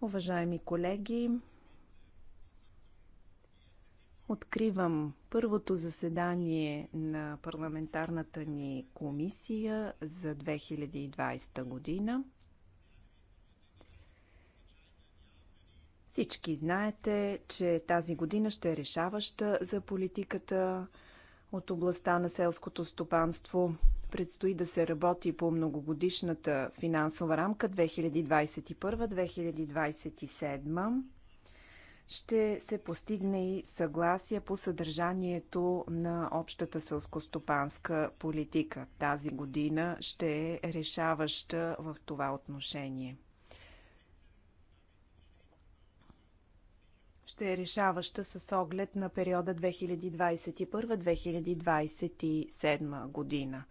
Уважаеми колеги, откривам първото заседание на парламентарната ни комисия за 2020 година. Всички знаете, че тази година ще е решаваща за политиката от областта на селското стопанство. Предстои да се работи по многогодишната финансова рамка 2021-2027. Ще се постигне и съгласие по съдържанието на общата селскостопанска политика. Тази година ще е решаваща в това отношение. ще е решаваща с оглед на периода 2021-2027 година.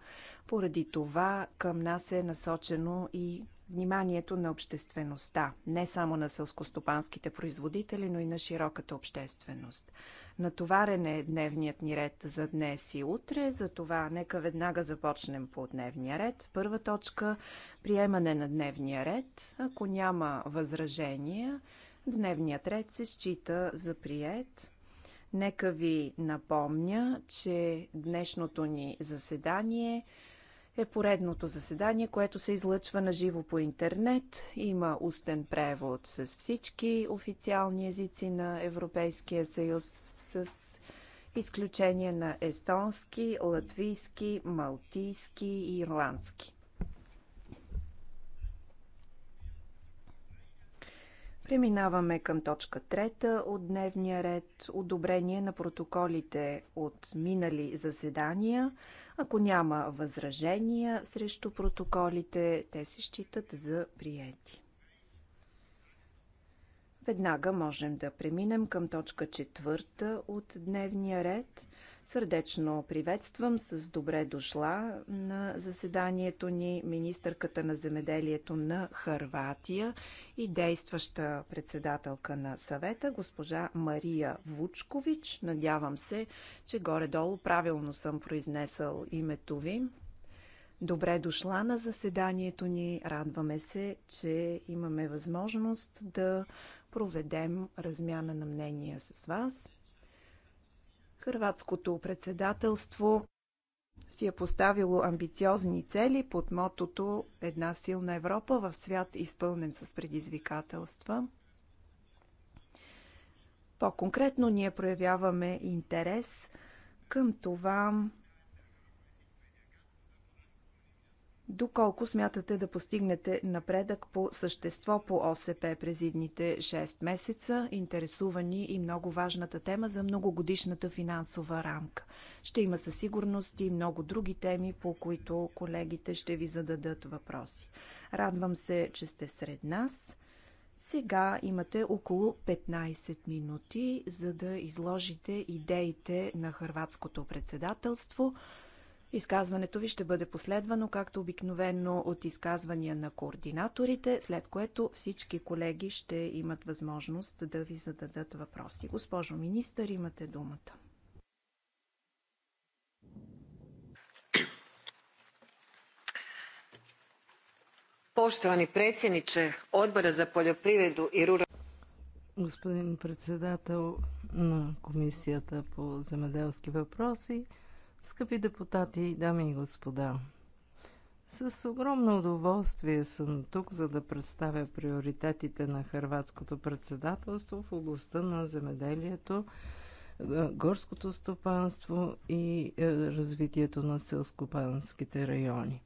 Поради това към нас е насочено и вниманието на обществеността, не само на сълскостопанските производители, но и на широката общественост. Натоварен е дневният ни ред за днес и утре, затова нека веднага започнем по дневния ред. Първа точка – приемане на дневния ред. Ако няма възражения, Дневният ред се счита за прият. Нека ви напомня, че днешното ни заседание е поредното заседание, което се излъчва на живо по интернет. Има устен превод с всички официални езици на Европейския съюз, с изключение на естонски, латвийски, малтийски и ирландски. Преминаваме към точка трета от дневния ред – одобрение на протоколите от минали заседания. Ако няма възражения срещу протоколите, те се считат за приети. Веднага можем да преминем към точка четвърта от дневния ред – Сърдечно приветствам с добре дошла на заседанието ни министърката на земеделието на Харватия и действаща председателка на съвета, госпожа Мария Вучкович. Надявам се, че горе-долу правилно съм произнесъл името ви. Добре дошла на заседанието ни. Радваме се, че имаме възможност да проведем размяна на мнения с вас. Кърватското председателство си е поставило амбициозни цели под мотото Една силна Европа в свят изпълнен с предизвикателства. По-конкретно ние проявяваме интерес към това Доколко смятате да постигнете напредък по същество по ОСП през идните 6 месеца, интересувани и много важната тема за многогодишната финансова рамка? Ще има със сигурност и много други теми, по които колегите ще ви зададат въпроси. Радвам се, че сте сред нас. Сега имате около 15 минути, за да изложите идеите на хрватското председателство – Изказването ви ще бъде последвано, както обикновено, от изказвания на координаторите, след което всички колеги ще имат възможност да ви зададат въпроси. Госпожо министър, имате думата. Поштовани председниче Odbora za poljoprivredu i ruralni Господин председател на Комисията по земеделски въпроси, Скъпи депутати, дами и господа, с огромно удоволствие съм тук, за да представя приоритетите на хърватското председателство в областта на земеделието, е, горското стопанство и е, развитието на селскопанските райони.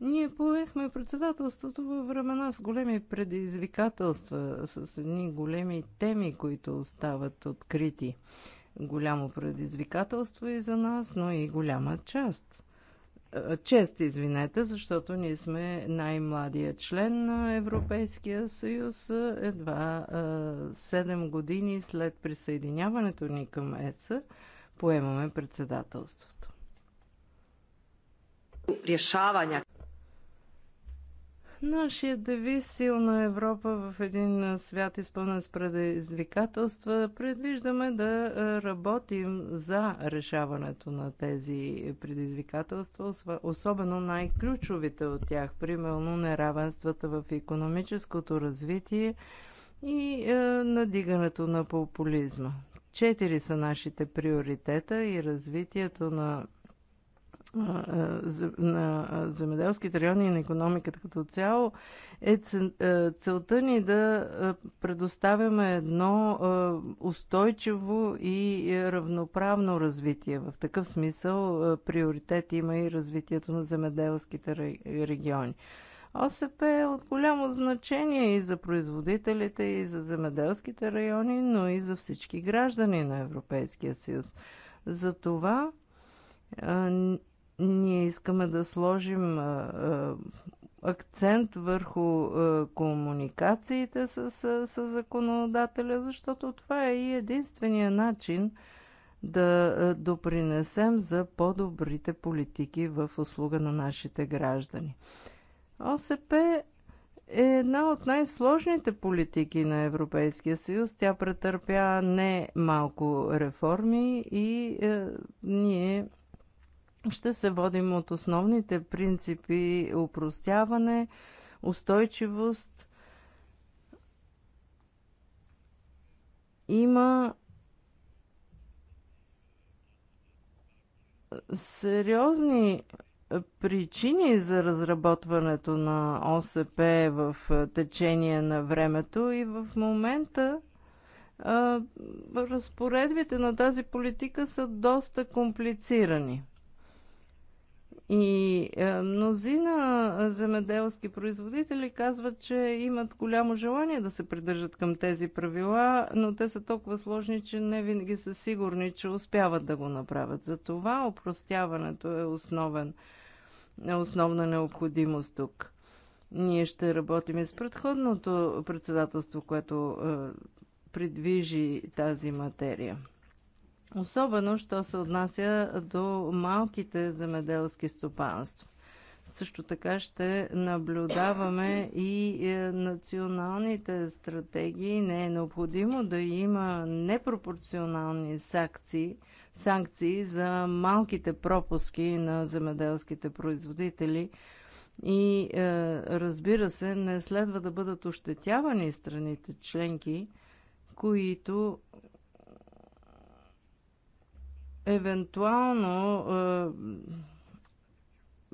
Ние поехме председателството във времена с големи предизвикателства, с едни големи теми, които остават открити голямо предизвикателство и за нас, но и голяма част. Е, чест, извинете, защото ние сме най-младия член на Европейския съюз, е, едва 7 е, години след присъединяването ни към ЕЦА, поемаме председателството. Решавания Нашия девиз Силна Европа в един свят изпълнен с предизвикателства предвиждаме да работим за решаването на тези предизвикателства, особено най-ключовите от тях, примерно неравенствата в економическото развитие и надигането на популизма. Четири са нашите приоритета и развитието на на земеделските райони и на економиката като цяло е целта ни да предоставяме едно устойчиво и равноправно развитие. В такъв смисъл приоритет има и развитието на земеделските региони. ОСП е от голямо значение и за производителите, и за земеделските райони, но и за всички граждани на Европейския съюз. Затова ние искаме да сложим акцент върху комуникациите с, с, с законодателя, защото това е и единствения начин да допринесем за по-добрите политики в услуга на нашите граждани. ОСП е една от най-сложните политики на Европейския съюз. Тя претърпя не малко реформи и е, ние ще се водим от основните принципи упростяване, устойчивост. Има сериозни причини за разработването на ОСП в течение на времето и в момента а, разпоредбите на тази политика са доста комплицирани. И е, мнозина е, земеделски производители казват, че имат голямо желание да се придържат към тези правила, но те са толкова сложни, че не винаги са сигурни, че успяват да го направят. Затова опростяването е основен, е основна необходимост тук. Ние ще работим и с предходното председателство, което е, придвижи тази материя. Особено, що се отнася до малките земеделски стопанства. Също така ще наблюдаваме и е, националните стратегии. Не е необходимо да има непропорционални санкции, санкции за малките пропуски на земеделските производители. И е, разбира се, не следва да бъдат ощетявани страните членки, които евентуално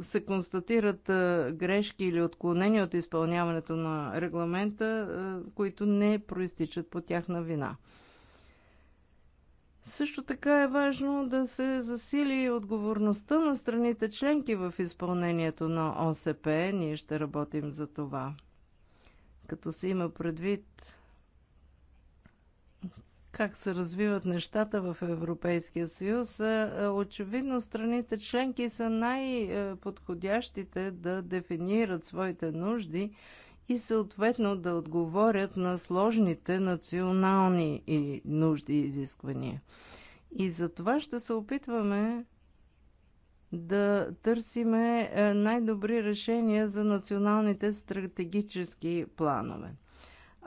се констатират грешки или отклонения от изпълняването на регламента, които не проистичат по тяхна вина. Също така е важно да се засили отговорността на страните членки в изпълнението на ОСП. Ние ще работим за това. Като се има предвид как се развиват нещата в Европейския съюз, е, е, очевидно страните членки са най-подходящите да дефинират своите нужди и съответно да отговорят на сложните национални и нужди и изисквания. И за това ще се опитваме да търсиме е, най-добри решения за националните стратегически планове.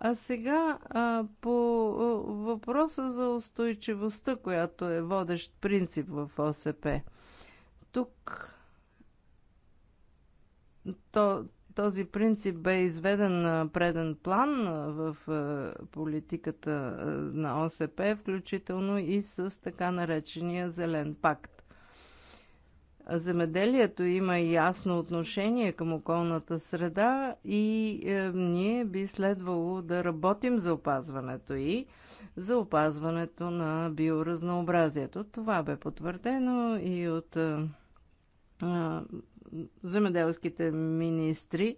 А сега а, по въпроса за устойчивостта, която е водещ принцип в ОСП. Тук то, този принцип бе изведен на преден план в политиката на ОСП, включително и с така наречения Зелен пакт. Земеделието има ясно отношение към околната среда и е, ние би следвало да работим за опазването и за опазването на биоразнообразието. Това бе потвърдено и от е, е, земеделските министри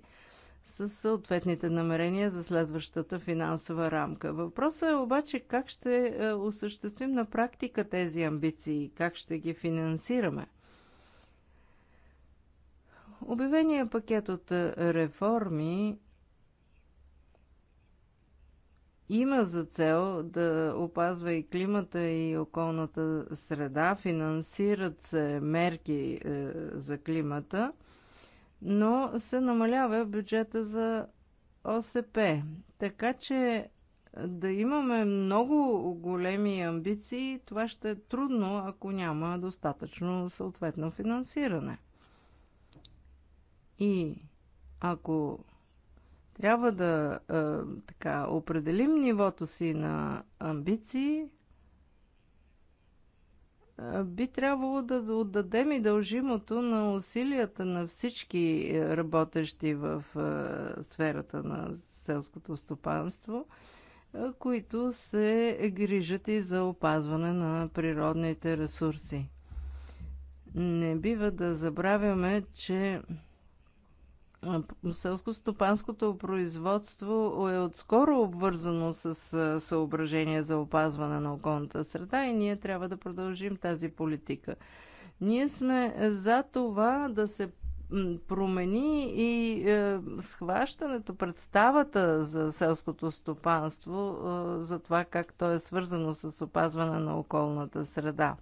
с съответните намерения за следващата финансова рамка. Въпросът е обаче как ще е, осъществим на практика тези амбиции, как ще ги финансираме. Обявения пакет от е, реформи има за цел да опазва и климата и околната среда, финансират се мерки е, за климата, но се намалява бюджета за ОСП. Така че е, да имаме много големи амбиции, това ще е трудно, ако няма достатъчно съответно финансиране. И ако трябва да а, така определим нивото си на амбиции, а, би трябвало да отдадем и дължимото на усилията на всички е, работещи в а, е, сферата на селското стопанство, а, е, които се грижат и за опазване на природните ресурси. Не бива да забравяме, че Селско-стопанското производство е отскоро обвързано с съображение за опазване на околната среда и ние трябва да продължим тази политика. Ние сме е, за това да се промени и е, схващането, представата за селското стопанство, е, за това как то е свързано с опазване на околната среда.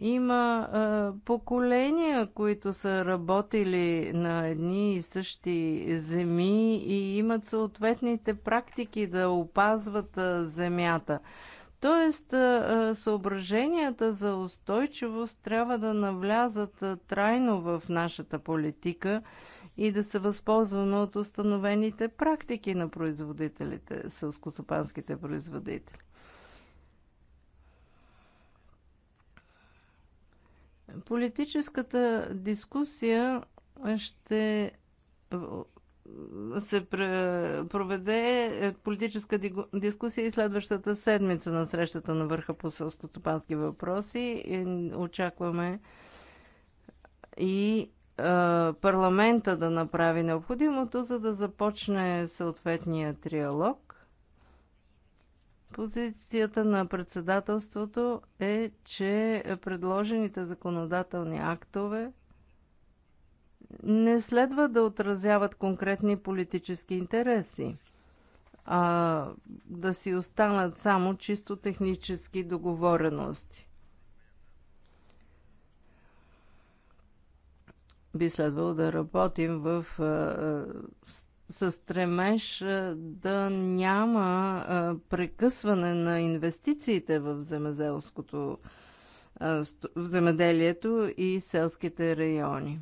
Има а, поколения, които са работили на едни и същи земи и имат съответните практики да опазват а, земята. Тоест, а, съображенията за устойчивост трябва да навлязат а, трайно в нашата политика и да се възползваме от установените практики на производителите, сълскосопанските производители. Политическата дискусия ще се проведе е, политическа дискусия и следващата седмица на срещата на върха по селскостопански въпроси. Очакваме и парламента да направи необходимото, за да започне съответния триалог Позицията на председателството е, че предложените законодателни актове не следва да отразяват конкретни политически интереси, а да си останат само чисто технически договорености. Би следвало да работим в с стремеж да няма прекъсване на инвестициите в земеделското в земеделието и селските райони.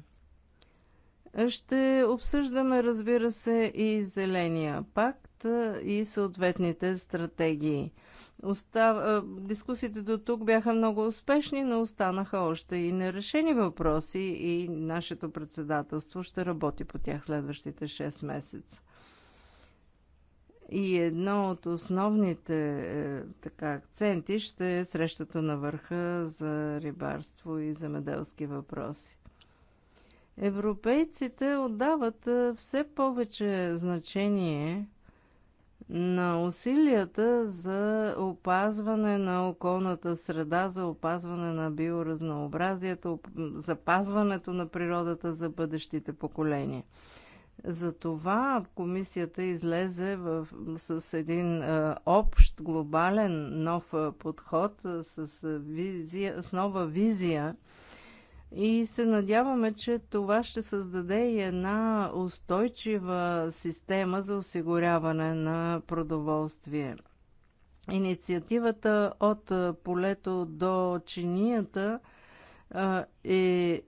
Ще обсъждаме, разбира се, и Зеления пакт и съответните стратегии – Остав... Дискусиите до тук бяха много успешни, но останаха още и нерешени въпроси и нашето председателство ще работи по тях следващите 6 месеца. И едно от основните е, така, акценти ще е срещата на върха за рибарство и земеделски въпроси. Европейците отдават е, все повече значение на усилията за опазване на околната среда, за опазване на биоразнообразието, запазването на природата за бъдещите поколения. Затова комисията излезе в, с един а, е, общ, глобален, нов е, подход, с, е, визия, с нова визия и се надяваме, че това ще създаде и една устойчива система за осигуряване на продоволствие. Инициативата от полето до чинията е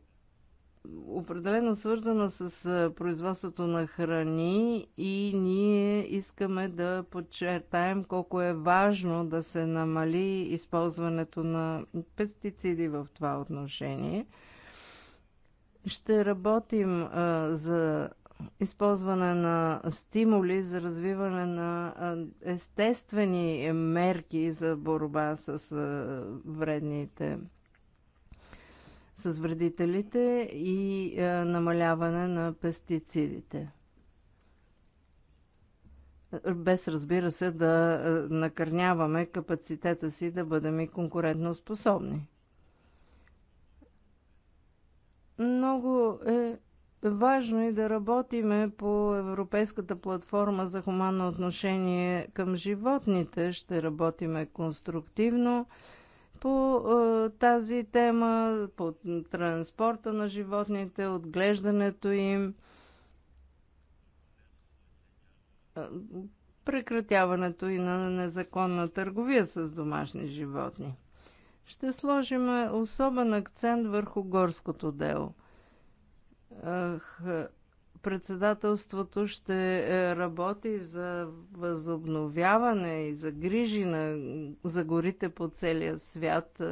определено свързана с производството на храни и ние искаме да подчертаем колко е важно да се намали използването на пестициди в това отношение – ще работим а, за използване на стимули за развиване на естествени мерки за борба с вредните с вредителите и намаляване на пестицидите. Без, разбира се, да накърняваме капацитета си да бъдем и конкурентно способни. Много е важно и да работиме по Европейската платформа за хуманно отношение към животните. Ще работиме конструктивно по е, тази тема, по транспорта на животните, отглеждането им, е, прекратяването и на незаконна търговия с домашни животни ще сложим е, особен акцент върху горското дело. Е, председателството ще е, работи за възобновяване и за грижи на, за горите по целия свят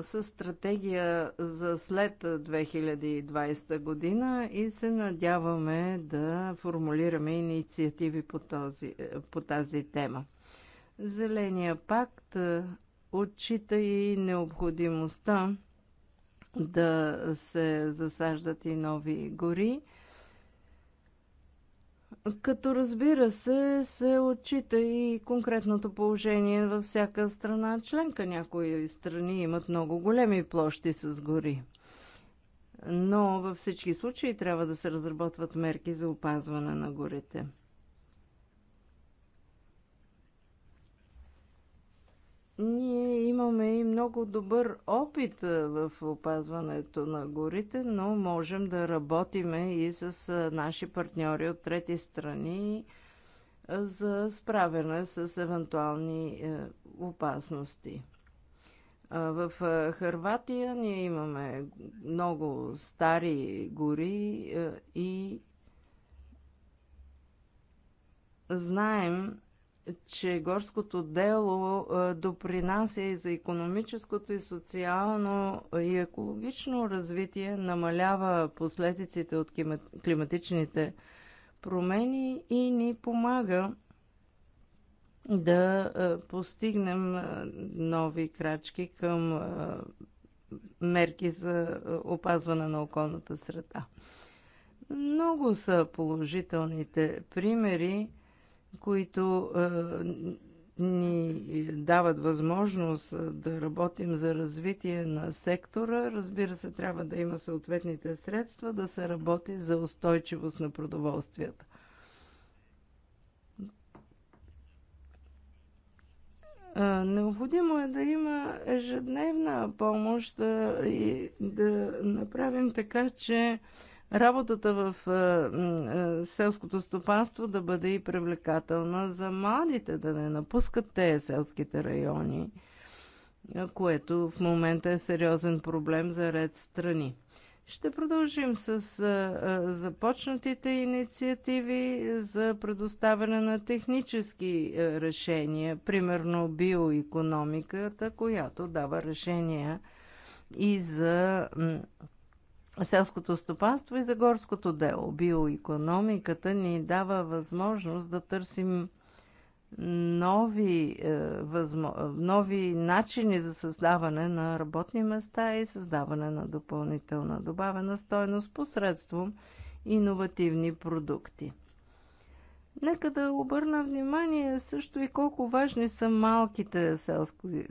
с стратегия за след 2020 година и се надяваме да формулираме инициативи по, този, по тази тема. Зеления пакт отчита и необходимостта да се засаждат и нови гори. Като разбира се, се отчита и конкретното положение във всяка страна членка. Някои страни имат много големи площи с гори. Но във всички случаи трябва да се разработват мерки за опазване на горите. Ние имаме и много добър опит в опазването на горите, но можем да работиме и с наши партньори от трети страни за справяне с евентуални е, опасности. В Харватия ние имаме много стари гори е, и знаем, че горското дело е, допринася и за економическото, и социално, и екологично развитие, намалява последиците от климатичните промени и ни помага да е, постигнем е, нови крачки към мерки за опазване на околната среда. Много са положителните примери които е, ни дават възможност е, да работим за развитие на сектора. Разбира се, трябва да има съответните средства да се работи за устойчивост на продоволствията. Е, необходимо е да има ежедневна помощ и да направим така, че работата в е, е, селското стопанство да бъде и привлекателна за младите, да не напускат те селските райони, е, което в момента е сериозен проблем за ред страни. Ще продължим с започнатите инициативи за предоставяне на технически решения, примерно биоекономиката, която дава решения и за селското стопанство и за горското дело. Биоекономиката ни дава възможност да търсим нови, е, възмо... нови начини за създаване на работни места и създаване на допълнителна добавена стойност посредством иновативни продукти. Нека да обърна внимание също и колко важни са малките селски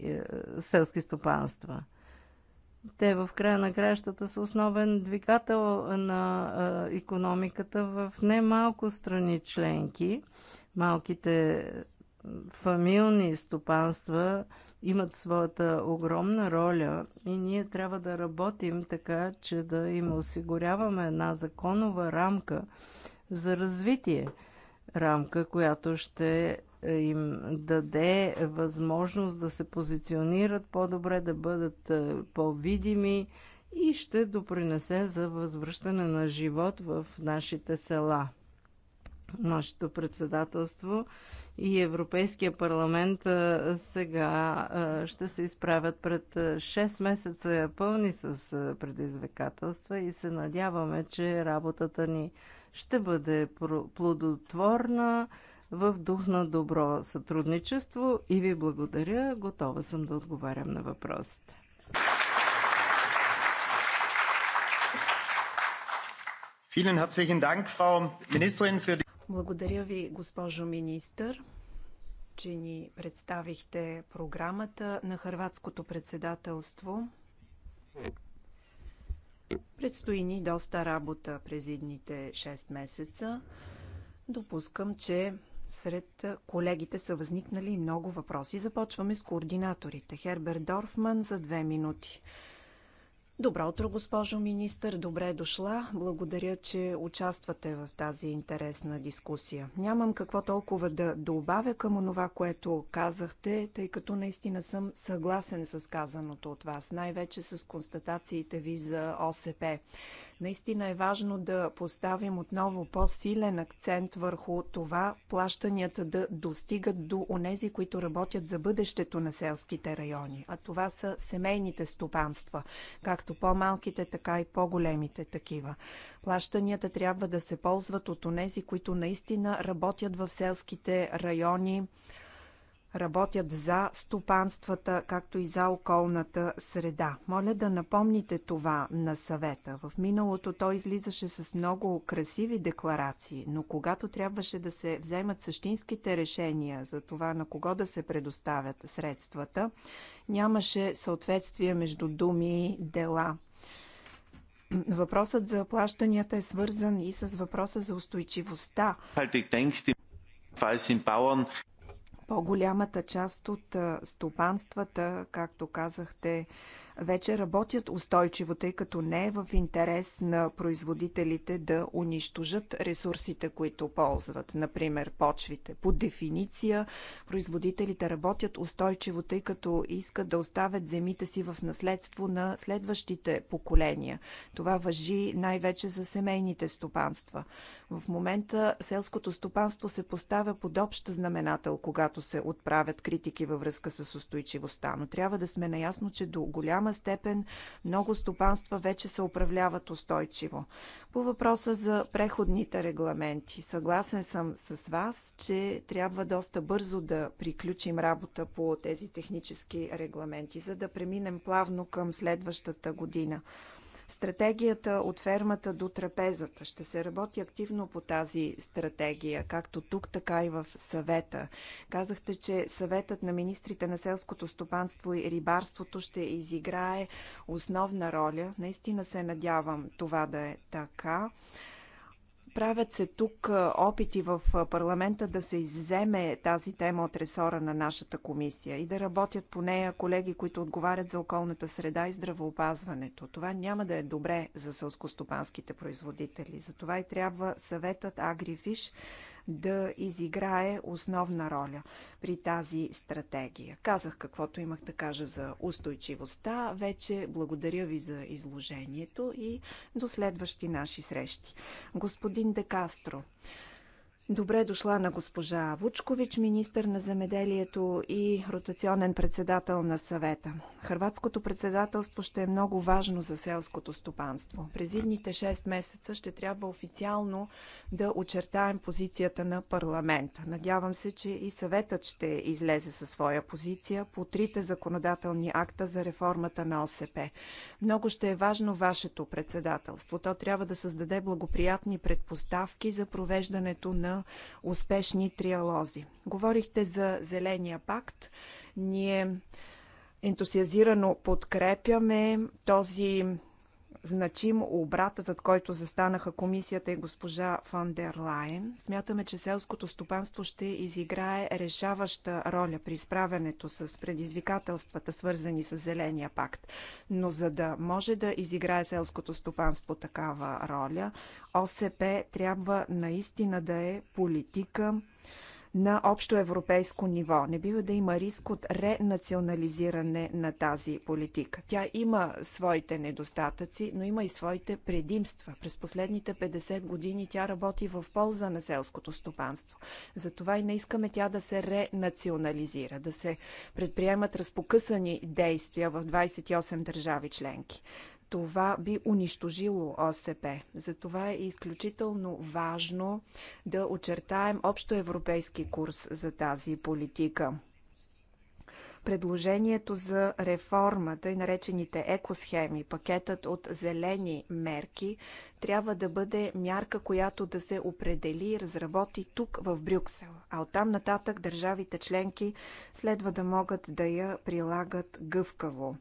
е, стопанства. Те в края на краищата са основен двигател на економиката в немалко страни членки. Малките фамилни стопанства имат своята огромна роля и ние трябва да работим така, че да им осигуряваме една законова рамка за развитие. Рамка, която ще им даде възможност да се позиционират по-добре, да бъдат е, по-видими и ще допринесе за възвръщане на живот в нашите села. Нашето председателство и Европейския парламент е, сега е, ще се изправят пред 6 месеца пълни с предизвикателства и се надяваме, че работата ни ще бъде плодотворна в дух на добро сътрудничество и ви благодаря. Готова съм да отговарям на въпросите. Благодаря ви, госпожо министър, че ни представихте програмата на хърватското председателство. Предстои ни доста работа през идните 6 месеца. Допускам, че сред колегите са възникнали много въпроси. Започваме с координаторите. Хербер Дорфман за две минути. Добро утро, госпожо министър. Добре дошла. Благодаря, че участвате в тази интересна дискусия. Нямам какво толкова да добавя към онова, което казахте, тъй като наистина съм съгласен с казаното от вас, най-вече с констатациите ви за ОСП. Наистина е важно да поставим отново по-силен акцент върху това плащанията да достигат до онези, които работят за бъдещето на селските райони. А това са семейните стопанства, както по-малките, така и по-големите такива. Плащанията трябва да се ползват от онези, които наистина работят в селските райони, работят за стопанствата, както и за околната среда. Моля да напомните това на съвета. В миналото той излизаше с много красиви декларации, но когато трябваше да се вземат същинските решения за това на кого да се предоставят средствата, нямаше съответствие между думи и дела. Въпросът за плащанията е свързан и с въпроса за устойчивостта. По-голямата част от стопанствата, както казахте, вече работят устойчиво, тъй като не е в интерес на производителите да унищожат ресурсите, които ползват, например почвите. По дефиниция, производителите работят устойчиво, тъй като искат да оставят земите си в наследство на следващите поколения. Това въжи най-вече за семейните стопанства. В момента селското стопанство се поставя под общ знаменател, когато се отправят критики във връзка с устойчивостта, но трябва да сме наясно, че до голяма степен много стопанства вече се управляват устойчиво. По въпроса за преходните регламенти, съгласен съм с вас, че трябва доста бързо да приключим работа по тези технически регламенти, за да преминем плавно към следващата година. Стратегията от фермата до трапезата. Ще се работи активно по тази стратегия, както тук, така и в съвета. Казахте, че съветът на министрите на селското стопанство и рибарството ще изиграе основна роля. Наистина се надявам това да е така. Правят се тук опити в парламента да се изземе тази тема от ресора на нашата комисия и да работят по нея колеги, които отговарят за околната среда и здравоопазването. Това няма да е добре за сълскостопанските производители. Затова и трябва съветът Агрифиш да изиграе основна роля при тази стратегия. Казах каквото имах да кажа за устойчивостта. Вече благодаря ви за изложението и до следващи наши срещи. Господин Декастро, Добре дошла на госпожа Вучкович, министър на земеделието и ротационен председател на съвета. Хрватското председателство ще е много важно за селското стопанство. През идните 6 месеца ще трябва официално да очертаем позицията на парламента. Надявам се, че и съветът ще излезе със своя позиция по трите законодателни акта за реформата на ОСП. Много ще е важно вашето председателство. То трябва да създаде благоприятни предпоставки за провеждането на успешни триалози. Говорихте за Зеления пакт. Ние ентусиазирано подкрепяме този значим обрат, зад който застанаха комисията и госпожа Фон дер Лайен. Смятаме, че селското стопанство ще изиграе решаваща роля при справянето с предизвикателствата, свързани с Зеления пакт. Но за да може да изиграе селското стопанство такава роля, ОСП трябва наистина да е политика, на общо европейско ниво. Не бива да има риск от ренационализиране на тази политика. Тя има своите недостатъци, но има и своите предимства. През последните 50 години тя работи в полза на селското стопанство. Затова и не искаме тя да се ренационализира, да се предприемат разпокъсани действия в 28 държави членки. Това би унищожило ОСП. Затова е изключително важно да очертаем общо европейски курс за тази политика предложението за реформата и наречените екосхеми, пакетът от зелени мерки, трябва да бъде мярка, която да се определи и разработи тук в Брюксел. А оттам нататък държавите членки следва да могат да я прилагат гъвкаво.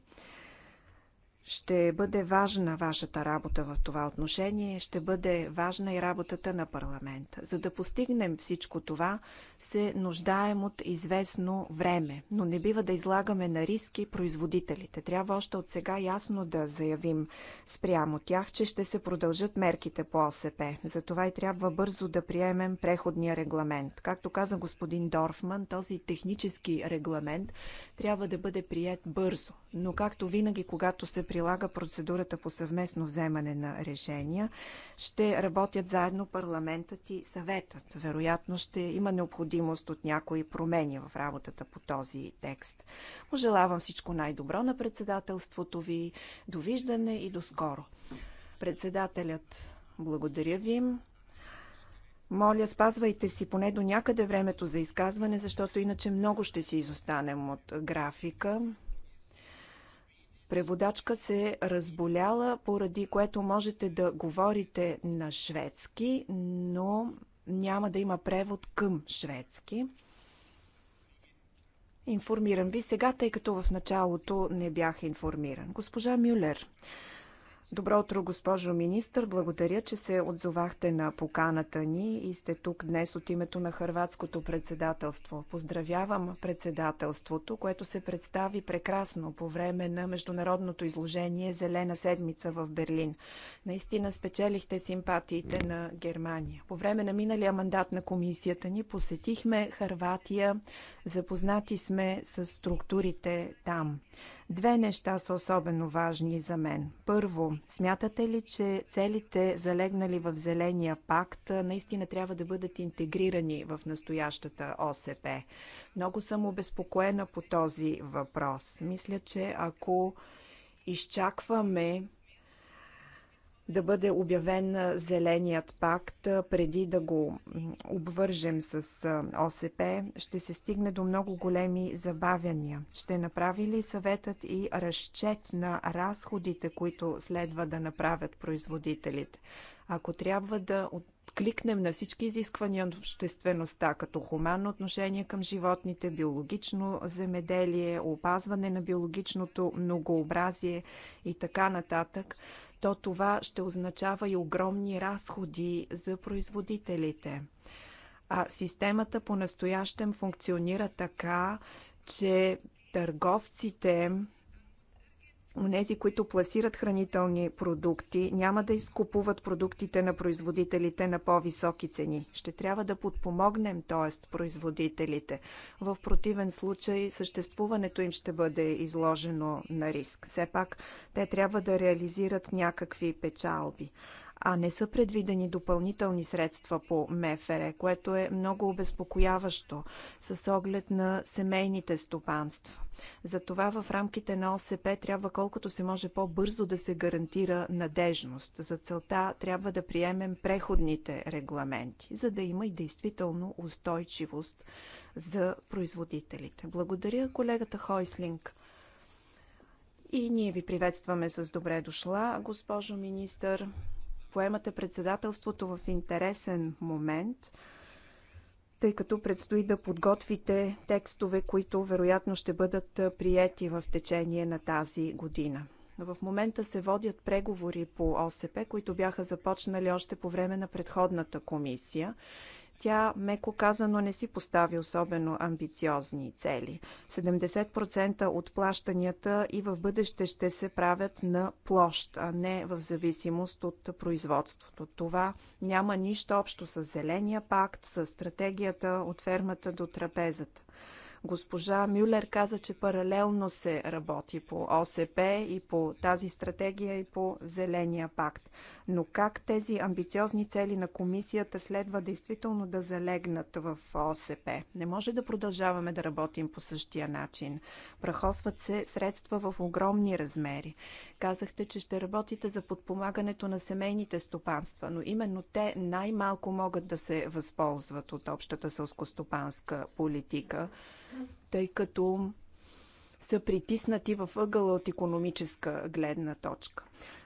Ще бъде важна вашата работа в това отношение, ще бъде важна и работата на парламента. За да постигнем всичко това, се нуждаем от известно време, но не бива да излагаме на риски производителите. Трябва още от сега ясно да заявим спрямо тях, че ще се продължат мерките по ОСП. Затова и трябва бързо да приемем преходния регламент. Както каза господин Дорфман, този технически регламент трябва да бъде прият бързо. Но както винаги, когато се прилага процедурата по съвместно вземане на решения. Ще работят заедно парламентът и съветът. Вероятно ще има необходимост от някои промени в работата по този текст. Пожелавам всичко най-добро на председателството ви. Довиждане и до скоро. Председателят, благодаря ви. Моля, спазвайте си поне до някъде времето за изказване, защото иначе много ще си изостанем от графика. Преводачка се е разболяла, поради което можете да говорите на шведски, но няма да има превод към шведски. Информирам ви сега, тъй като в началото не бях информиран. Госпожа Мюлер, Добро утро, госпожо министър. Благодаря, че се отзовахте на поканата ни и сте тук днес от името на Хърватското председателство. Поздравявам председателството, което се представи прекрасно по време на международното изложение Зелена седмица в Берлин. Наистина спечелихте симпатиите на Германия. По време на миналия мандат на комисията ни посетихме Хърватия. Запознати сме с структурите там. Две неща са особено важни за мен. Първо, смятате ли, че целите залегнали в Зеления пакт наистина трябва да бъдат интегрирани в настоящата ОСП? Много съм обезпокоена по този въпрос. Мисля, че ако изчакваме да бъде обявен Зеленият пакт преди да го обвържем с ОСП, ще се стигне до много големи забавяния. Ще направи ли съветът и разчет на разходите, които следва да направят производителите? Ако трябва да откликнем на всички изисквания на обществеността, като хуманно отношение към животните, биологично земеделие, опазване на биологичното многообразие и така нататък, то това ще означава и огромни разходи за производителите. А системата по-настоящем функционира така, че търговците Онези, които пласират хранителни продукти, няма да изкупуват продуктите на производителите на по-високи цени. Ще трябва да подпомогнем, т.е. производителите. В противен случай съществуването им ще бъде изложено на риск. Все пак те трябва да реализират някакви печалби а не са предвидени допълнителни средства по МФР, което е много обезпокояващо с оглед на семейните стопанства. Затова в рамките на ОСП трябва колкото се може по-бързо да се гарантира надежност. За целта трябва да приемем преходните регламенти, за да има и действително устойчивост за производителите. Благодаря колегата Хойслинг. И ние ви приветстваме с добре дошла, госпожо министър. Поемате председателството в интересен момент, тъй като предстои да подготвите текстове, които вероятно ще бъдат приети в течение на тази година. В момента се водят преговори по ОСП, които бяха започнали още по време на предходната комисия тя, меко казано, не си постави особено амбициозни цели. 70% от плащанията и в бъдеще ще се правят на площ, а не в зависимост от производството. Това няма нищо общо с Зеления пакт, с стратегията от фермата до трапезата. Госпожа Мюлер каза, че паралелно се работи по ОСП и по тази стратегия и по Зеления пакт. Но как тези амбициозни цели на комисията следва действително да залегнат в ОСП? Не може да продължаваме да работим по същия начин. Прахосват се средства в огромни размери. Казахте, че ще работите за подпомагането на семейните стопанства, но именно те най-малко могат да се възползват от общата сълскостопанска политика, тъй като са притиснати в ъгъла от економическа гледна точка.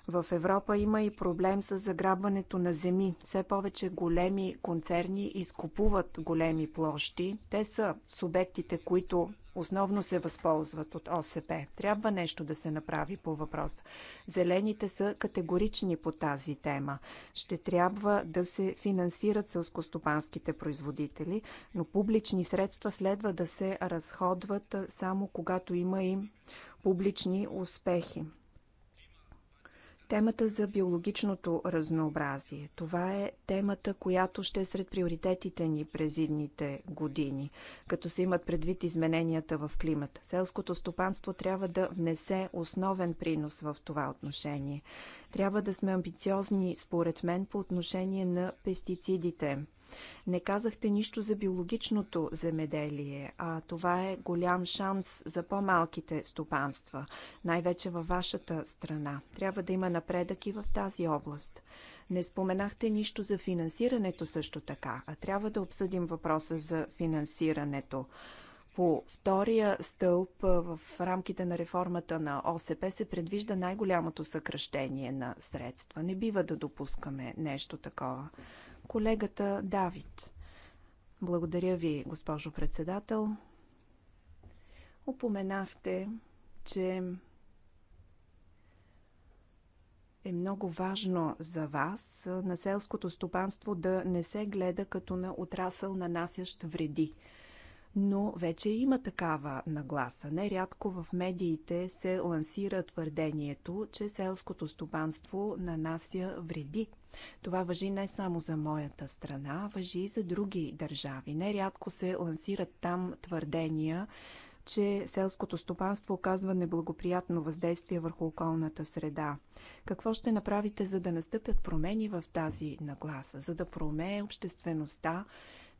В Европа има и проблем с заграбването на земи. Все повече големи концерни изкупуват големи площи. Те са субектите, които основно се възползват от ОСП. Трябва нещо да се направи по въпрос. Зелените са категорични по тази тема. Ще трябва да се финансират селскостопанските производители, но публични средства следва да се разходват само когато има и публични успехи. Темата за биологичното разнообразие. Това е темата, която ще е сред приоритетите ни през идните години, като се имат предвид измененията в климата. Селското стопанство трябва да внесе основен принос в това отношение. Трябва да сме амбициозни, според мен, по отношение на пестицидите. Не казахте нищо за биологичното земеделие, а това е голям шанс за по-малките стопанства, най-вече във вашата страна. Трябва да има напредък и в тази област. Не споменахте нищо за финансирането също така, а трябва да обсъдим въпроса за финансирането. По втория стълб в рамките на реформата на ОСП се предвижда най-голямото съкръщение на средства. Не бива да допускаме нещо такова колегата Давид. Благодаря ви, госпожо председател. Упоменахте, че е много важно за вас на селското стопанство да не се гледа като на отрасъл нанасящ вреди. Но вече има такава нагласа. Нерядко в медиите се лансира твърдението, че селското стопанство нанася вреди това въжи не само за моята страна, въжи и за други държави. Нерядко се лансират там твърдения, че селското стопанство оказва неблагоприятно въздействие върху околната среда. Какво ще направите, за да настъпят промени в тази нагласа, за да промее обществеността,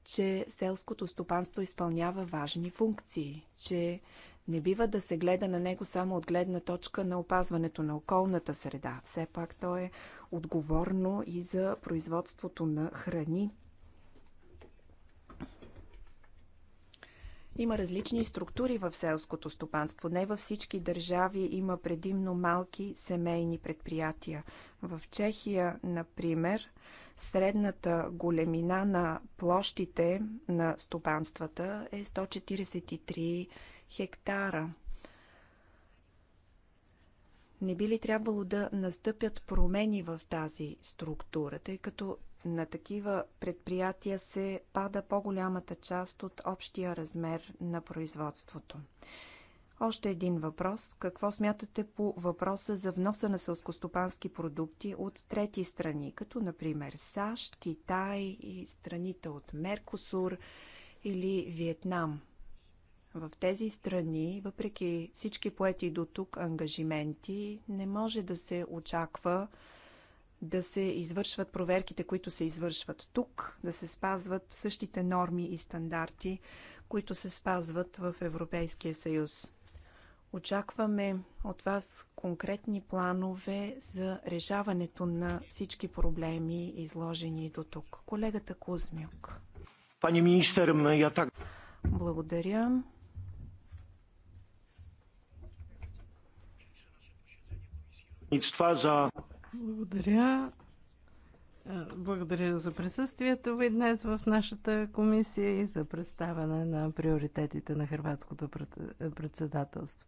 че селското стопанство изпълнява важни функции, че не бива да се гледа на него само от гледна точка на опазването на околната среда. Все пак то е отговорно и за производството на храни. Има различни структури в селското стопанство. Не във всички държави има предимно малки семейни предприятия. В Чехия, например, средната големина на площите на стопанствата е 143 хектара. Не би ли трябвало да настъпят промени в тази структура, тъй като на такива предприятия се пада по-голямата част от общия размер на производството? Още един въпрос. Какво смятате по въпроса за вноса на селскостопански продукти от трети страни, като например САЩ, Китай и страните от Меркосур или Виетнам? В тези страни, въпреки всички поети до тук ангажименти, не може да се очаква да се извършват проверките, които се извършват тук, да се спазват същите норми и стандарти, които се спазват в Европейския съюз. Очакваме от вас конкретни планове за решаването на всички проблеми, изложени до тук. Колегата Кузмюк. Пани министър, я так... Благодаря. за... Благодаря. Е, благодаря за присъствието ви днес в нашата комисия и за представяне на приоритетите на Хрватското председателство.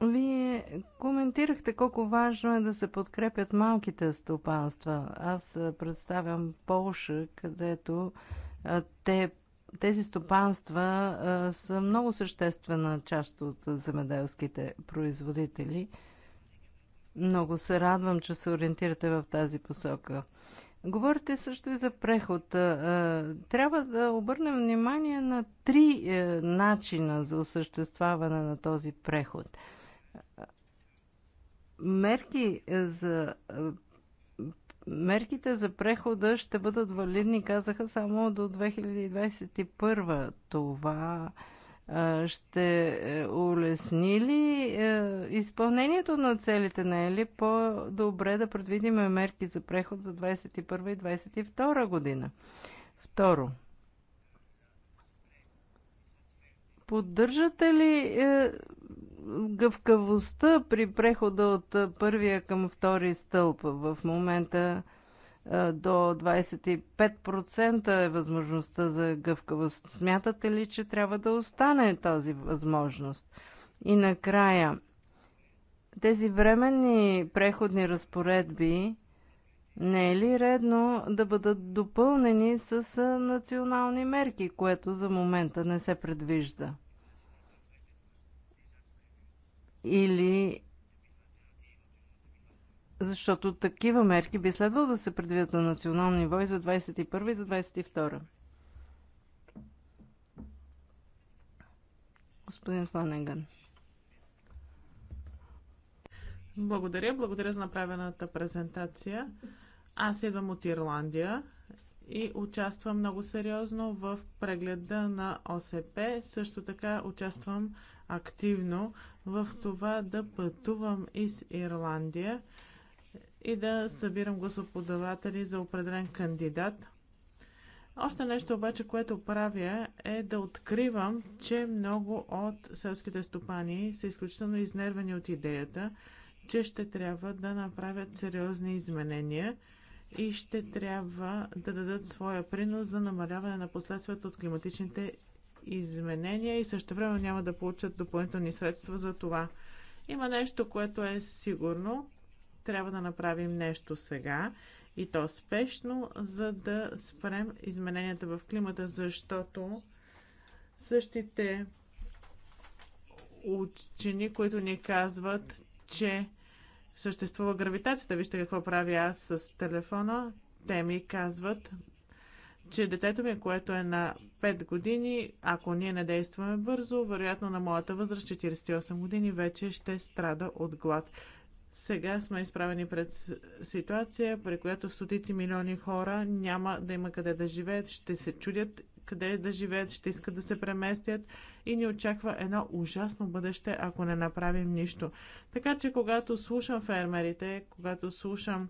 Вие коментирахте колко важно е да се подкрепят малките стопанства. Аз е, представям Полша, където е, те тези стопанства а, са много съществена част от земеделските производители. Много се радвам, че се ориентирате в тази посока. Говорите също и за преход. Трябва да обърнем внимание на три е, начина за осъществяване на този преход. Мерки е, за е, Мерките за прехода ще бъдат валидни, казаха, само до 2021. Това ще е, улесни ли е, изпълнението на целите на Ели по-добре да предвидиме мерки за преход за 2021 и 2022 година? Второ, поддържате ли е, гъвкавостта при прехода от първия към втори стълб. В момента до 25% е възможността за гъвкавост. Смятате ли, че трябва да остане тази възможност? И накрая, тези временни преходни разпоредби не е ли редно да бъдат допълнени с национални мерки, което за момента не се предвижда? или защото такива мерки би следвало да се предвидят на национално ниво и за 21 и за 22. Господин Фланеган. Благодаря, благодаря за направената презентация. Аз идвам от Ирландия и участвам много сериозно в прегледа на ОСП. Също така участвам активно в това да пътувам из Ирландия и да събирам гласоподаватели за определен кандидат. Още нещо обаче, което правя е да откривам, че много от селските стопани са изключително изнервени от идеята, че ще трябва да направят сериозни изменения и ще трябва да дадат своя принос за намаляване на последствията от климатичните изменения и също време няма да получат допълнителни средства за това. Има нещо, което е сигурно. Трябва да направим нещо сега и то спешно, за да спрем измененията в климата, защото същите учени, които ни казват, че съществува гравитацията. Вижте какво правя аз с телефона. Те ми казват, че детето ми, което е на 5 години, ако ние не действаме бързо, вероятно на моята възраст 48 години вече ще страда от глад. Сега сме изправени пред ситуация, при която стотици милиони хора няма да има къде да живеят, ще се чудят къде да живеят, ще искат да се преместят и ни очаква едно ужасно бъдеще, ако не направим нищо. Така че, когато слушам фермерите, когато слушам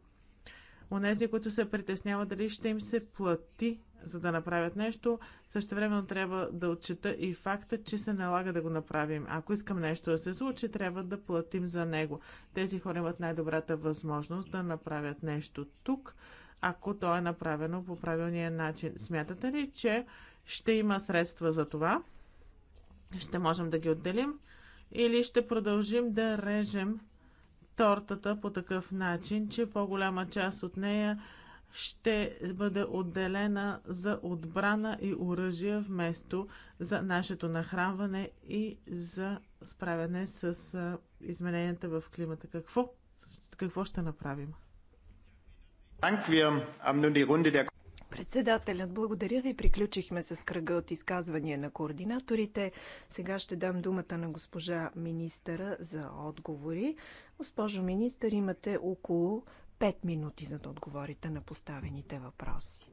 Онези, които се притесняват дали ще им се плати, за да направят нещо, също времено трябва да отчита и факта, че се налага да го направим. Ако искам нещо да се случи, трябва да платим за него. Тези хора имат най-добрата възможност да направят нещо тук, ако то е направено по правилния начин. Смятате ли, че ще има средства за това? Ще можем да ги отделим или ще продължим да режем тортата по такъв начин, че по-голяма част от нея ще бъде отделена за отбрана и оръжия вместо за нашето нахранване и за справяне с измененията в климата. Какво, какво ще направим? Председателят, благодаря ви. Приключихме с кръга от изказвания на координаторите. Сега ще дам думата на госпожа министъра за отговори. Госпожо министър, имате около 5 минути за да отговорите на поставените въпроси.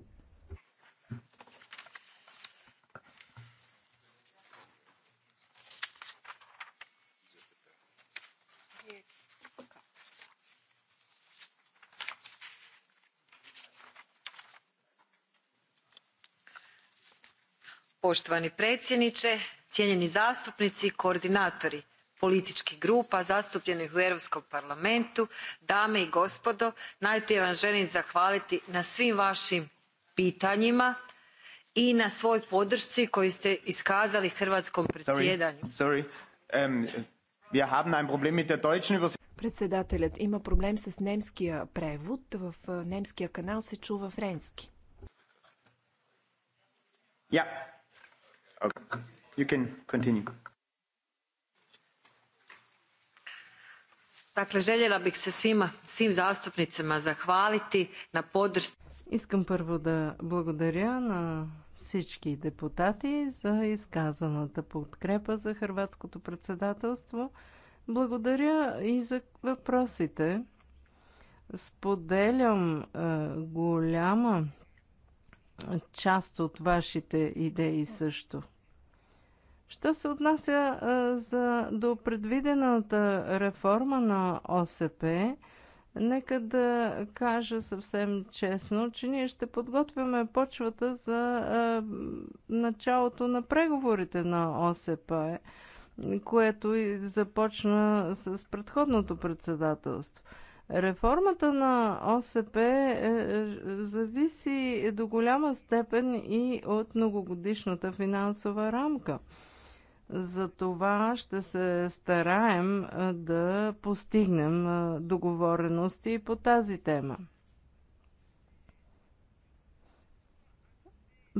Poštovani predsjedniče, cijenjeni zastupnici, koordinatori političkih grupa zastupljenih u Europskom parlamentu, dame i gospodo, najprije vam želim zahvaliti na svim vašim pitanjima i na svoj podršci koju ste iskazali hrvatskom predsjedanju. Председателят има проблем с немския превод. В немския канал се чува френски. Okay. You can continue. Dakle, željela bih se svima, svim zastupnicima zahvaliti na podršci. Искам първо да благодаря на всички депутати за изказаната подкрепа за хрватското председателство. Благодаря и за въпросите. Споделям е, голяма част от вашите идеи също. Що се отнася за, до предвидената реформа на ОСП, нека да кажа съвсем честно, че ние ще подготвяме почвата за а, началото на преговорите на ОСП, което и започна с предходното председателство. Реформата на ОСП е, е, зависи до голяма степен и от многогодишната финансова рамка – за това ще се стараем да постигнем договорености по тази тема.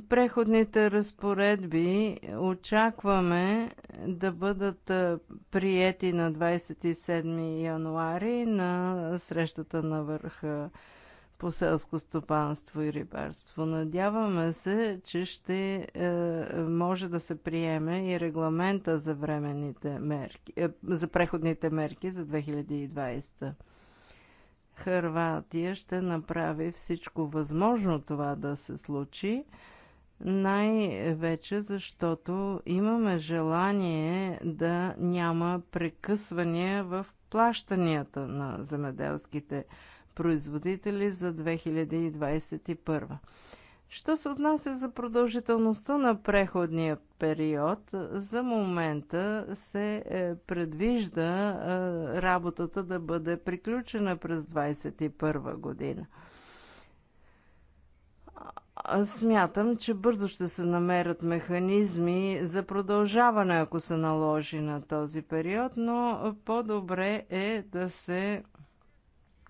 Преходните разпоредби очакваме да бъдат приети на 27 януари на срещата на върха по селско стопанство и рибарство. Надяваме се, че ще е, може да се приеме и регламента за временните мерки, е, за преходните мерки за 2020. Хърватия ще направи всичко възможно това да се случи, най-вече защото имаме желание да няма прекъсвания в плащанията на земеделските производители за 2021. Що се отнася за продължителността на преходния период, за момента се е, предвижда е, работата да бъде приключена през 2021 година. Смятам, че бързо ще се намерят механизми за продължаване, ако се наложи на този период, но е, по-добре е да се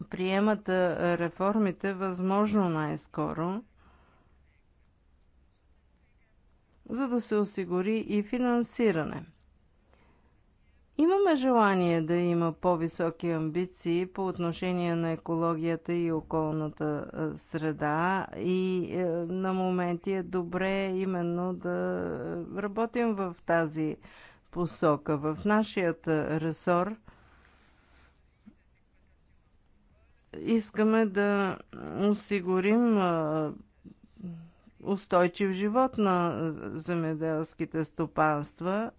приемат реформите възможно най-скоро, за да се осигури и финансиране. Имаме желание да има по-високи амбиции по отношение на екологията и околната среда и е, на моменти е добре именно да е, работим в тази посока. В нашият ресор – искаме да осигурим устойчив живот на земеделските стопанства,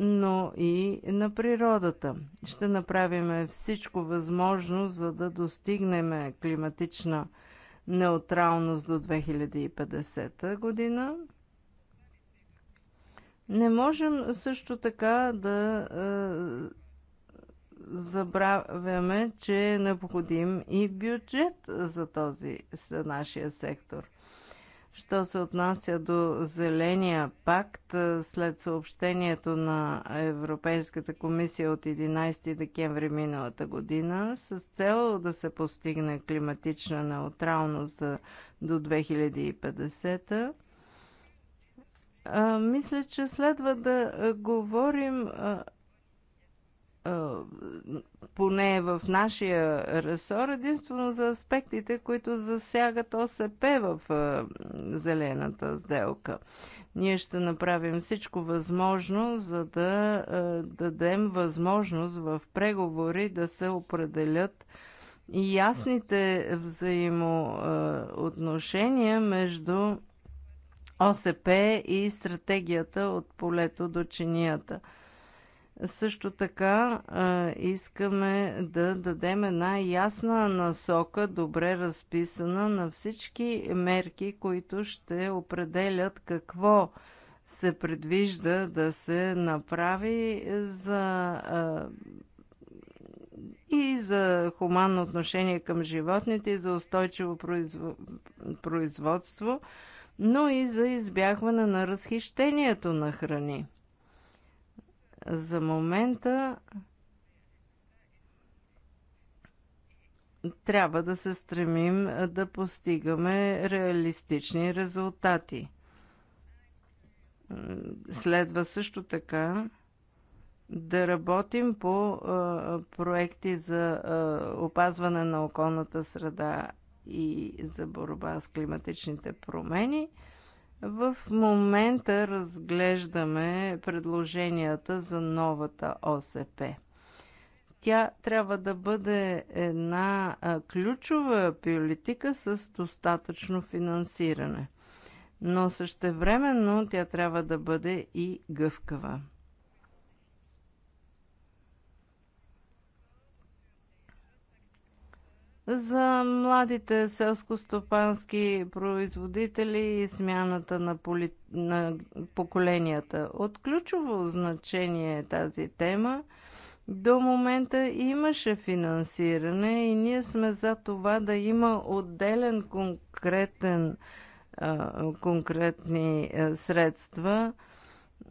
но и на природата. Ще направим всичко възможно, за да достигнем климатична неутралност до 2050 година. Не можем също така да забравяме, че е необходим и бюджет за този, за нашия сектор. Що се отнася до Зеления пакт, след съобщението на Европейската комисия от 11 декември миналата година, с цел да се постигне климатична неутралност до 2050, мисля, че следва да говорим поне в нашия ресор, единствено за аспектите, които засягат ОСП в зелената сделка. Ние ще направим всичко възможно, за да дадем възможност в преговори да се определят и ясните взаимоотношения между ОСП и стратегията от полето до чинията – също така а, искаме да дадем една ясна насока, добре разписана на всички мерки, които ще определят какво се предвижда да се направи за а, и за хуманно отношение към животните, и за устойчиво произво... производство, но и за избягване на разхищението на храни. За момента трябва да се стремим да постигаме реалистични резултати. Следва също така да работим по а, проекти за а, опазване на околната среда и за борба с климатичните промени – в момента разглеждаме предложенията за новата ОСП. Тя трябва да бъде една ключова политика с достатъчно финансиране. Но същевременно тя трябва да бъде и гъвкава. За младите селско-стопански производители и смяната на, поли... на поколенията. От ключово значение е тази тема. До момента имаше финансиране и ние сме за това да има отделен конкретен, конкретни средства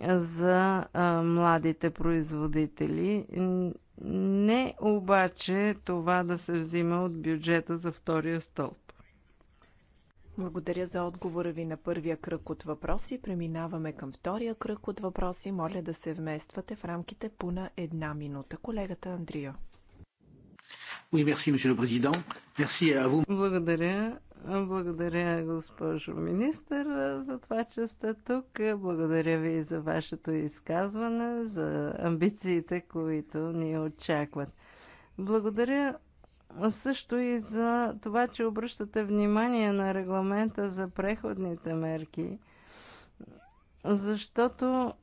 за младите производители. Не обаче това да се взима от бюджета за втория стълб. Благодаря за отговора ви на първия кръг от въпроси. Преминаваме към втория кръг от въпроси. Моля да се вмествате в рамките по на една минута. Колегата Андрио. Благодаря, благодаря, госпожо министър, за това, че сте тук. Благодаря ви за вашето изказване, за амбициите, които ни очакват. Благодаря също и за това, че обръщате внимание на регламента за преходните мерки, защото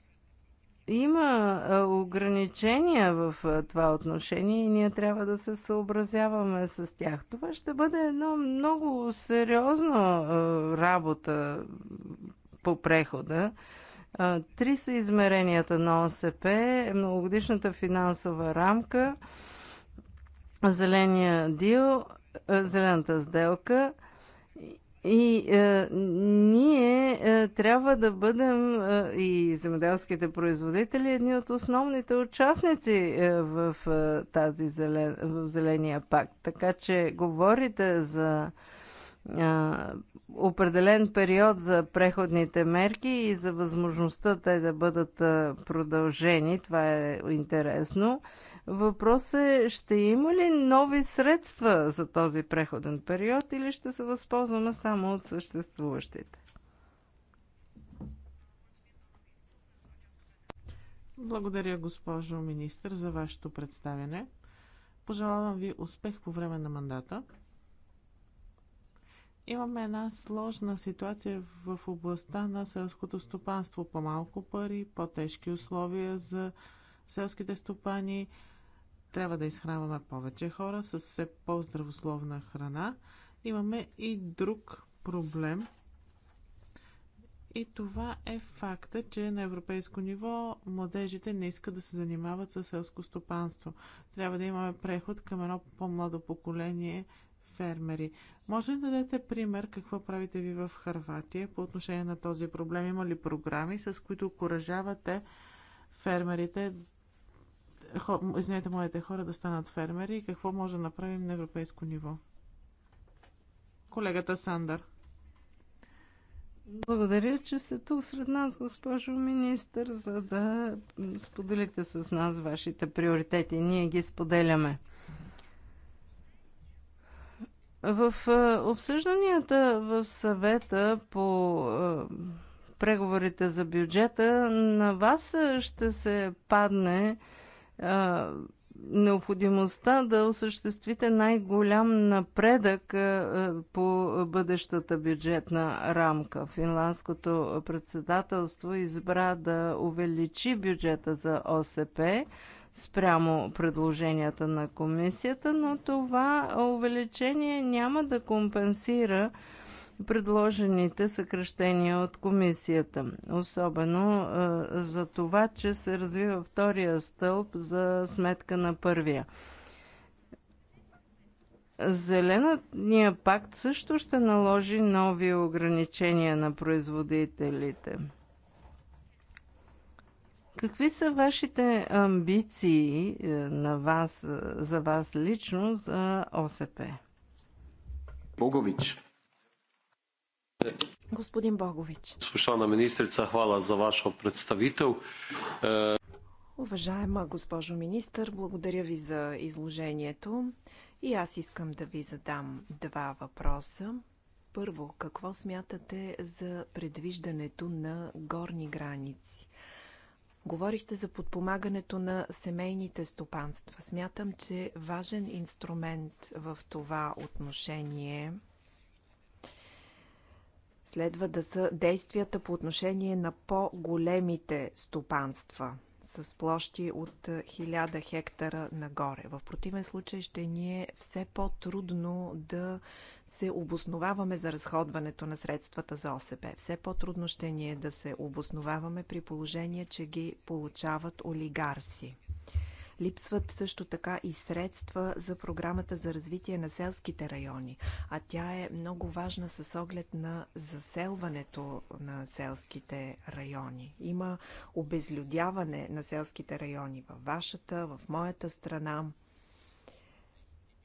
има ограничения в това отношение и ние трябва да се съобразяваме с тях. Това ще бъде едно много сериозна работа по прехода. Три са измеренията на ОСП, многогодишната финансова рамка, зеления дил, зелената сделка – и е, ние е, трябва да бъдем е, и земеделските производители едни от основните участници е, в е, тази зелен, в зеления пакт. Така че говорите за е, определен период за преходните мерки и за възможността те да бъдат е, продължени. Това е интересно. Е, Въпросът е, ще има ли нови средства за този преходен период или ще се възползваме само от съществуващите? Благодаря, госпожо министр, за вашето представяне. Пожелавам ви успех по време на мандата. Имаме една сложна ситуация в областта на селското стопанство. По-малко пари, по-тежки условия за селските стопани, трябва да изхранваме повече хора с все по-здравословна храна. Имаме и друг проблем. И това е факта, че на европейско ниво младежите не искат да се занимават с селско стопанство. Трябва да имаме преход към едно по-младо поколение фермери. Може ли да дадете пример какво правите ви в Харватия по отношение на този проблем? Има ли програми, с които окоръжавате фермерите хо, извинете, младите хора да станат фермери и какво може да направим на европейско ниво. Колегата Сандър. Благодаря, че сте тук сред нас, госпожо министър, за да споделите с нас вашите приоритети. Ние ги споделяме. В обсъжданията в съвета по преговорите за бюджета на вас ще се падне необходимостта да осъществите най-голям напредък по бъдещата бюджетна рамка. Финландското председателство избра да увеличи бюджета за ОСП спрямо предложенията на комисията, но това увеличение няма да компенсира предложените съкръщения от комисията. Особено е, за това, че се развива втория стълб за сметка на първия. Зеленият пакт също ще наложи нови ограничения на производителите. Какви са вашите амбиции е, на вас, за вас лично за ОСП? Богович. Господин Богович. министрица, хвала за ваша представител. Е, Уважаема госпожо министър, благодаря ви за изложението. И аз искам да ви задам два въпроса. Първо, какво смятате за предвиждането на горни граници? Говорихте за подпомагането на семейните стопанства. Смятам, че важен инструмент в това отношение следва да са действията по отношение на по-големите стопанства с площи от 1000 хектара нагоре. В противен случай ще ни е все по-трудно да се обосноваваме за разходването на средствата за ОСП. Все по-трудно ще ни е да се обосноваваме при положение, че ги получават олигарси. Липсват също така и средства за програмата за развитие на селските райони, а тя е много важна с оглед на заселването на селските райони. Има обезлюдяване на селските райони във вашата, в моята страна.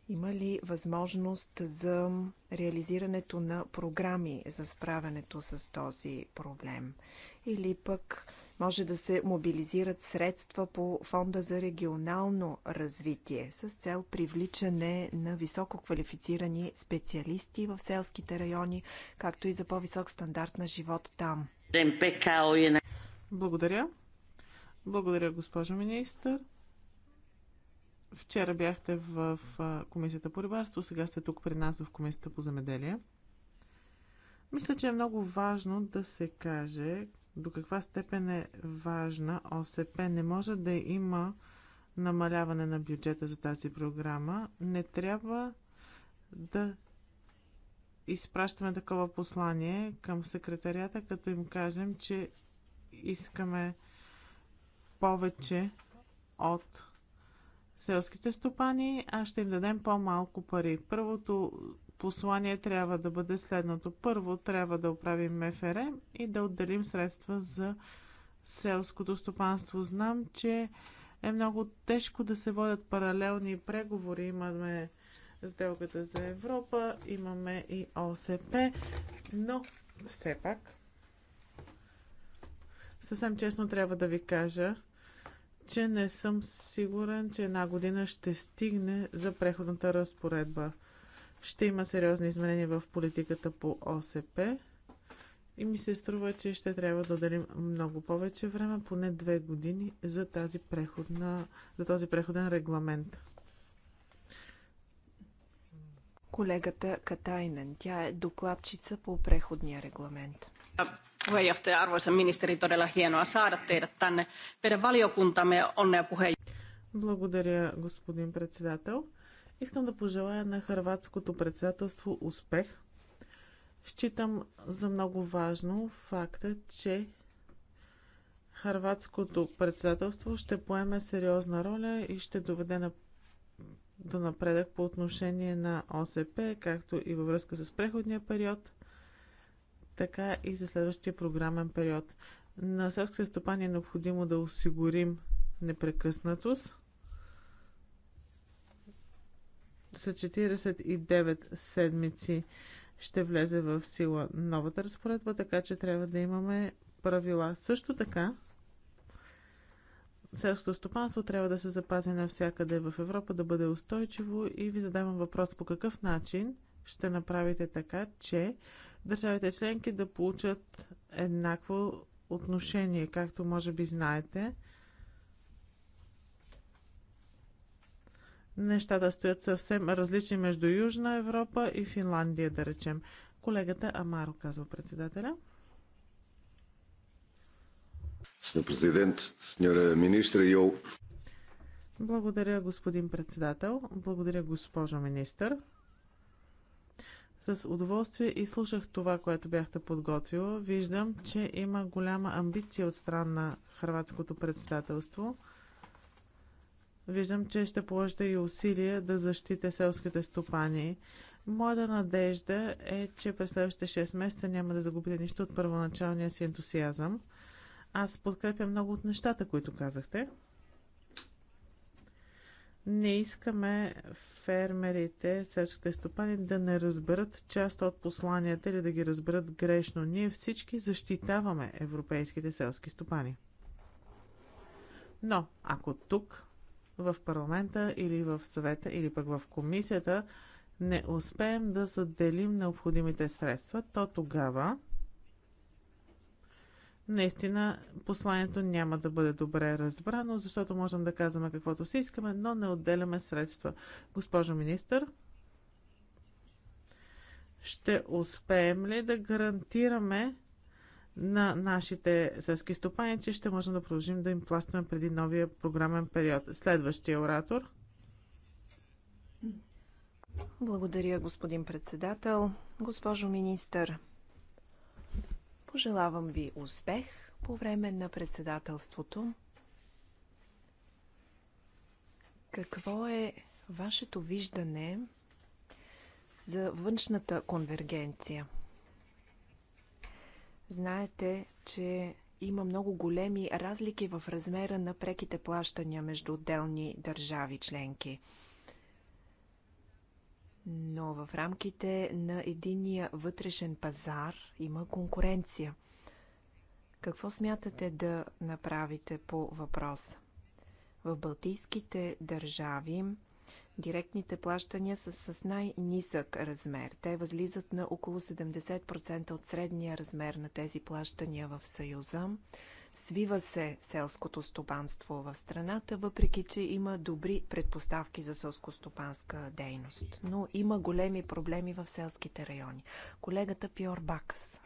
Има ли възможност за реализирането на програми за справянето с този проблем? Или пък може да се мобилизират средства по Фонда за регионално развитие с цел привличане на високо квалифицирани специалисти в селските райони, както и за по-висок стандарт на живот там. Благодаря. Благодаря, госпожо министър. Вчера бяхте в Комисията по рибарство, сега сте тук при нас в Комисията по земеделие. Мисля, че е много важно да се каже до каква степен е важна ОСП. Не може да има намаляване на бюджета за тази програма. Не трябва да изпращаме такова послание към секретарията, като им кажем, че искаме повече от селските стопани, а ще им дадем по-малко пари. Първото послание трябва да бъде следното. Първо, трябва да оправим МФР и да отделим средства за селското стопанство. Знам, че е много тежко да се водят паралелни преговори. Имаме сделката за Европа, имаме и ОСП, но все пак съвсем честно трябва да ви кажа, че не съм сигурен, че една година ще стигне за преходната разпоредба ще има сериозни изменения в политиката по ОСП и ми се струва, че ще трябва да дадем много повече време, поне две години за, тази преходна, за този преходен регламент. Колегата Катайнен, тя е докладчица по преходния регламент. Puheenjohtaja, arvoisa ministeri, todella hienoa saada teidät tänne. Meidän valiokuntamme onnea puheenjohtaja. Благодаря, господин председател. Искам да пожелая на хрватското председателство успех. Считам за много важно факта, че хрватското председателство ще поеме сериозна роля и ще доведе на до напредък по отношение на ОСП, както и във връзка с преходния период, така и за следващия програмен период. На селските стопани е необходимо да осигурим непрекъснатост след 49 седмици ще влезе в сила новата разпоредба, така че трябва да имаме правила. Също така, селското стопанство трябва да се запази навсякъде в Европа, да бъде устойчиво и ви задавам въпрос по какъв начин ще направите така, че държавите членки да получат еднакво отношение, както може би знаете – нещата стоят съвсем различни между Южна Европа и Финландия, да речем. Колегата Амаро, казва председателя. Сеньор президент, сеньор министр, йо. Благодаря, господин председател. Благодаря, госпожо министър. С удоволствие и слушах това, което бяхте подготвила. Виждам, че има голяма амбиция от страна на хрватското председателство – Виждам, че ще положите и усилия да защитите селските стопани. Моята надежда е, че през следващите 6 месеца няма да загубите нищо от първоначалния си ентусиазъм. Аз подкрепям много от нещата, които казахте. Не искаме фермерите, селските стопани да не разберат част от посланията или да ги разберат грешно. Ние всички защитаваме европейските селски стопани. Но ако тук в парламента или в съвета или пък в комисията не успеем да заделим необходимите средства, то тогава наистина посланието няма да бъде добре разбрано, защото можем да казваме каквото си искаме, но не отделяме средства. Госпожо министър, ще успеем ли да гарантираме на нашите селски стопани, че ще можем да продължим да им плащаме преди новия програмен период. Следващия оратор. Благодаря, господин председател. Госпожо министър, пожелавам ви успех по време на председателството. Какво е вашето виждане за външната конвергенция? Знаете, че има много големи разлики в размера на преките плащания между отделни държави членки. Но в рамките на единия вътрешен пазар има конкуренция. Какво смятате да направите по въпроса? В балтийските държави Директните плащания са с най-нисък размер. Те възлизат на около 70% от средния размер на тези плащания в Съюза. Свива се селското стопанство в страната, въпреки че има добри предпоставки за селскостопанска дейност. Но има големи проблеми в селските райони. Колегата Пьор Бакас.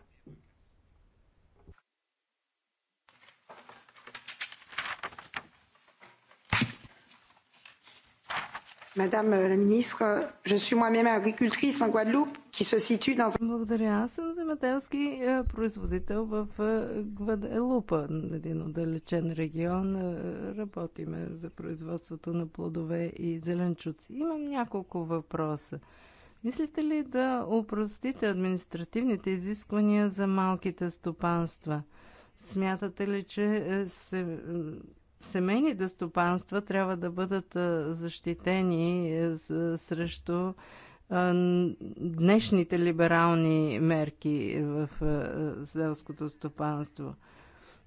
Madame la ministre, je suis moi-même agricultrice en Guadeloupe, qui se situe dans... Благодаря. Аз съм земеделски е, производител в е, Гваделупа, един отдалечен регион. Е, работиме за производството на плодове и зеленчуци. Имам няколко въпроса. Мислите ли да упростите административните изисквания за малките стопанства? Смятате ли, че се Семейните стопанства трябва да бъдат защитени е, срещу днешните либерални мерки в селското стопанство.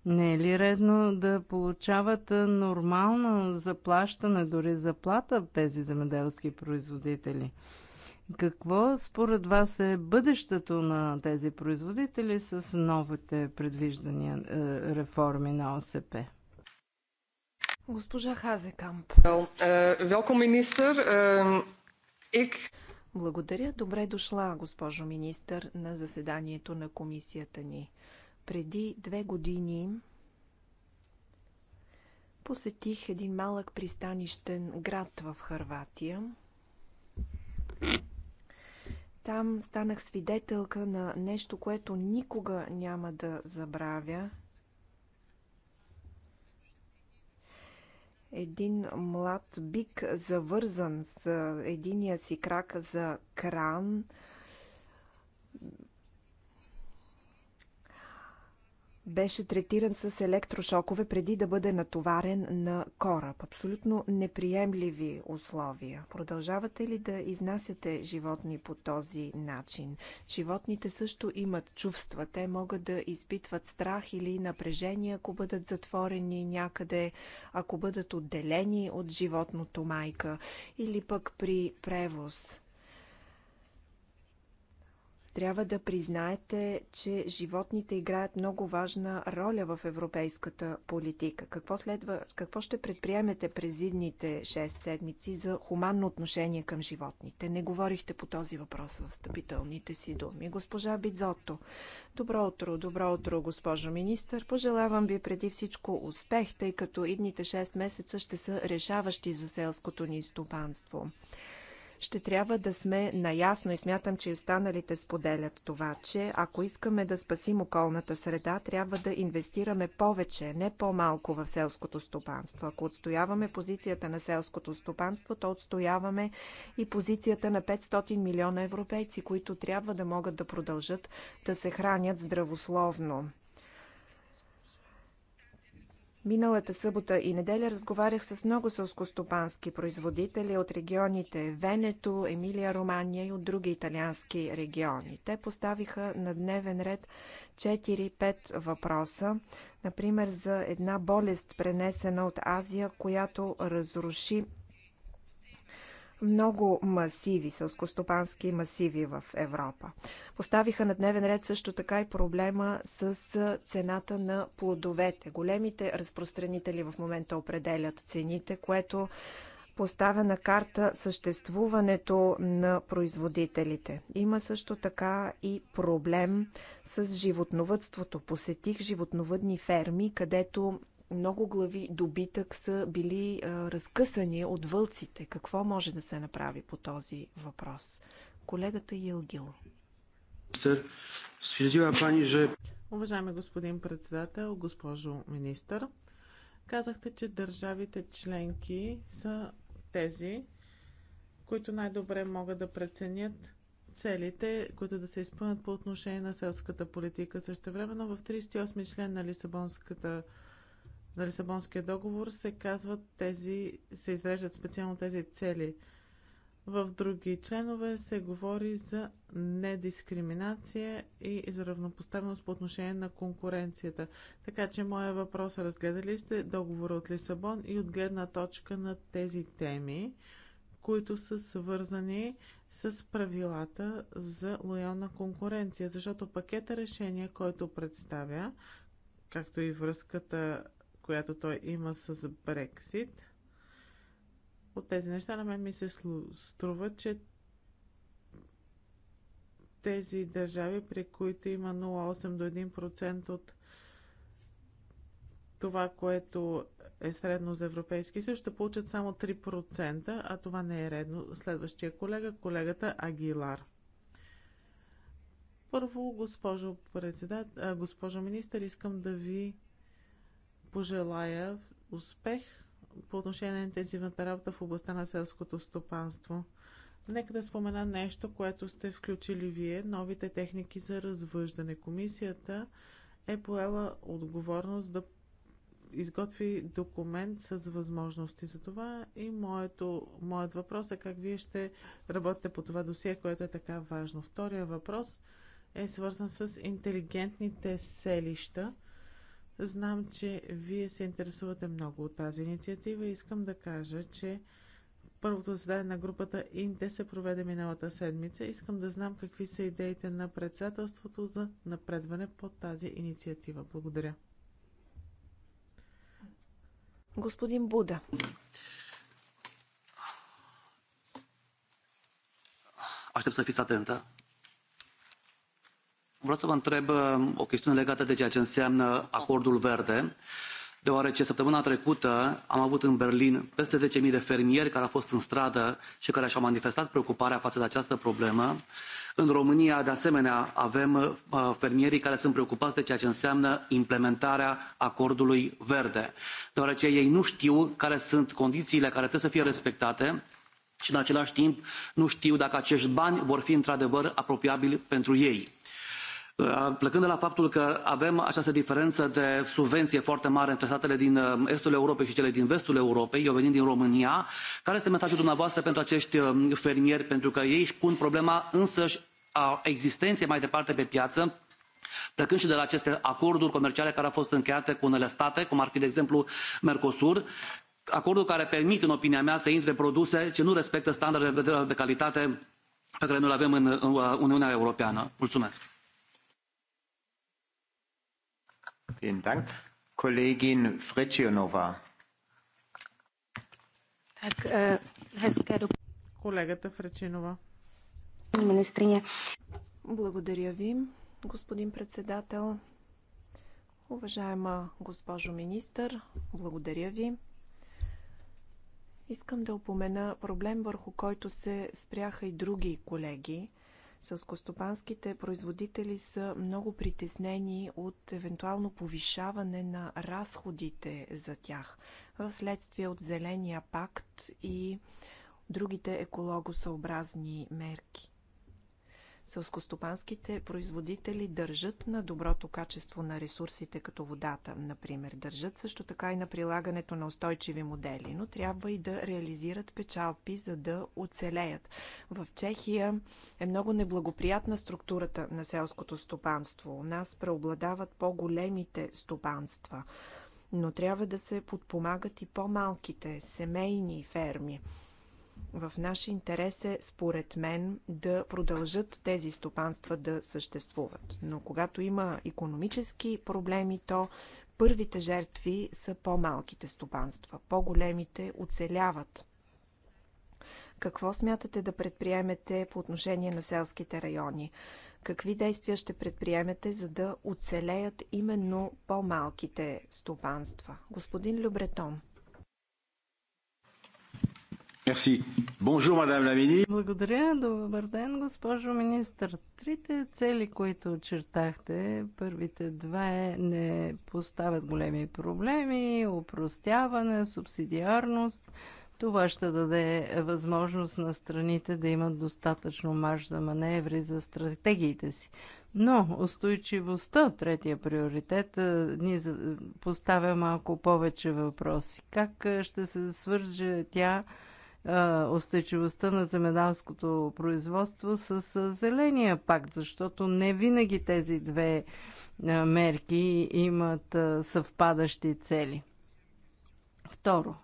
Не е ли редно да получават нормално заплащане, дори заплата в тези земеделски производители? Какво според вас е бъдещето на тези производители с новите предвиждания е, реформи на ОСП? Госпожа Хазекамп. Велком министър. Е, Благодаря. Добре дошла, госпожо министър, на заседанието на комисията ни. Преди две години посетих един малък пристанищен град в Харватия. Там станах свидетелка на нещо, което никога няма да забравя. един млад бик, завързан с единия си крак за кран, беше третиран с електрошокове преди да бъде натоварен на кораб. Абсолютно неприемливи условия. Продължавате ли да изнасяте животни по този начин? Животните също имат чувства. Те могат да изпитват страх или напрежение, ако бъдат затворени някъде, ако бъдат отделени от животното майка или пък при превоз. Трябва да признаете, че животните играят много важна роля в европейската политика. Какво, следва, какво ще предприемете през идните 6 седмици за хуманно отношение към животните? Не говорихте по този въпрос в встъпителните си думи. Госпожа Бидзото, добро утро, добро утро, госпожо министър. Пожелавам ви преди всичко успех, тъй като идните 6 месеца ще са решаващи за селското ни стопанство ще трябва да сме наясно и смятам, че и останалите споделят това, че ако искаме да спасим околната среда, трябва да инвестираме повече, не по-малко в селското стопанство. Ако отстояваме позицията на селското стопанство, то отстояваме и позицията на 500 милиона европейци, които трябва да могат да продължат да се хранят здравословно. Миналата събота и неделя разговарях с много сълскостопански производители от регионите Венето, Емилия Романия и от други италиански региони. Те поставиха на дневен ред 4-5 въпроса, например за една болест пренесена от Азия, която разруши много масиви, селскостопански масиви в Европа. Поставиха на дневен ред също така и проблема с цената на плодовете. Големите разпространители в момента определят цените, което поставя на карта съществуването на производителите. Има също така и проблем с животновътството. Посетих животновъдни ферми, където много глави добитък са били а, разкъсани от вълците. Какво може да се направи по този въпрос? Колегата Йилгил. пани, Уважаеми господин председател, госпожо министър, казахте, че държавите членки са тези, които най-добре могат да преценят целите, които да се изпълнят по отношение на селската политика. Също времено в 38 член на Лисабонската на Лисабонския договор се казват тези, се изреждат специално тези цели. В други членове се говори за недискриминация и за равнопоставеност по отношение на конкуренцията. Така че моя въпрос е разгледали сте договора от Лисабон и от гледна точка на тези теми, които са свързани с правилата за лоялна конкуренция, защото пакета решения, който представя, както и връзката която той има с Брексит. От тези неща на мен ми се струва, че тези държави, при които има 0,8 до 1% от това, което е средно за Европейски съюз, ще получат само 3%, а това не е редно. Следващия колега, колегата Агилар. Първо, госпожо, госпожо министър, искам да ви пожелая успех по отношение на интензивната работа в областта на селското стопанство. Нека да спомена нещо, което сте включили вие новите техники за развъждане. Комисията е поела отговорност да изготви документ с възможности за това и моето, моят въпрос е как вие ще работите по това досие, което е така важно. Втория въпрос е свързан с интелигентните селища – Знам, че вие се интересувате много от тази инициатива и искам да кажа, че първото заседание на групата Инте се проведе миналата седмица. Искам да знам какви са идеите на председателството за напредване по тази инициатива. Благодаря. Господин Буда. Aștept să fiți atentă Vreau să vă întreb o chestiune legată de ceea ce înseamnă acordul verde, deoarece săptămâna trecută am avut în Berlin peste 10.000 de fermieri care au fost în stradă și care și-au manifestat preocuparea față de această problemă. În România, de asemenea, avem fermierii care sunt preocupați de ceea ce înseamnă implementarea acordului verde, deoarece ei nu știu care sunt condițiile care trebuie să fie respectate și, în același timp, nu știu dacă acești bani vor fi într-adevăr apropiabili pentru ei Plecând de la faptul că avem această diferență de subvenție foarte mare între statele din estul Europei și cele din vestul Europei, eu venind din România, care este mesajul dumneavoastră pentru acești fermieri? Pentru că ei își pun problema însăși a existenței mai departe pe piață, plecând și de la aceste acorduri comerciale care au fost încheiate cu unele state, cum ar fi, de exemplu, Mercosur, acorduri care permit, în opinia mea, să intre produse ce nu respectă standardele de calitate pe care noi le avem în Uniunea Europeană. Mulțumesc! Eh, Колегата Фречинова. Министриня. Благодаря ви, господин председател. Уважаема госпожо министър, благодаря ви. Искам да опомена проблем, върху който се спряха и други колеги – Сълскостопанските производители са много притеснени от евентуално повишаване на разходите за тях в следствие от Зеления пакт и другите екологосъобразни мерки. Селскостопанските производители държат на доброто качество на ресурсите, като водата, например. Държат също така и на прилагането на устойчиви модели, но трябва и да реализират печалпи, за да оцелеят. В Чехия е много неблагоприятна структурата на селското стопанство. У нас преобладават по-големите стопанства, но трябва да се подпомагат и по-малките семейни ферми. В наш интерес е, според мен, да продължат тези стопанства да съществуват. Но когато има економически проблеми, то първите жертви са по-малките стопанства. По-големите оцеляват. Какво смятате да предприемете по отношение на селските райони? Какви действия ще предприемете, за да оцелеят именно по-малките стопанства? Господин Любретон. Благодаря. Добър ден, госпожо министър. Трите цели, които очертахте, първите два е, не поставят големи проблеми, упростяване, субсидиарност. Това ще даде възможност на страните да имат достатъчно марш за маневри за стратегиите си. Но устойчивостта, третия приоритет, е, ни поставя малко повече въпроси. Как е, ще се свърже тя устойчивостта на земеделското производство с Зеления пакт, защото не винаги тези две мерки имат съвпадащи цели. Второ,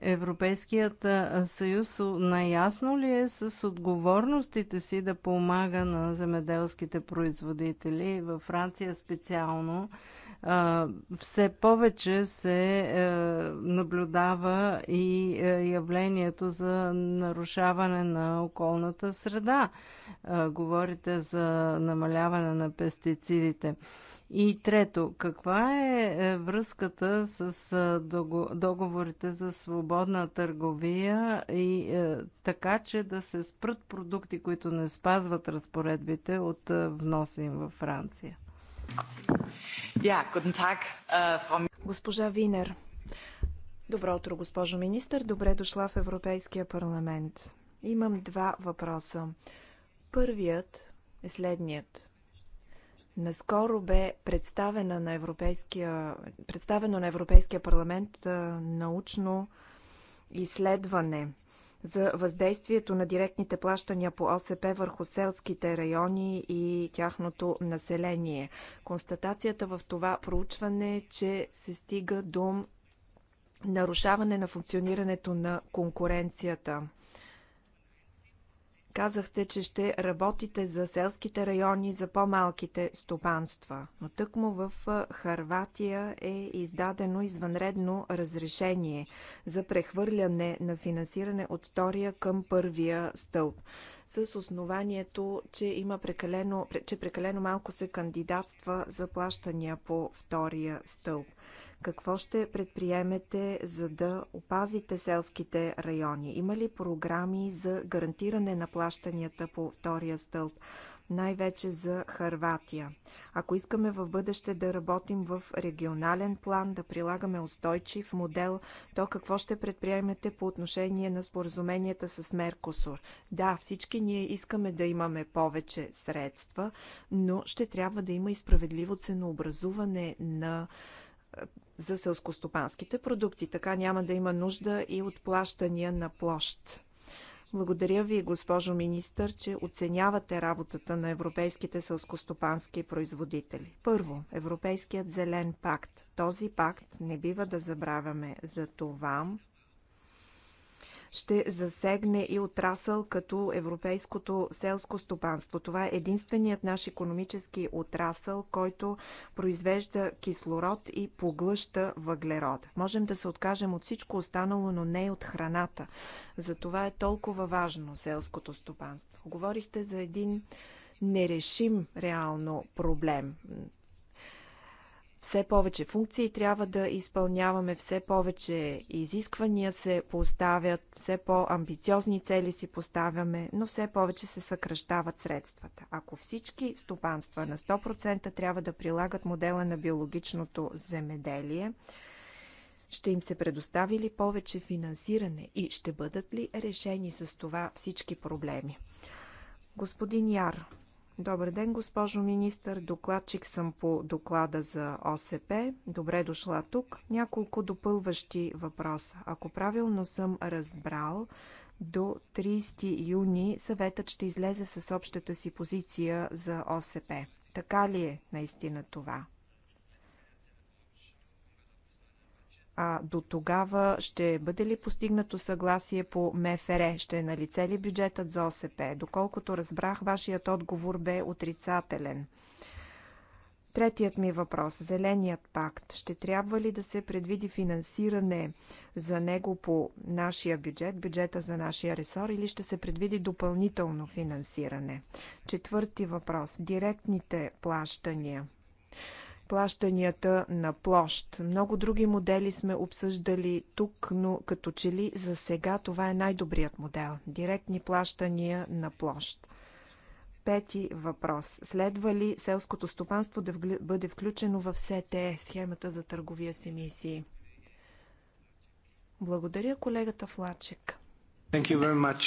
Европейският съюз наясно ли е с отговорностите си да помага на земеделските производители? Във Франция специално все повече се е, наблюдава и е, явлението за нарушаване на околната среда. Говорите за намаляване на пестицидите. И трето, каква е, е връзката с договорите за свободна търговия и така, че да се спрат продукти, които не спазват разпоредбите от вноса им във Франция? Äh, Госпожа Винер. Добро утро, госпожо министър. Добре дошла в Европейския парламент. Имам два въпроса. Първият е следният. Наскоро бе представена на Европейския, представено на Европейския парламент научно изследване – за въздействието на директните плащания по ОСП върху селските райони и тяхното население. Констатацията в това проучване е, че се стига до нарушаване на функционирането на конкуренцията. Казахте, че ще работите за селските райони, за по-малките стопанства. Но тъкмо в Харватия е издадено извънредно разрешение за прехвърляне на финансиране от втория към първия стълб. С основанието, че, има прекалено, че прекалено малко се кандидатства за плащания по втория стълб. Какво ще предприемете, за да опазите селските райони? Има ли програми за гарантиране на плащанията по втория стълб? най-вече за Харватия. Ако искаме в бъдеще да работим в регионален план, да прилагаме устойчив модел, то какво ще предприемете по отношение на споразуменията с Меркосур? Да, всички ние искаме да имаме повече средства, но ще трябва да има и справедливо ценообразуване на за селскостопанските продукти. Така няма да има нужда и от плащания на площ. Благодаря ви, госпожо министър, че оценявате работата на европейските селскостопански производители. Първо, Европейският зелен пакт. Този пакт не бива да забравяме за това, ще засегне и отрасъл като европейското селско стопанство. Това е единственият наш економически отрасъл, който произвежда кислород и поглъща въглерод. Можем да се откажем от всичко останало, но не от храната. Затова е толкова важно селското стопанство. Говорихте за един нерешим реално проблем все повече функции трябва да изпълняваме, все повече изисквания се поставят, все по-амбициозни цели си поставяме, но все повече се съкръщават средствата. Ако всички стопанства на 100% трябва да прилагат модела на биологичното земеделие, ще им се предостави ли повече финансиране и ще бъдат ли решени с това всички проблеми? Господин Яр, Добър ден, госпожо министър. Докладчик съм по доклада за ОСП. Добре дошла тук. Няколко допълващи въпроса. Ако правилно съм разбрал, до 30 юни съветът ще излезе с общата си позиция за ОСП. Така ли е наистина това? А до тогава ще бъде ли постигнато съгласие по МФР? Ще е на лице ли бюджетът за ОСП? Доколкото разбрах, вашият отговор бе отрицателен. Третият ми въпрос. Зеленият пакт. Ще трябва ли да се предвиди финансиране за него по нашия бюджет, бюджета за нашия ресор или ще се предвиди допълнително финансиране? Четвърти въпрос. Директните плащания плащанията на площ. Много други модели сме обсъждали тук, но като че ли за сега това е най-добрият модел. Директни плащания на площ. Пети въпрос. Следва ли селското стопанство да бъде включено в СТЕ, схемата за търговия с емисии? Благодаря колегата Флачек. Thank you very much,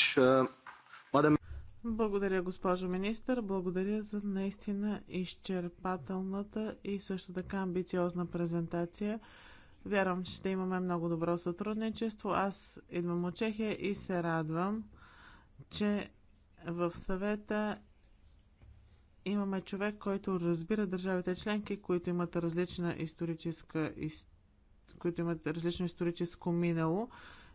uh, благодаря, госпожо министър. Благодаря за наистина изчерпателната и също така амбициозна презентация. Вярвам, че ще имаме много добро сътрудничество. Аз идвам от Чехия и се радвам, че в съвета имаме човек, който разбира държавите членки, които имат различна историческа, които имат различно историческо минало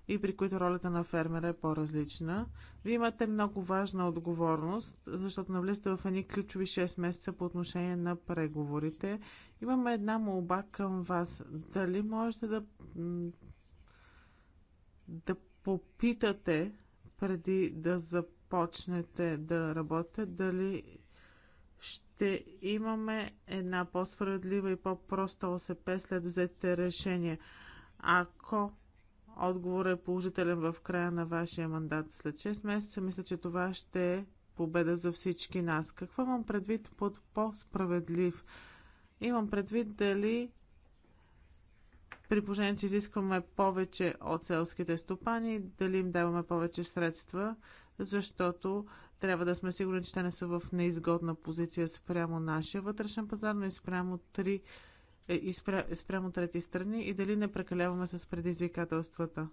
и при които ролята на фермера е по-различна. Вие имате много важна отговорност, защото навлизате в едни ключови 6 месеца по отношение на преговорите. Имаме една молба към вас. Дали можете да, да попитате преди да започнете да работите, дали ще имаме една по-справедлива и по-проста ОСП след взетите решения. Ако отговор е положителен в края на вашия мандат след 6 месеца, мисля, че това ще е победа за всички нас. Какво имам предвид под по-справедлив? Имам предвид дали при положение, че изискваме повече от селските стопани, дали им даваме повече средства, защото трябва да сме сигурни, че те не са в неизгодна позиция спрямо нашия вътрешен пазар, но и спрямо три е и е спрямо трети страни и дали не прекаляваме с предизвикателствата.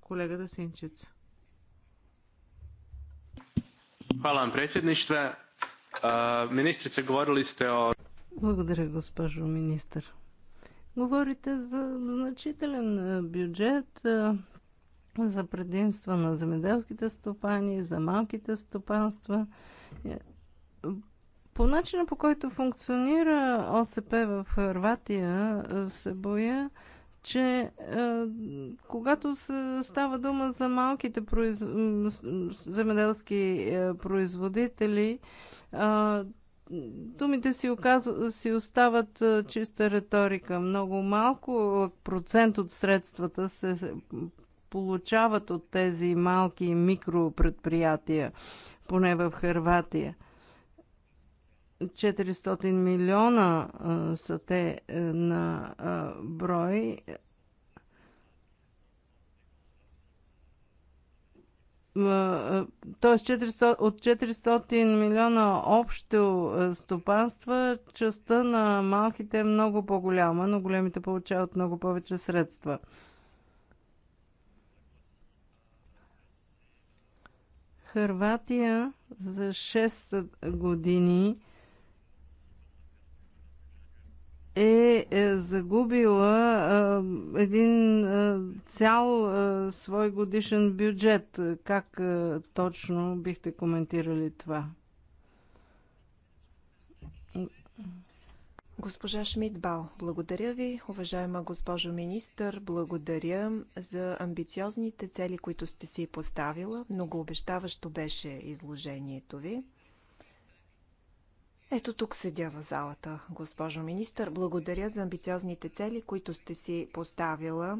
Колегата Синчиц. Хвала вам, predsjedništve. Ministrice, говорили сте о... Благодаря, госпожо министър. Говорите за значителен бюджет, за предимства на земеделските стопани, за малките стопанства. Е, по начина по който функционира ОСП в Хърватия, е, се боя, че е, когато се става дума за малките произ... земеделски е, производители, думите си, оказва, си остават чиста риторика. Много малко процент от средствата се получават от тези малки микропредприятия, поне в Хърватия. 400 милиона а, са те а, е, на а, брой. Тоест от 400 милиона общо е, стопанства, частта на малките е много по-голяма, но големите получават много повече средства. Хърватия за 6 години Е, е загубила е, един е, цял свой годишен бюджет. Как точно бихте коментирали това? Госпожа Шмидбал, благодаря ви, уважаема госпожо министър, благодаря за амбициозните цели, които сте си поставила. Многообещаващо беше изложението ви. Ето тук седя в залата, госпожо министър. Благодаря за амбициозните цели, които сте си поставила.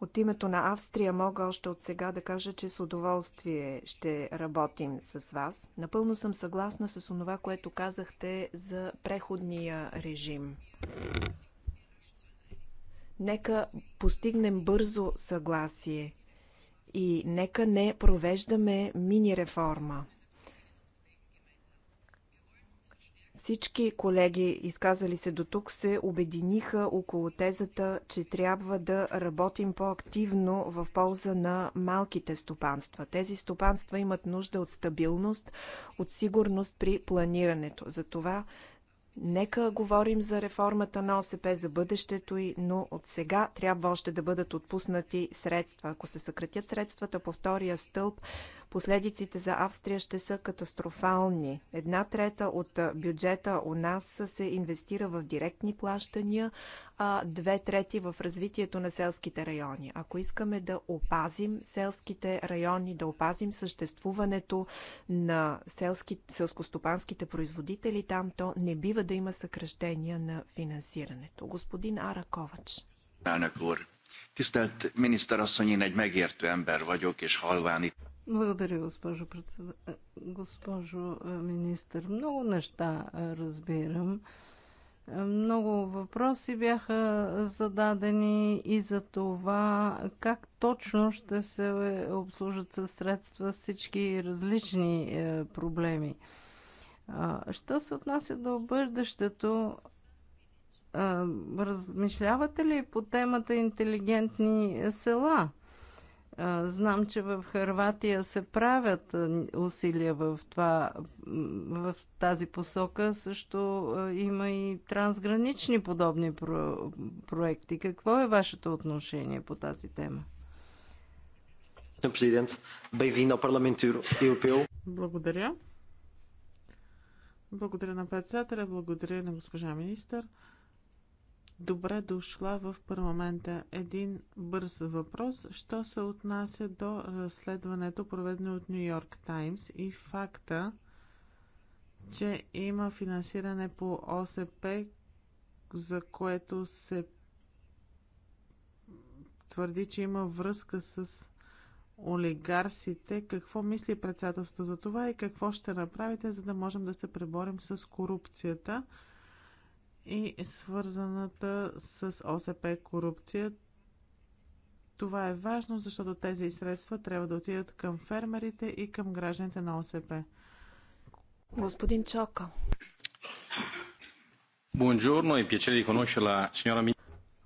От името на Австрия мога още от сега да кажа, че с удоволствие ще работим с вас. Напълно съм съгласна с това, което казахте за преходния режим. Нека постигнем бързо съгласие и нека не провеждаме мини реформа. Всички колеги, изказали се до тук, се обединиха около тезата, че трябва да работим по-активно в полза на малките стопанства. Тези стопанства имат нужда от стабилност, от сигурност при планирането. Затова Нека говорим за реформата на ОСП за бъдещето й, но от сега трябва още да бъдат отпуснати средства. Ако се съкратят средствата по втория стълб, Последиците за Австрия ще са катастрофални. Една трета от бюджета у нас се инвестира в директни плащания, а две трети в развитието на селските райони. Ако искаме да опазим селските райони, да опазим съществуването на селски, селскостопанските производители там, то не бива да има съкръщения на финансирането. Господин Ара Ковач. tisztelt miniszterasszony, én egy megértő ember vagyok, és halván itt... Благодаря, госпожо, председ... госпожо министър. Много неща разбирам. Много въпроси бяха зададени и за това как точно ще се е, обслужат със средства всички различни е, проблеми. Що се отнася до бъдещето, размишлявате ли по темата интелигентни села? Знам, че в Харватия се правят усилия в, това, в тази посока. Също има и трансгранични подобни про- проекти. Какво е вашето отношение по тази тема? Президент, бem на парламент Parlamento Благодаря. Благодаря на председателя, благодаря на госпожа министър. Добре дошла в парламента. Един бърз въпрос, що се отнася до разследването, проведено от Нью Йорк Таймс и факта, че има финансиране по ОСП, за което се твърди, че има връзка с олигарсите. Какво мисли председателството за това и какво ще направите, за да можем да се преборим с корупцията? и свързаната с ОСП корупция. Това е важно, защото тези средства трябва да отидат към фермерите и към гражданите на ОСП. Господин Чока. Buongiorno, e piacere di conoscerla, signora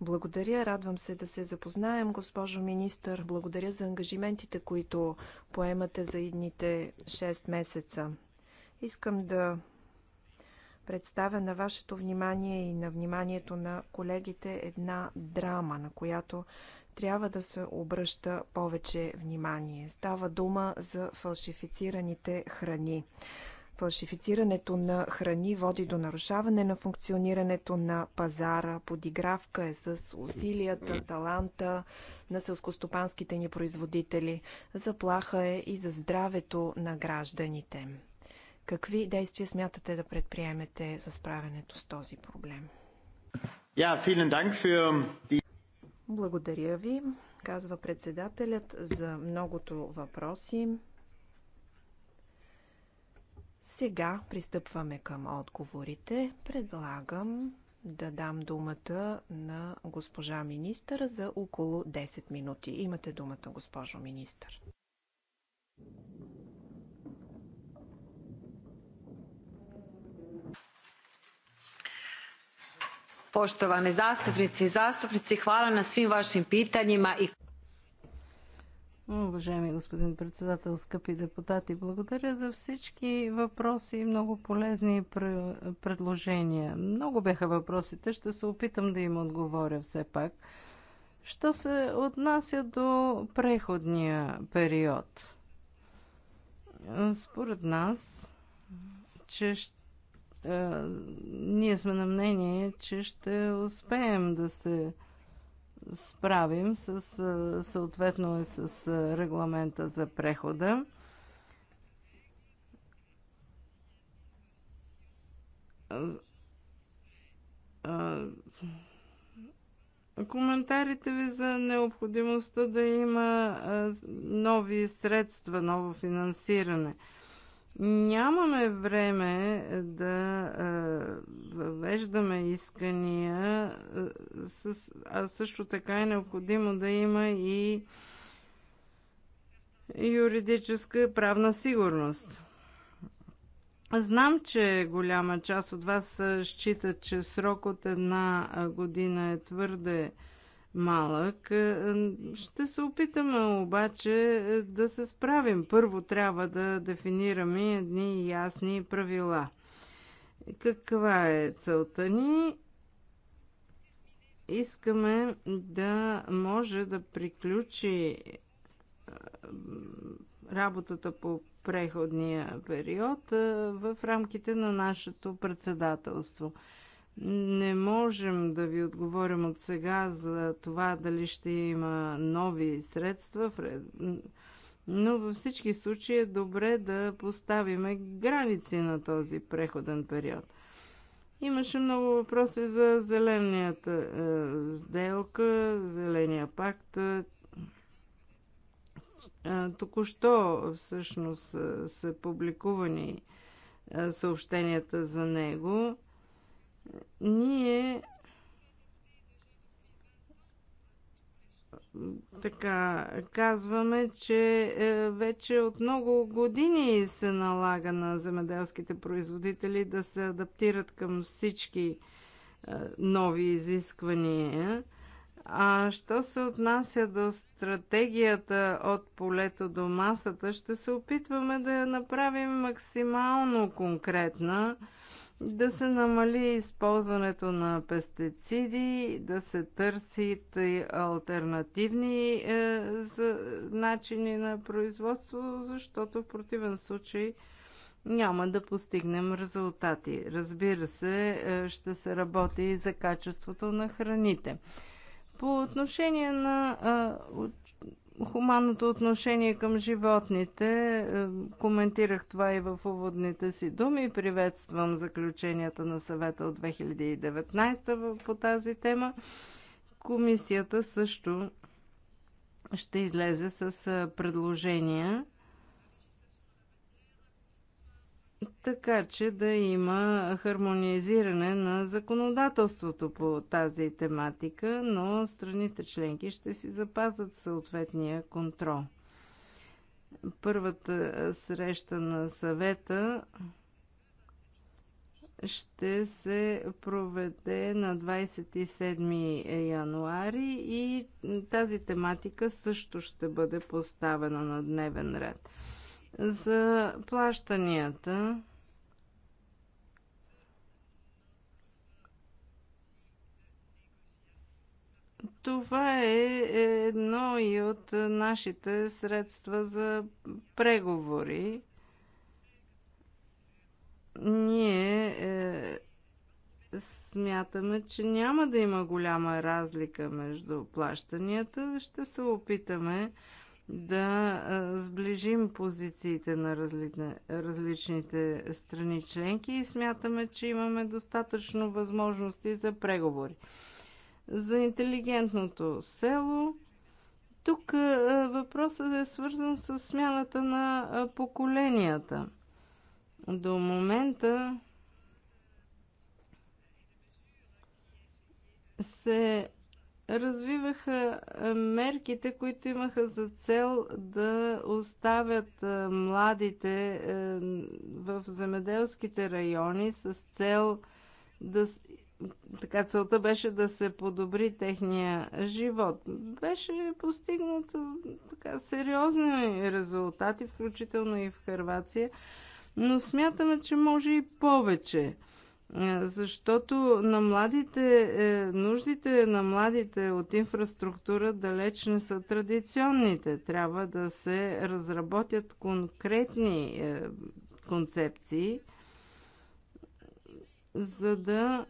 благодаря. Радвам се да се запознаем, госпожо министър. Благодаря за ангажиментите, които поемате за идните 6 месеца. Искам да представя на вашето внимание и на вниманието на колегите една драма, на която трябва да се обръща повече внимание. Става дума за фалшифицираните храни. Фалшифицирането на храни води до нарушаване на функционирането на пазара. Подигравка е с усилията, таланта на селскостопанските ни производители. Заплаха е и за здравето на гражданите. Какви действия смятате да предприемете за справянето с този проблем? für... Благодаря ви, казва председателят, за многото въпроси. Сега пристъпваме към отговорите. Предлагам да дам думата на госпожа министър за около 10 минути. Имате думата, госпожо министър. Poštovane zastupnice i zastupnici, hvala na svim vašim pitanjima i... Уважаеми господин председател, скъпи депутати, благодаря за всички въпроси и много полезни предложения. Много бяха въпросите, ще се опитам да им отговоря все пак. Що се отнася до преходния период? Според нас, че ще е, ние сме на мнение, че ще успеем да се справим с, е, съответно и с е, регламента за прехода. Коментарите ви за необходимостта да има нови средства, ново финансиране – Нямаме време да въвеждаме искания, а също така е необходимо да има и юридическа правна сигурност. Знам, че голяма част от вас считат, че срок от една година е твърде малък. Е, ще се опитаме обаче е, да се справим. Първо трябва да дефинираме едни ясни правила. Каква е целта ни? Искаме да може да приключи е, работата по преходния период в рамките на нашето председателство – не можем да ви отговорим от сега за това дали ще има нови средства, но във всички случаи е добре да поставиме граници на този преходен период. Имаше много въпроси за зеленията е, сделка, зеления пакт. Е, току-що всъщност е, са публикувани е, съобщенията за него. Ние така казваме, че е, вече от много години се налага на земеделските производители да се адаптират към всички е, нови изисквания. А що се отнася до стратегията от полето до масата, ще се опитваме да я направим максимално конкретна – да се намали използването на пестициди, да се търсят и альтернативни е, за, начини на производство, защото в противен случай няма да постигнем резултати. Разбира се, е, ще се работи и за качеството на храните. По отношение на е, хуманното отношение към животните. Е, коментирах това и в уводните си думи. Приветствам заключенията на съвета от 2019 по тази тема. Комисията също ще излезе с е, предложения така че да има хармонизиране на законодателството по тази тематика, но страните членки ще си запазят съответния контрол. Първата среща на съвета ще се проведе на 27 януари и тази тематика също ще бъде поставена на дневен ред. За плащанията Това е едно и от нашите средства за преговори. Ние е, смятаме, че няма да има голяма разлика между плащанията. Ще се опитаме да сближим позициите на различните страни членки и смятаме, че имаме достатъчно възможности за преговори. За интелигентното село. Тук въпросът е свързан с смяната на поколенията. До момента се развиваха мерките, които имаха за цел да оставят младите е, в земеделските райони с цел да така целта беше да се подобри техния живот. Беше постигнато така сериозни резултати, включително и в Харвация, но смятаме, че може и повече. Е, защото на младите, е, нуждите на младите от инфраструктура далеч не са традиционните. Трябва да се разработят конкретни е, концепции, за да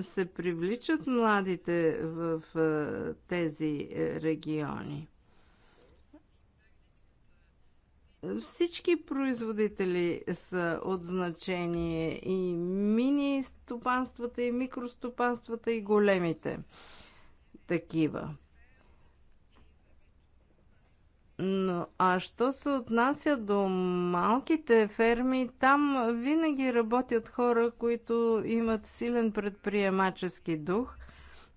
се привличат младите в тези региони. Всички производители са от значение и мини стопанствата, и микростопанствата, и големите такива. Но, а що се отнася до малките ферми, там винаги работят хора, които имат силен предприемачески дух.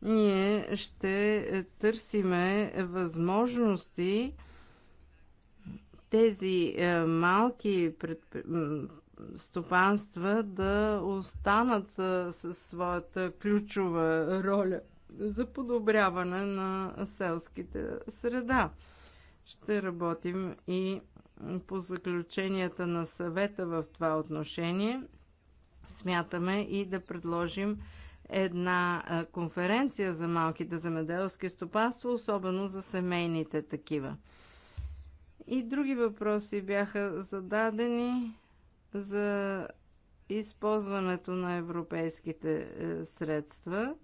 Ние ще търсиме възможности тези е, малки предп... стопанства да останат е, със своята ключова роля за подобряване на селските среда. Ще работим и по заключенията на съвета в това отношение. Смятаме и да предложим една е, конференция за малките земеделски стопанства, особено за семейните такива. И други въпроси бяха зададени за използването на европейските е, средства.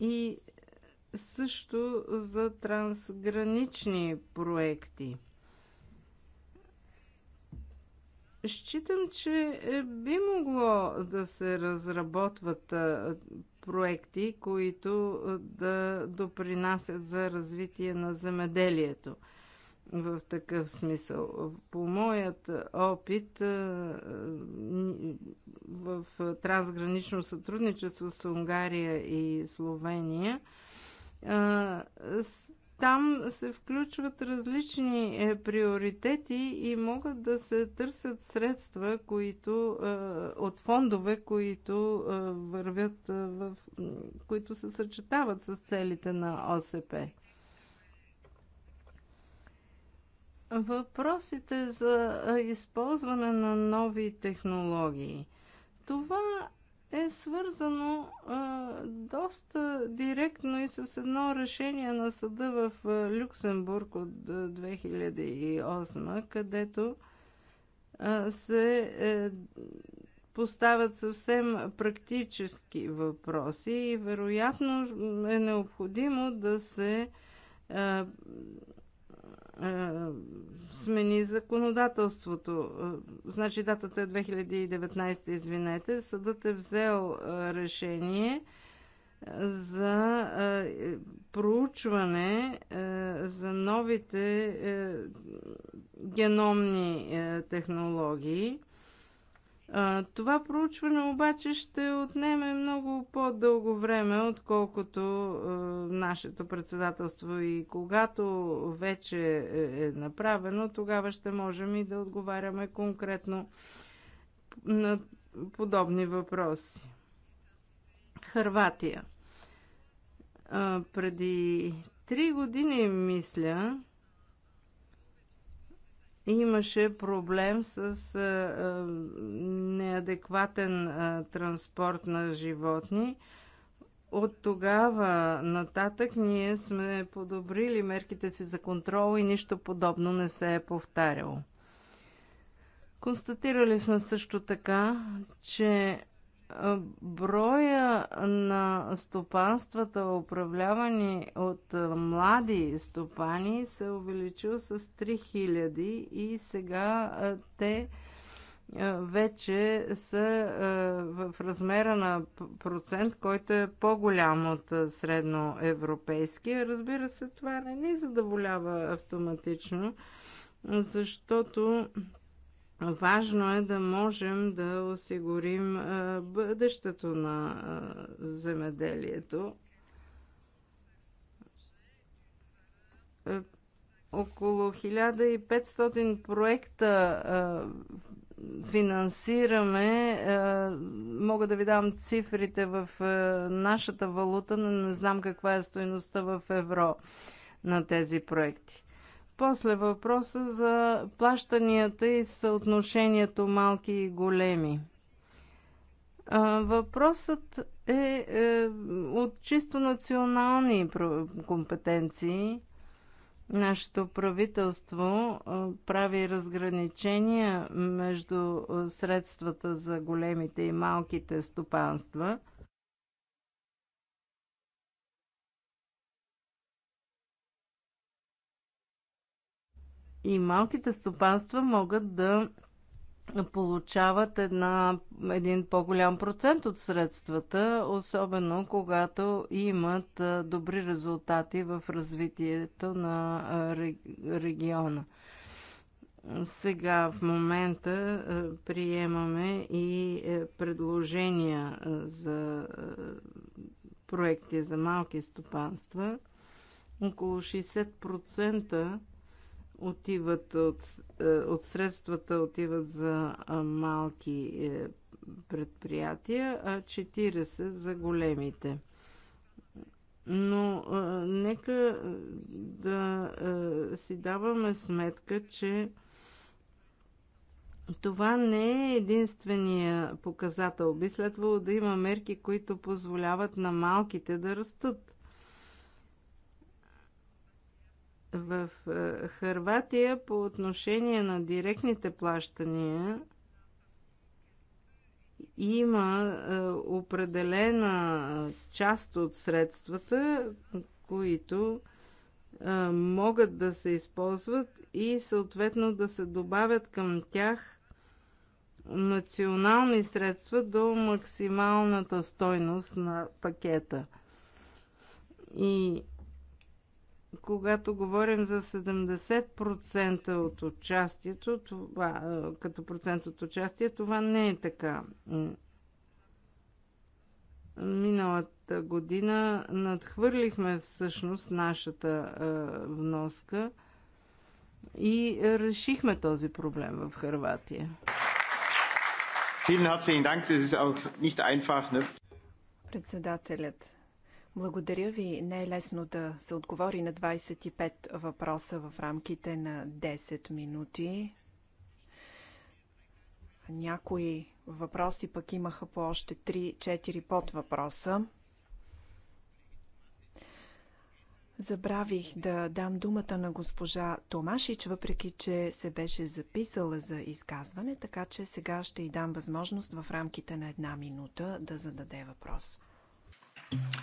И също за трансгранични проекти – Считам, че е, би могло да се разработват е, проекти, които е, да допринасят за развитие на земеделието. В такъв смисъл. По моят опит в трансгранично сътрудничество с Унгария и Словения, там се включват различни е, приоритети и могат да се търсят средства които, е, от фондове, които е, вървят е, в, които се съчетават с целите на ОСП. Въпросите за е, използване на нови технологии. Това е свързано а, доста директно и с едно решение на съда в Люксембург от 2008, където а, се е, поставят съвсем практически въпроси и вероятно е необходимо да се а, смени законодателството. Значи датата е 2019, извинете. Съдът е взел решение за е, проучване за новите е, геномни е, технологии това проучване обаче ще отнеме много по-дълго време, отколкото нашето председателство. И когато вече е, е направено, тогава ще можем и да отговаряме конкретно на подобни въпроси. Харватия. Преди три години, мисля, имаше проблем с а, неадекватен а, транспорт на животни. От тогава нататък ние сме подобрили мерките си за контрол и нищо подобно не се е повтаряло. Констатирали сме също така, че броя на стопанствата, управлявани от млади стопани, се е увеличил с 3000 и сега те вече са в размера на процент, който е по-голям от средноевропейския. Разбира се, това не ни задоволява автоматично, защото Важно е да можем да осигурим бъдещето на земеделието. Около 1500 проекта финансираме. Мога да ви дам цифрите в нашата валута, но не знам каква е стоеността в евро на тези проекти. После въпроса за плащанията и съотношението малки и големи. Въпросът е, е, от чисто национални компетенции. Нашето правителство прави разграничения между средствата за големите и малките стопанства – и малките стопанства могат да получават една, един по-голям процент от средствата, особено когато имат добри резултати в развитието на региона. Сега в момента приемаме и е, предложения за проекти за малки стопанства. Около 60% отиват от, е, от средствата отиват за малки е, предприятия, а 40 за големите. Но а, нека да а, си даваме сметка, че това не е единствения показател. Би следвало да има мерки, които позволяват на малките да растат. В е, Харватия по отношение на директните плащания има е, определена част от средствата, които е, могат да се използват и съответно да се добавят към тях национални средства до максималната стойност на пакета. И когато говорим за 70% от участието, това, като процент от участие, това не е така. Миналата година надхвърлихме всъщност нашата вноска и решихме този проблем в Харватия. Председателят благодаря ви. Не е лесно да се отговори на 25 въпроса в рамките на 10 минути. Някои въпроси пък имаха по още 3-4 под въпроса. Забравих да дам думата на госпожа Томашич, въпреки че се беше записала за изказване, така че сега ще й дам възможност в рамките на една минута да зададе въпрос.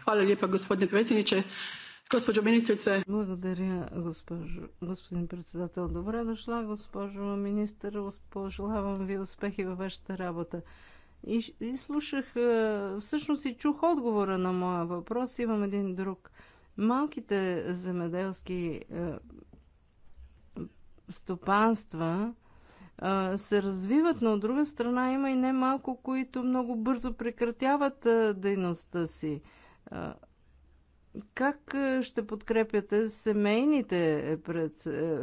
Hvala lijepa gospodine predsjedniče. Gospođo ministrice. Благодаря, госпожо, господин председател. Добре дошла, госпожо министър. Пожелавам ви успехи във вашата работа. И, и слушах, е, всъщност и чух отговора на моя въпрос. Имам един друг. Малките земеделски е, стопанства, се развиват, но от друга страна има и немалко, които много бързо прекратяват дейността си. Как ще подкрепяте семейните е, пред е,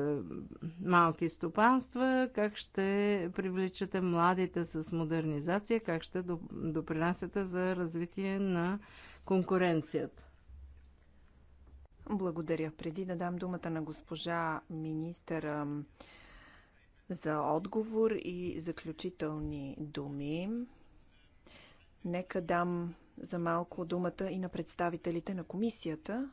малки стопанства? Как ще привличате младите с модернизация? Как ще допринасяте за развитие на конкуренцията? Благодаря. Преди да дам думата на госпожа министър за отговор и заключителни думи. Нека дам за малко думата и на представителите на комисията.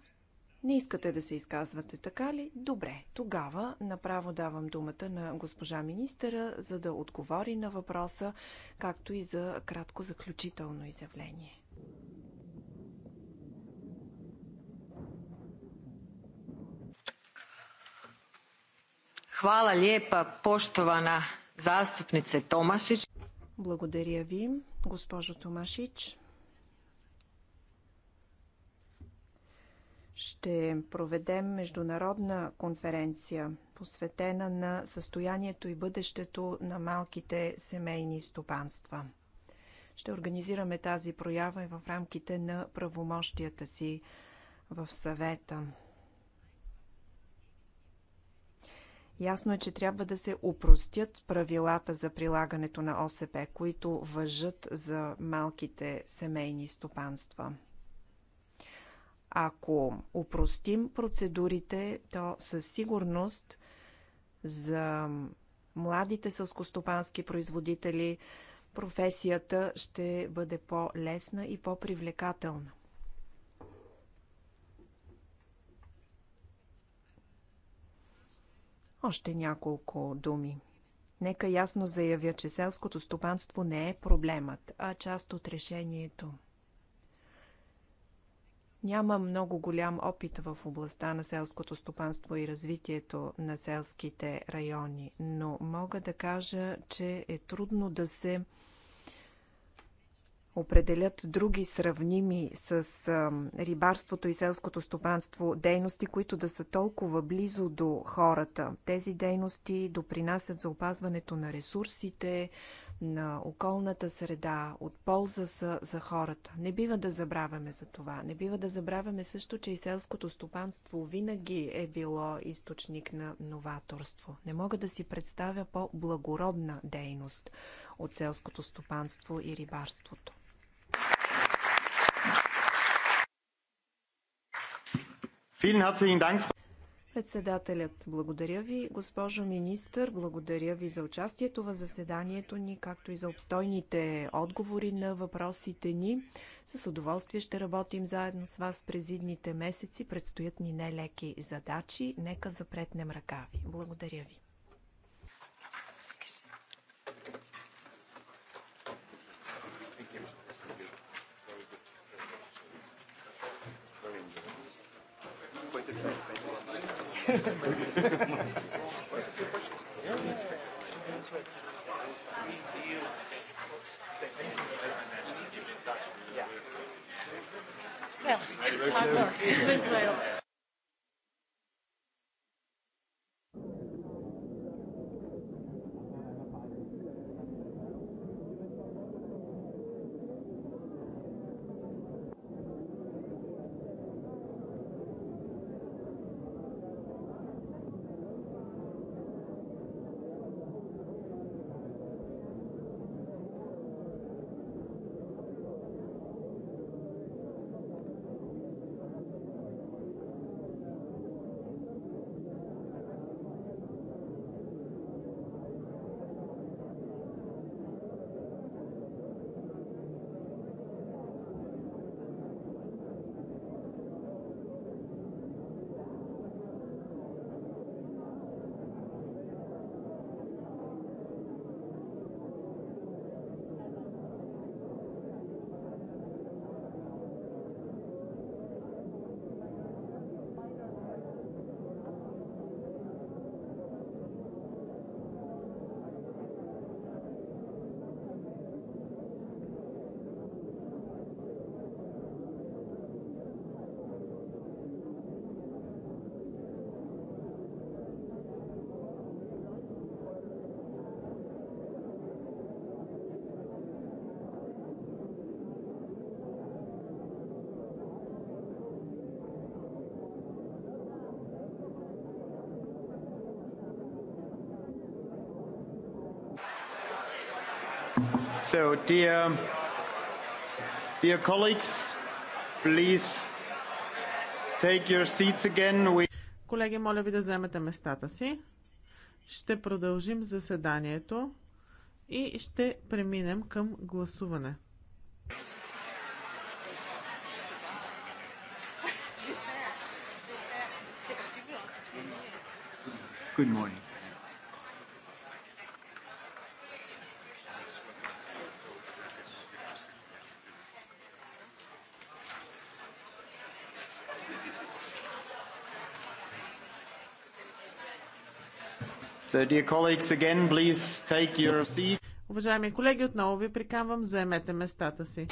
Не искате да се изказвате, така ли? Добре, тогава направо давам думата на госпожа министъра, за да отговори на въпроса, както и за кратко заключително изявление. Хвала lijepa poštovana zastupnice Tomašić. Благодаря ви, госпожо Томашич. Ще проведем международна конференция, посветена на състоянието и бъдещето на малките семейни стопанства. Ще организираме тази проява и в рамките на правомощията си в съвета. Ясно е, че трябва да се упростят правилата за прилагането на ОСП, които въжат за малките семейни стопанства. Ако упростим процедурите, то със сигурност за младите сълскостопански производители професията ще бъде по-лесна и по-привлекателна. Още няколко думи. Нека ясно заявя, че селското стопанство не е проблемът, а част от решението. Няма много голям опит в областта на селското стопанство и развитието на селските райони, но мога да кажа, че е трудно да се определят други сравними с рибарството и селското стопанство дейности, които да са толкова близо до хората. Тези дейности допринасят за опазването на ресурсите, на околната среда, от полза са за хората. Не бива да забравяме за това. Не бива да забравяме също, че и селското стопанство винаги е било източник на новаторство. Не мога да си представя по-благородна дейност от селското стопанство и рибарството. Председателят, благодаря ви. Госпожо министър, благодаря ви за участието в заседанието ни, както и за обстойните отговори на въпросите ни. С удоволствие ще работим заедно с вас през идните месеци. Предстоят ни нелеки задачи. Нека запретнем ръка ви. Благодаря ви. Yeah. Well, It's hard So, dear, dear colleagues, please take your seats again. We... Колеги, моля ви да вземете местата си. Ще продължим заседанието и ще преминем към гласуване. Good morning. Уважаеми колеги, отново ви приканвам, заемете местата си.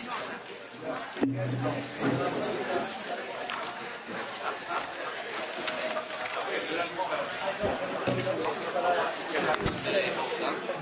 Thank you.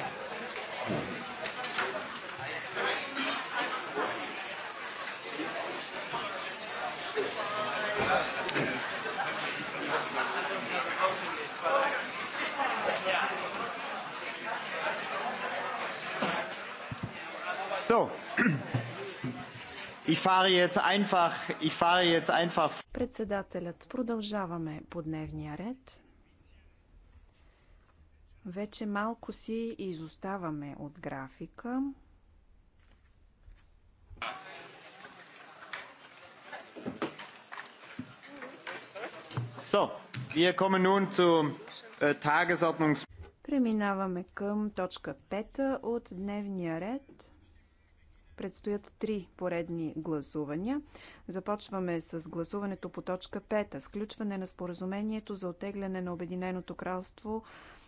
Председателят, продължаваме по дневния ред. Вече малко си изоставаме от графика. So, wir kommen nun zu äh, Tagesordnungs... Преминаваме към точка 5 от дневния ред предстоят три поредни гласувания. Започваме с гласуването по точка 5. Сключване на споразумението за отегляне на Обединеното кралство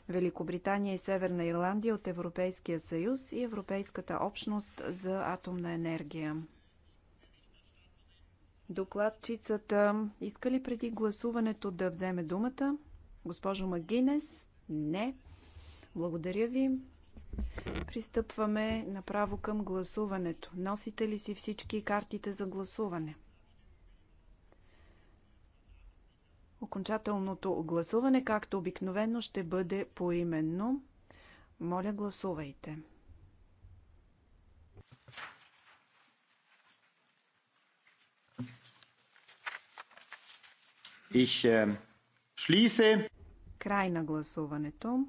Великобритания и Северна Ирландия от Европейския съюз и Европейската общност за атомна енергия. Докладчицата иска ли преди гласуването да вземе думата? Госпожо Магинес? Не. Благодаря ви. Пристъпваме направо към гласуването. Носите ли си всички картите за гласуване? Окончателното гласуване, както обикновено, ще бъде поименно. Моля, гласувайте. Ich э, schließe. Край на гласуването.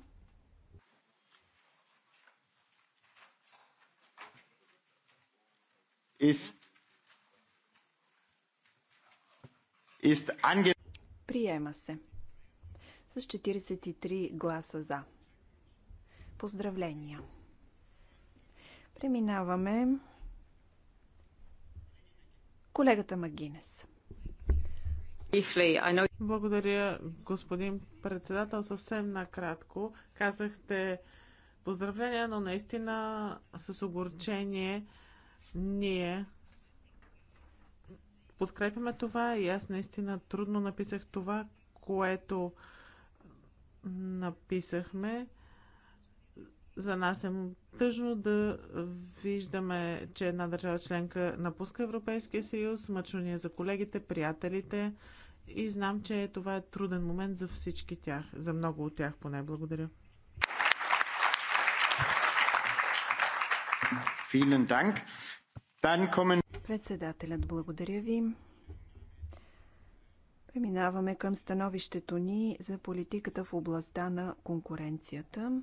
ist, ist ange... Приема се. С 43 гласа за. Поздравления. Преминаваме колегата Магинес. Благодаря, господин председател. Съвсем накратко. Казахте поздравления, но наистина с огорчение ние подкрепяме това и аз наистина трудно написах това, което написахме. За нас е тъжно да виждаме, че една държава членка напуска Европейския съюз. Мъчно ни е за колегите, приятелите и знам, че това е труден момент за всички тях, за много от тях поне. Благодаря. Vielen Dank. Председателят, благодаря ви. Преминаваме към становището ни за политиката в областта на конкуренцията.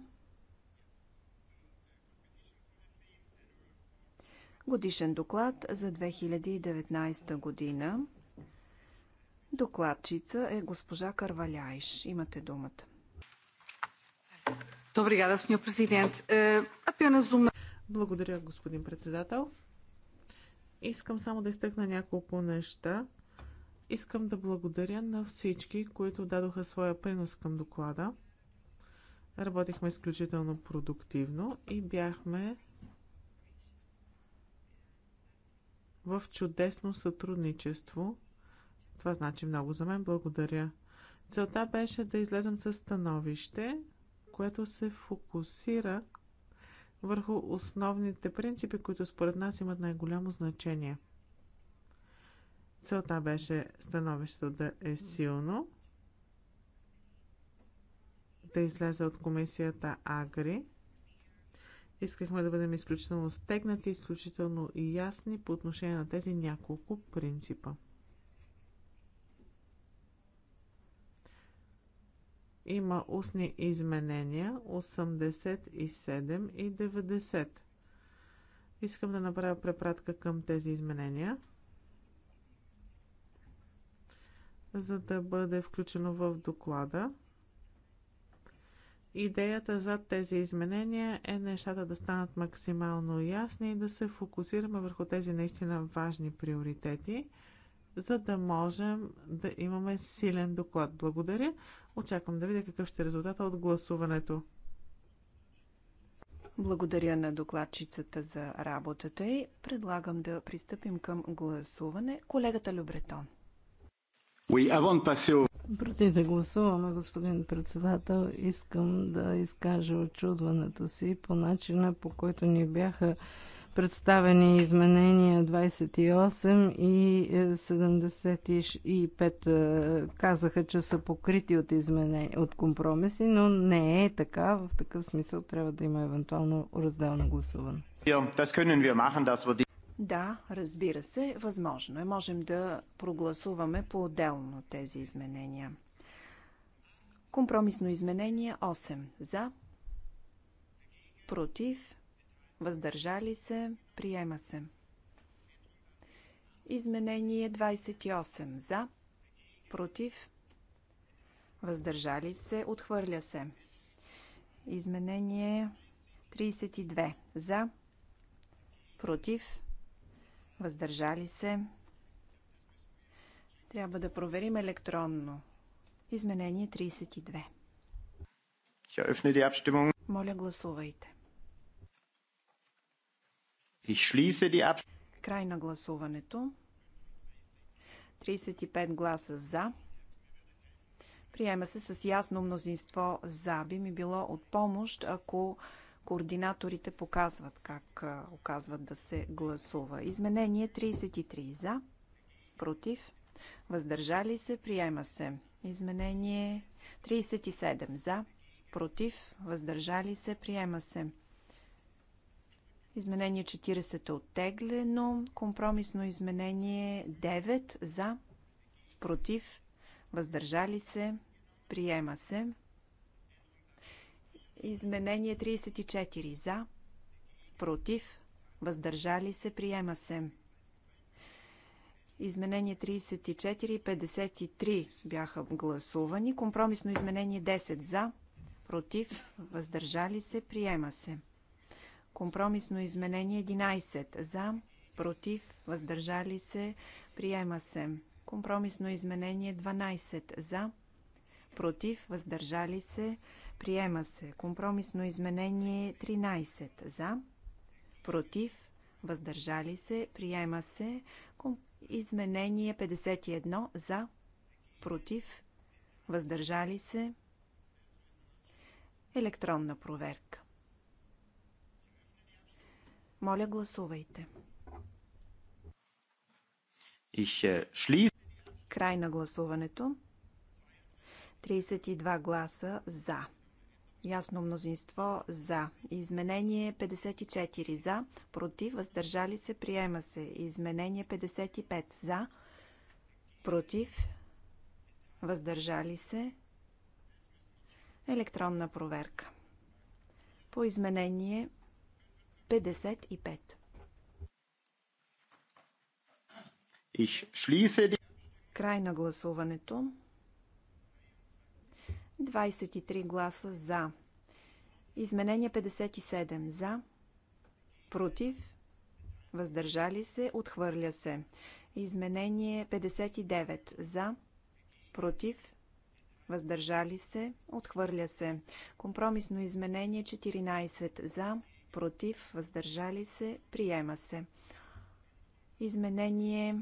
Годишен доклад за 2019 година. Докладчица е госпожа Карваляиш. Имате думата. Добре, господин президент. Е, благодаря, господин председател. Искам само да изтъкна няколко неща. Искам да благодаря на всички, които дадоха своя принос към доклада. Работихме изключително продуктивно и бяхме в чудесно сътрудничество. Това значи много за мен. Благодаря. Целта беше да излезем със становище, което се фокусира върху основните принципи, които според нас имат най-голямо значение. Целта беше становището да е силно, да излезе от комисията Агри. Искахме да бъдем изключително стегнати, изключително ясни по отношение на тези няколко принципа. Има устни изменения 87 и 90. Искам да направя препратка към тези изменения, за да бъде включено в доклада. Идеята за тези изменения е нещата да станат максимално ясни и да се фокусираме върху тези наистина важни приоритети – за да можем да имаме силен доклад. Благодаря. Очаквам да видя какъв ще е резултата от гласуването. Благодаря на докладчицата за работата и предлагам да пристъпим към гласуване. Колегата Любретон. Преди да гласуваме, господин председател, искам да изкажа очудването си по начина, по който ни бяха представени изменения 28 и 75 е, е, казаха, че са покрити от, изменения, от компромиси, но не е така. В такъв смисъл трябва да има евентуално разделно гласуване. Да, разбира се, възможно е. Можем да прогласуваме по-отделно тези изменения. Компромисно изменение 8. За. Против въздържали се, приема се. Изменение 28 за, против, въздържали се, отхвърля се. Изменение 32 за, против, въздържали се. Трябва да проверим електронно. Изменение 32. Моля, гласувайте. Край на гласуването. 35 гласа за. Приема се с ясно мнозинство за. Би ми било от помощ, ако координаторите показват как оказват да се гласува. Изменение 33 за, против, въздържали се, приема се. Изменение 37 за, против, въздържали се, приема се. Изменение 40 е оттеглено. Компромисно изменение 9 за, против, въздържали се, приема се. Изменение 34 за, против, въздържали се, приема се. Изменение 34 и 53 бяха гласувани. Компромисно изменение 10 за, против, въздържали се, приема се. Компромисно изменение 11. За, против, въздържали се, приема се. Компромисно изменение 12. За, против, въздържали се, приема се. Компромисно изменение 13. За, против, въздържали се, приема се. Изменение 51. За, против, въздържали се. Електронна проверка. Моля, гласувайте. Край на гласуването. 32 гласа за. Ясно мнозинство за. Изменение 54 за. Против. Въздържали се. Приема се. Изменение 55 за. Против. Въздържали се. Електронна проверка. По изменение 55. 55. Край на гласуването. 23 гласа за. Изменение 57 за. Против. Въздържали се. Отхвърля се. Изменение 59 за. Против. Въздържали се. Отхвърля се. Компромисно изменение 14 за против, въздържали се, приема се. Изменение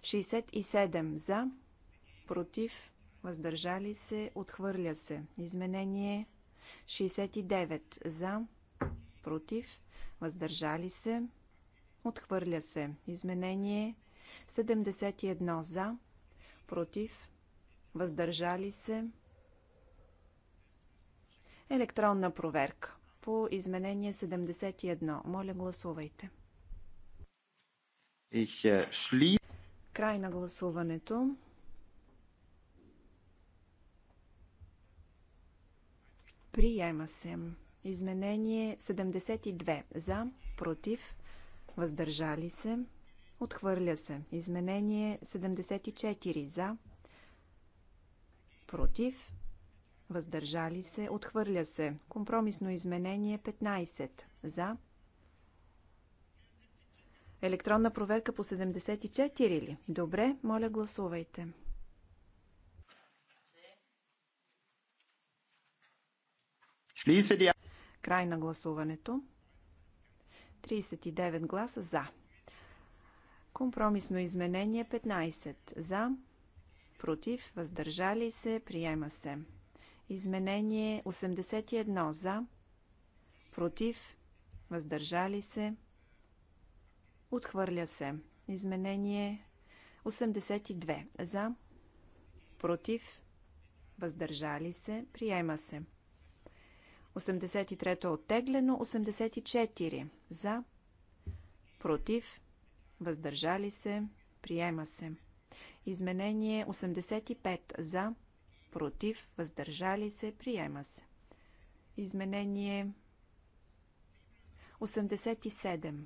67 за, против, въздържали се, отхвърля се. Изменение 69 за, против, въздържали се, отхвърля се. Изменение 71 за, против, въздържали се, Електронна проверка по изменение 71. Моля, гласувайте. Е, Край на гласуването. Приема се. Изменение 72. За, против, въздържали се, отхвърля се. Изменение 74. За, против, въздържали се, отхвърля се. Компромисно изменение 15 за. Електронна проверка по 74 ли? Добре, моля гласувайте. Край на гласуването. 39 гласа за. Компромисно изменение 15 за. Против, въздържали се, приема се. Изменение 81 за, против, въздържали се, отхвърля се. Изменение 82 за, против, въздържали се, приема се. 83 е оттеглено, 84 за, против, въздържали се, приема се. Изменение 85 за, против, против, въздържали се, приема се. Изменение 87.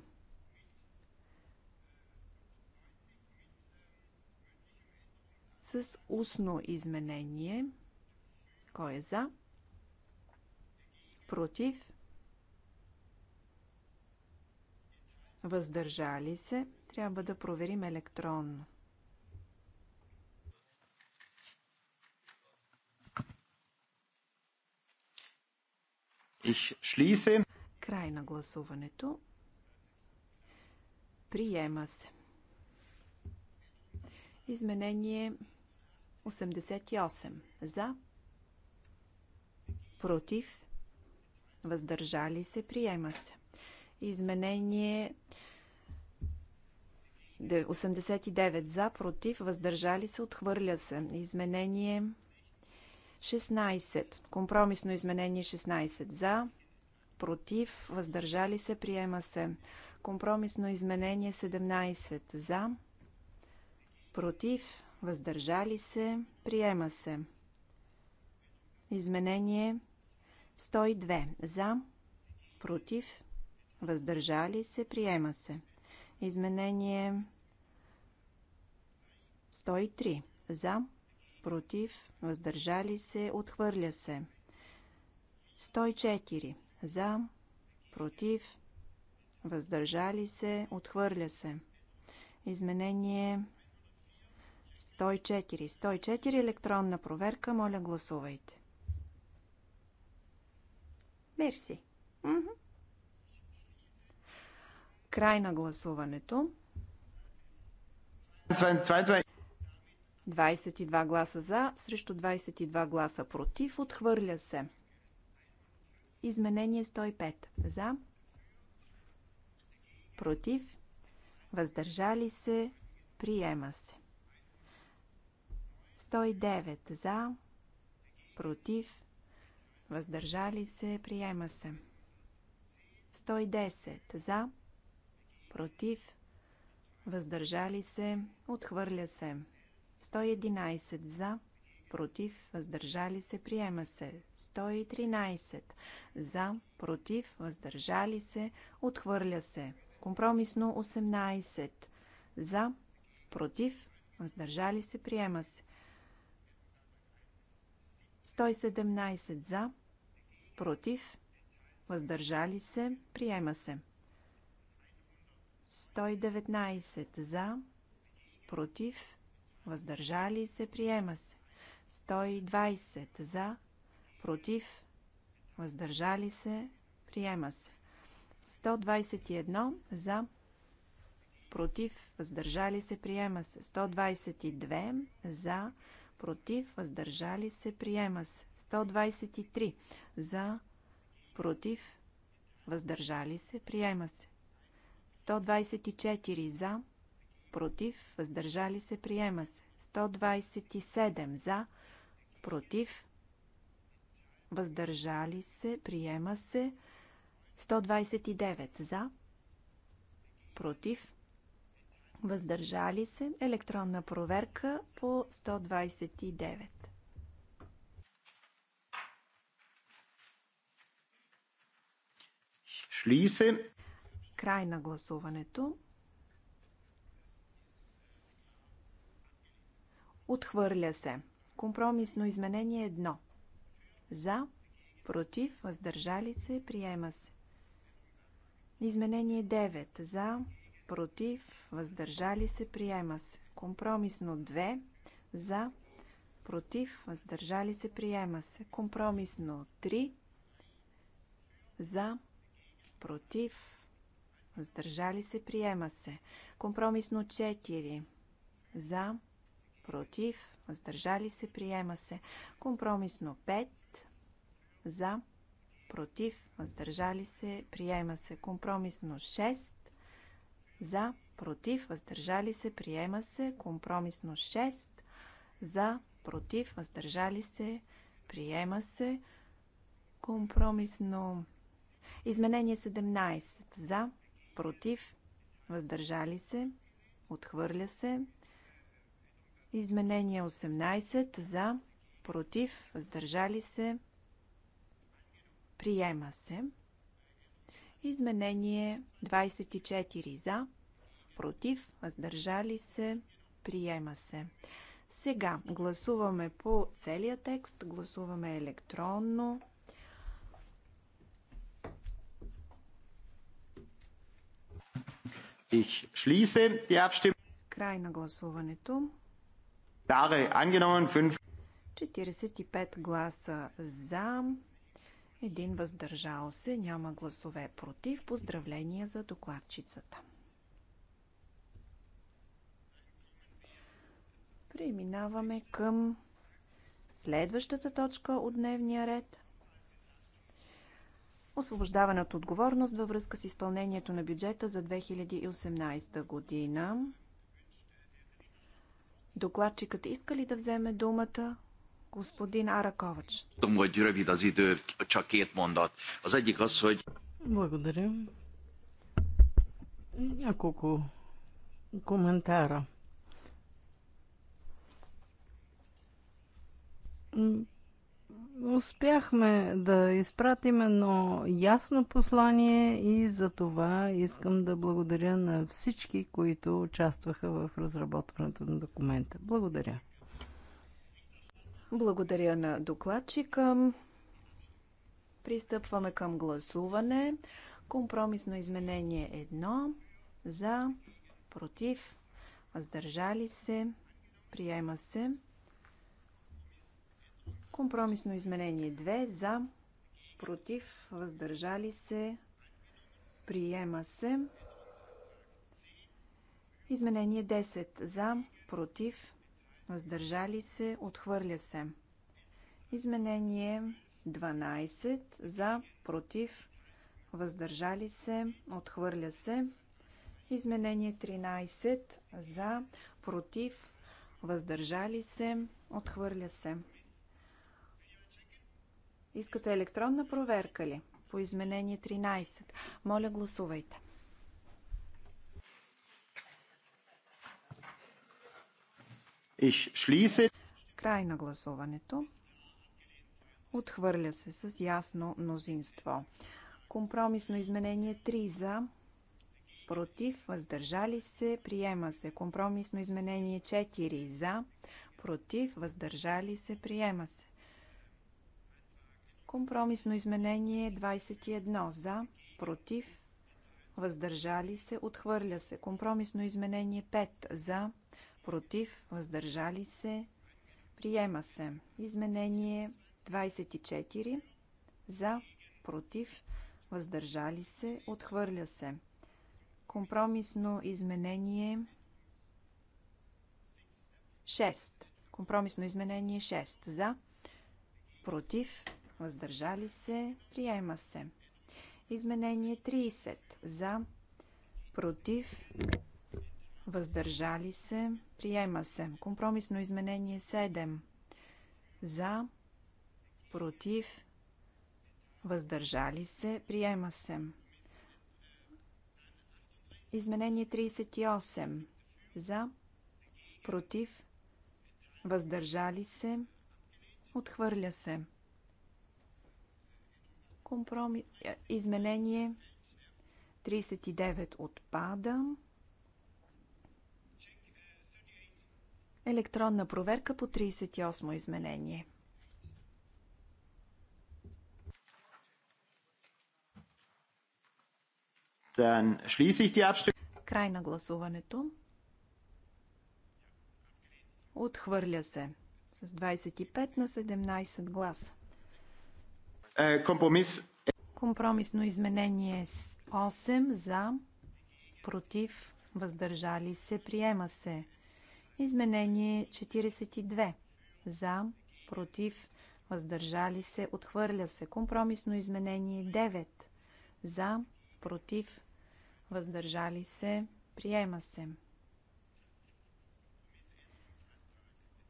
С устно изменение. Кой е за? Против? Въздържали се? Трябва да проверим електронно. Ich schließe. Край на гласуването. Приема се. Изменение 88. За. Против. Въздържали се. Приема се. Изменение 89. За. Против. Въздържали се. Отхвърля се. Изменение 16. Компромисно изменение 16. За, против, въздържали се, приема се. Компромисно изменение 17. За, против, въздържали се, приема се. Изменение 102. За, против, въздържали се, приема се. Изменение 103. За, против, въздържали се, отхвърля се. 104 за, против, въздържали се, отхвърля се. Изменение 104. 104 електронна проверка, моля гласувайте. Мерси. Край на гласуването. 22. 22 гласа за, срещу 22 гласа против. Отхвърля се. Изменение 105. За. Против. Въздържали се. Приема се. 109. За. Против. Въздържали се. Приема се. 110. За. Против. Въздържали се. Отхвърля се. 111 за, против, въздържали се, приема се. 113 за, против, въздържали се, отхвърля се. Компромисно 18 за, против, въздържали се, приема се. 117 за, против, въздържали се, приема се. 119 за, против, въздържали се, приема се. 120 за, против, въздържали се, приема се. 121 за, против, въздържали се, приема се. 122 за, против, въздържали се, приема се. 123 за, против, въздържали се, приема се. 124 за, против, въздържали се, приема се. 127 за, против, въздържали се, приема се. 129 за, против, въздържали се. Електронна проверка по 129. се. Край на гласуването. Отхвърля се. Компромисно изменение 1. За, против, въздържали се, приема се. Изменение 9. За, против, въздържали се, приема се. Компромисно 2. За, против, въздържали се, приема се. Компромисно 3. За, против, въздържали се, приема се. Компромисно 4. За, против, против, въздържали се, приема се. Компромисно 5 за, против, въздържали се, приема се. Компромисно 6 за, против, въздържали се, приема се. Компромисно 6 за, против, въздържали се, приема се. Компромисно изменение 17 за, против, въздържали се, отхвърля се. Изменение 18 за, против, въздържали се, приема се. Изменение 24 за, против, въздържали се, приема се. Сега гласуваме по целия текст, гласуваме електронно. Ich schließe die Abstimmung. Край на гласуването. 45 гласа за, един въздържал се, няма гласове против. Поздравления за докладчицата. Преминаваме към следващата точка от дневния ред. Освобождаване от отговорност във връзка с изпълнението на бюджета за 2018 година. Докладчикът иска ли да вземе думата? Господин Аракович. Благодаря. Няколко коментара. Успяхме да изпратим едно ясно послание и за това искам да благодаря на всички, които участваха в разработването на документа. Благодаря. Благодаря на докладчика. Пристъпваме към гласуване. Компромисно изменение едно. за, против, въздържали се, приема се. Компромисно изменение 2 за, против, въздържали се, приема се. Изменение 10 за, против, въздържали се, отхвърля се. Изменение 12 за, против, въздържали се, отхвърля се. Изменение 13 за, против, въздържали се, отхвърля се. Искате електронна проверка ли? По изменение 13. Моля, гласувайте. Ich schließe. Край на гласуването. Отхвърля се с ясно мнозинство. Компромисно изменение 3 за, против, въздържали се, приема се. Компромисно изменение 4 за, против, въздържали се, приема се. Компромисно изменение 21 за, против, въздържали се, отхвърля се. Компромисно изменение 5 за, против, въздържали се, приема се. Изменение 24 за, против, въздържали се, отхвърля се. Компромисно изменение 6. Компромисно изменение 6 за, против, въздържали се, приема се. Изменение 30 за, против, въздържали се, приема се. Компромисно изменение 7 за, против, въздържали се, приема се. Изменение 38 за, против, въздържали се, отхвърля се. Компромис... Е, изменение 39 отпада. Електронна проверка по 38 изменение. Край на гласуването. Отхвърля се с 25 на 17 гласа. Е, компромис. Е- Компромисно изменение с 8 за, против, въздържали се, приема се. Изменение 42 за, против, въздържали се, отхвърля се. Компромисно изменение 9 за, против, въздържали се, приема се.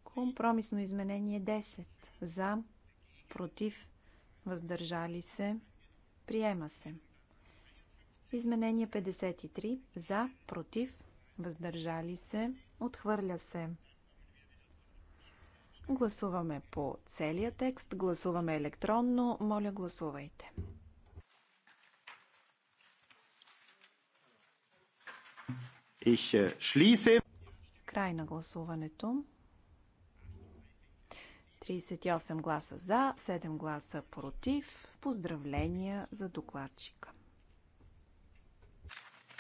Компромисно изменение 10 за, против, въздържали се, приема се. Изменение 53 за, против, въздържали се, отхвърля се. Гласуваме по целия текст, гласуваме електронно, моля гласувайте. Э, Край на гласуването. 38 гласа за, 7 гласа против. Поздравления за докладчика.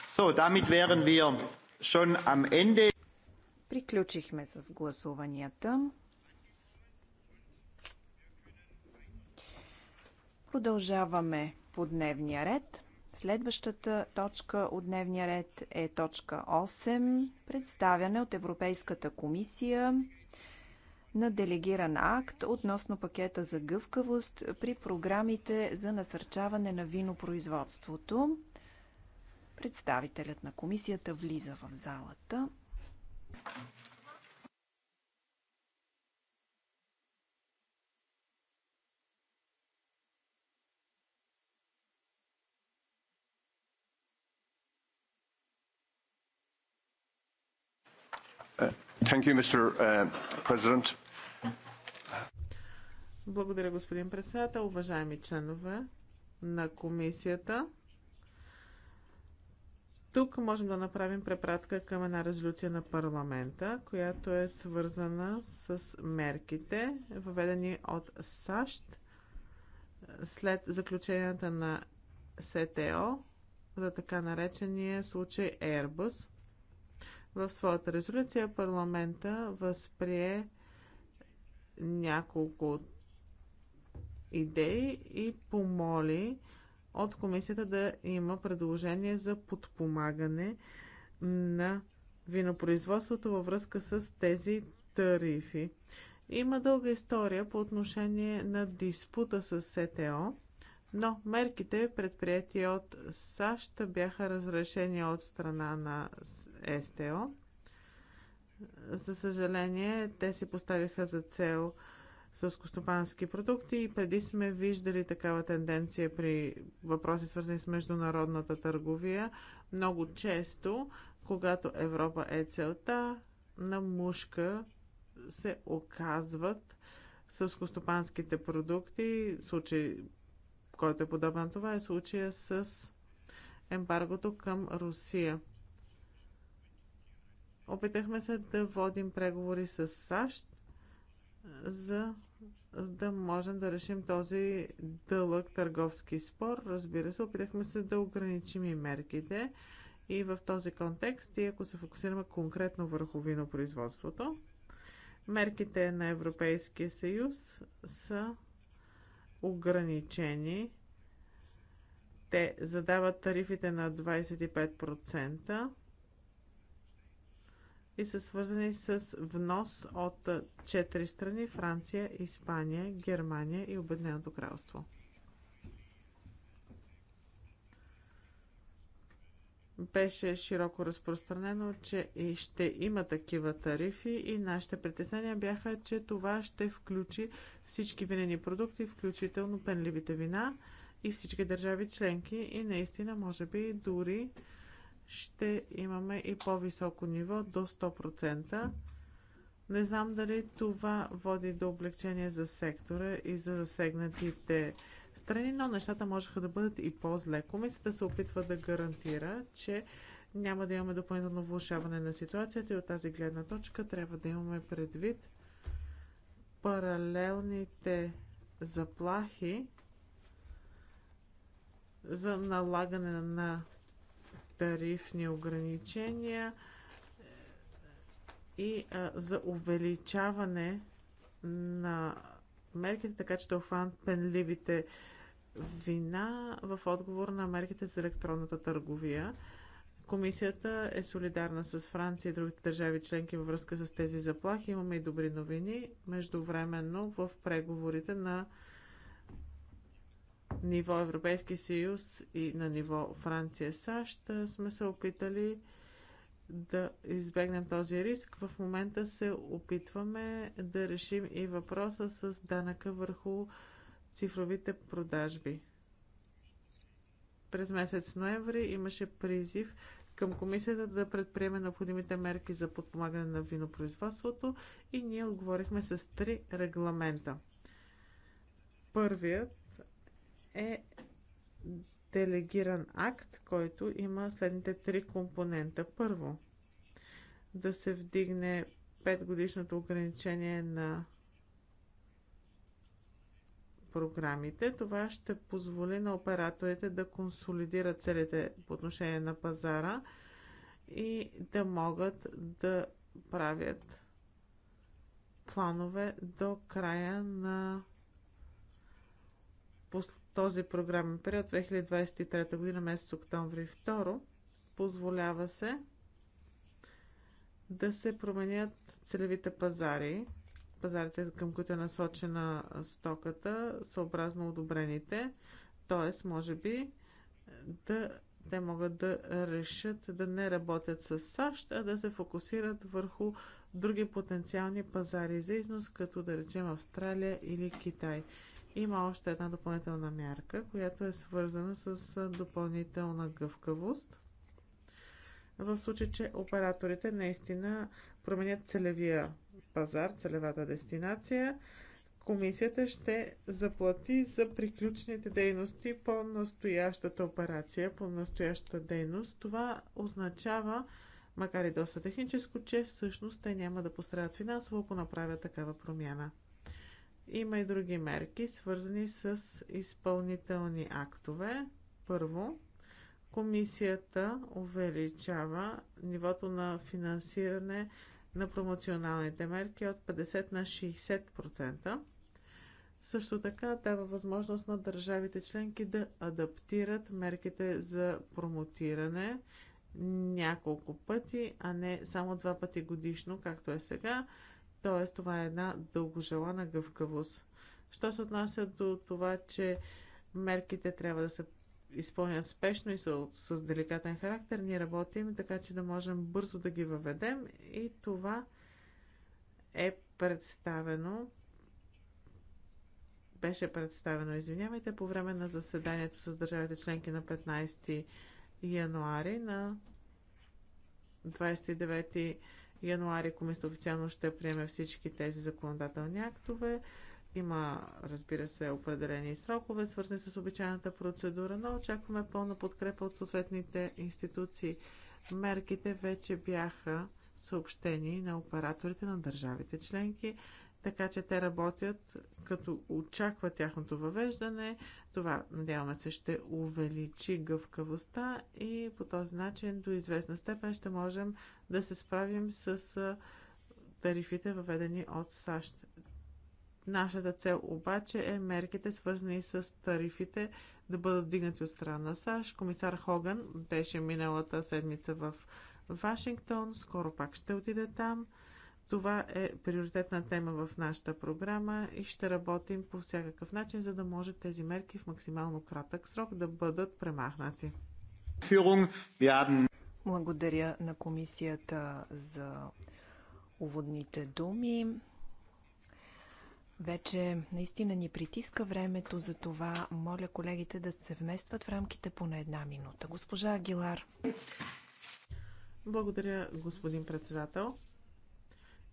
So, damit wären wir schon am Ende. Приключихме с гласуванията. Продължаваме по дневния ред. Следващата точка от дневния ред е точка 8 представяне от Европейската комисия на делегиран акт относно пакета за гъвкавост при програмите за насърчаване на винопроизводството. Представителят на комисията влиза в залата. Thank you, Mr. Uh, President. Благодаря, господин председател. Уважаеми членове на комисията, тук можем да направим препратка към една резолюция на парламента, която е свързана с мерките, въведени от САЩ след заключенията на СТО за така наречения случай Airbus – в своята резолюция парламента възприе няколко идеи и помоли от комисията да има предложение за подпомагане на винопроизводството във връзка с тези тарифи. Има дълга история по отношение на диспута с СТО но мерките, предприяти от САЩ, бяха разрешени от страна на СТО. За съжаление, те си поставиха за цел сълскостопански продукти и преди сме виждали такава тенденция при въпроси свързани с международната търговия. Много често, когато Европа е целта, на мушка се оказват сълскостопанските продукти, в случай който е подобен това, е случая с ембаргото към Русия. Опитахме се да водим преговори с САЩ, за да можем да решим този дълъг търговски спор. Разбира се, опитахме се да ограничим и мерките. И в този контекст, и ако се фокусираме конкретно върху винопроизводството, мерките на Европейския съюз са ограничени. Те задават тарифите на 25% и са свързани с внос от четири страни Франция, Испания, Германия и Обединеното кралство. беше широко разпространено, че и ще има такива тарифи и нашите притеснения бяха, че това ще включи всички винени продукти, включително пенливите вина и всички държави членки и наистина може би дори ще имаме и по-високо ниво до 100%. Не знам дали това води до облегчение за сектора и за засегнатите страни, но нещата можеха да бъдат и по-зле. Комисията се опитва да гарантира, че няма да имаме допълнително влушаване на ситуацията и от тази гледна точка трябва да имаме предвид паралелните заплахи за налагане на тарифни ограничения и а, за увеличаване на мерките, така че да охванат пенливите вина в отговор на мерките за електронната търговия. Комисията е солидарна с Франция и другите държави членки във връзка с тези заплахи. Имаме и добри новини. Междувременно в преговорите на ниво Европейски съюз и на ниво Франция-САЩ сме се опитали да избегнем този риск. В момента се опитваме да решим и въпроса с данъка върху цифровите продажби. През месец ноември имаше призив към комисията да предприеме необходимите мерки за подпомагане на винопроизводството и ние отговорихме с три регламента. Първият е делегиран акт, който има следните три компонента. Първо, да се вдигне 5 годишното ограничение на програмите. Това ще позволи на операторите да консолидират целите по отношение на пазара и да могат да правят планове до края на този програмен период 2023 година, месец октомври. Второ, позволява се да се променят целевите пазари, пазарите към които е насочена стоката, съобразно одобрените. Т.е. може би да, те могат да решат да не работят с САЩ, а да се фокусират върху други потенциални пазари за износ, като да речем Австралия или Китай. Има още една допълнителна мярка, която е свързана с допълнителна гъвкавост. В случай, че операторите наистина променят целевия пазар, целевата дестинация, комисията ще заплати за приключените дейности по настоящата операция, по настоящата дейност. Това означава, макар и доста техническо, че всъщност те няма да пострадат финансово, ако направят такава промяна. Има и други мерки, свързани с изпълнителни актове. Първо, комисията увеличава нивото на финансиране на промоционалните мерки от 50 на 60%. Също така дава възможност на държавите членки да адаптират мерките за промотиране няколко пъти, а не само два пъти годишно, както е сега. Тоест, това е една дългожелана гъвкавост. Що се отнася до това, че мерките трябва да се изпълнят спешно и с, с деликатен характер, ние работим така, че да можем бързо да ги въведем и това е представено беше представено, извинявайте, по време на заседанието с държавите членки на 15 януари на 29 януари комисията официално ще приеме всички тези законодателни актове. Има, разбира се, определени срокове, свързани с обичайната процедура, но очакваме пълна подкрепа от съответните институции. Мерките вече бяха съобщени на операторите на държавите членки така че те работят като очаква тяхното въвеждане. Това, надяваме се, ще увеличи гъвкавостта и по този начин до известна степен ще можем да се справим с тарифите въведени от САЩ. Нашата цел обаче е мерките свързани с тарифите да бъдат вдигнати от страна на САЩ. Комисар Хоган беше миналата седмица в Вашингтон, скоро пак ще отиде там – това е приоритетна тема в нашата програма и ще работим по всякакъв начин, за да може тези мерки в максимално кратък срок да бъдат премахнати. Благодаря на комисията за уводните думи. Вече наистина ни притиска времето, за това моля колегите да се вместват в рамките поне една минута. Госпожа Агилар. Благодаря, господин председател.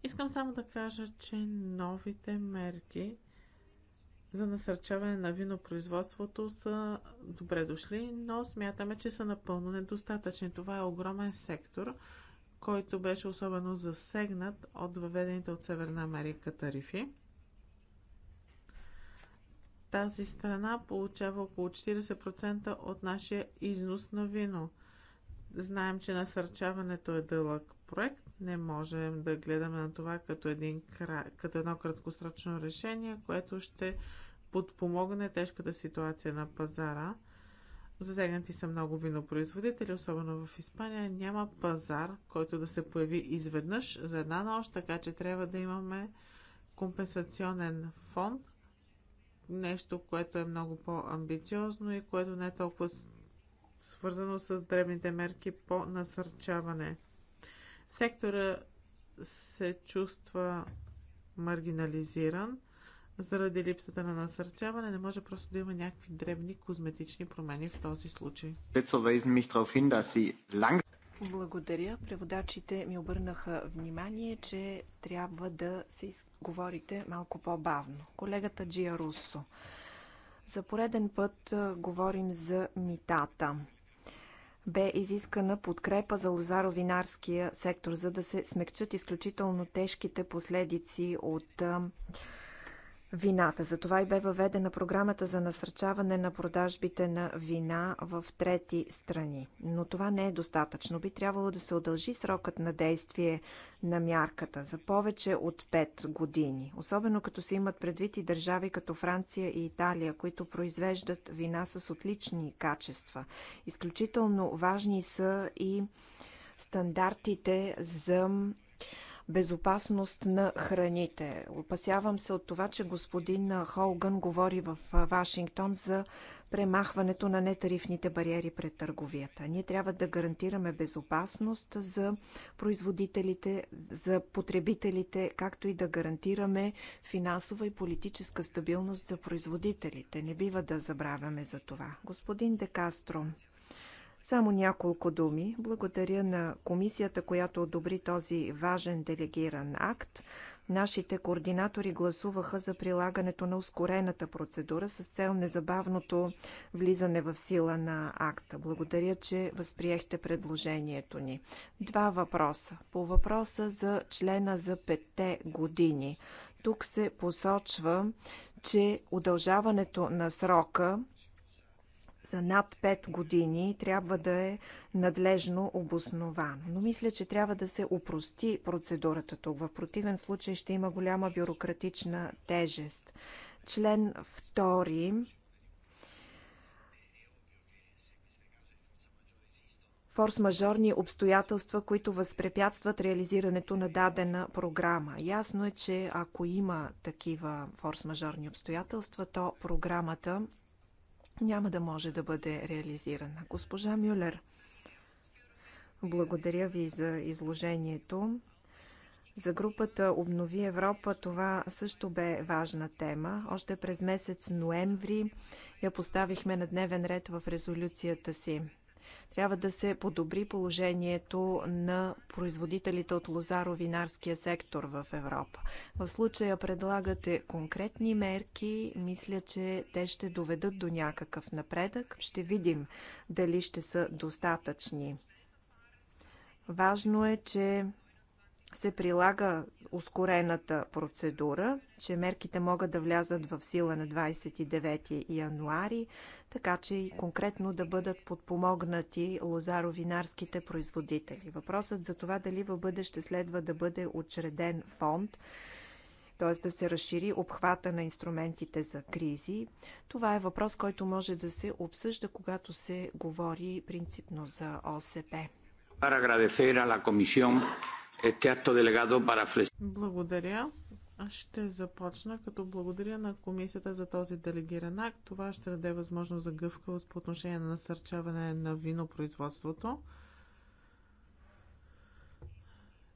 Искам само да кажа, че новите мерки за насърчаване на винопроизводството са добре дошли, но смятаме, че са напълно недостатъчни. Това е огромен сектор, който беше особено засегнат от въведените от Северна Америка тарифи. Тази страна получава около 40% от нашия износ на вино. Знаем, че насърчаването е дълъг проект. Не можем да гледаме на това като, един, като едно краткосрочно решение, което ще подпомогне тежката ситуация на пазара. Засегнати са много винопроизводители, особено в Испания. Няма пазар, който да се появи изведнъж за една нощ, така че трябва да имаме компенсационен фонд, нещо, което е много по-амбициозно и което не е толкова свързано с дребните мерки по насърчаване. Сектора се чувства маргинализиран заради липсата на насърчаване. Не може просто да има някакви дребни козметични промени в този случай. Благодаря. Преводачите ми обърнаха внимание, че трябва да се изговорите малко по-бавно. Колегата Джия Русо. За пореден път говорим за митата. Бе изискана подкрепа за лозаровинарския сектор, за да се смекчат изключително тежките последици от вината. Затова и бе въведена програмата за насърчаване на продажбите на вина в трети страни. Но това не е достатъчно. Би трябвало да се удължи срокът на действие на мярката за повече от 5 години. Особено като се имат предвид и държави като Франция и Италия, които произвеждат вина с отлични качества. Изключително важни са и стандартите за безопасност на храните. Опасявам се от това, че господин Холган говори в Вашингтон за премахването на нетарифните бариери пред търговията. Ние трябва да гарантираме безопасност за производителите, за потребителите, както и да гарантираме финансова и политическа стабилност за производителите. Не бива да забравяме за това. Господин Декастро, само няколко думи. Благодаря на комисията, която одобри този важен делегиран акт. Нашите координатори гласуваха за прилагането на ускорената процедура с цел незабавното влизане в сила на акта. Благодаря, че възприехте предложението ни. Два въпроса. По въпроса за члена за петте години. Тук се посочва, че удължаването на срока за над 5 години трябва да е надлежно обосновано. Но мисля, че трябва да се упрости процедурата тук. В противен случай ще има голяма бюрократична тежест. Член 2 форс-мажорни обстоятелства, които възпрепятстват реализирането на дадена програма. Ясно е, че ако има такива форс-мажорни обстоятелства, то програмата няма да може да бъде реализирана. Госпожа Мюлер, благодаря ви за изложението. За групата Обнови Европа това също бе важна тема. Още през месец ноември я поставихме на дневен ред в резолюцията си. Трябва да се подобри положението на производителите от лозаро-винарския сектор в Европа. В случая предлагате конкретни мерки. Мисля, че те ще доведат до някакъв напредък. Ще видим дали ще са достатъчни. Важно е, че се прилага ускорената процедура, че мерките могат да влязат в сила на 29 януари, така че и конкретно да бъдат подпомогнати лозаровинарските производители. Въпросът за това дали в бъдеще следва да бъде учреден фонд, т.е. да се разшири обхвата на инструментите за кризи, това е въпрос, който може да се обсъжда, когато се говори принципно за ОСП. Para agradecer a la Comisión благодаря. Ще започна като благодаря на комисията за този делегиран акт. Това ще даде възможност за гъвкавост по отношение на насърчаване на винопроизводството.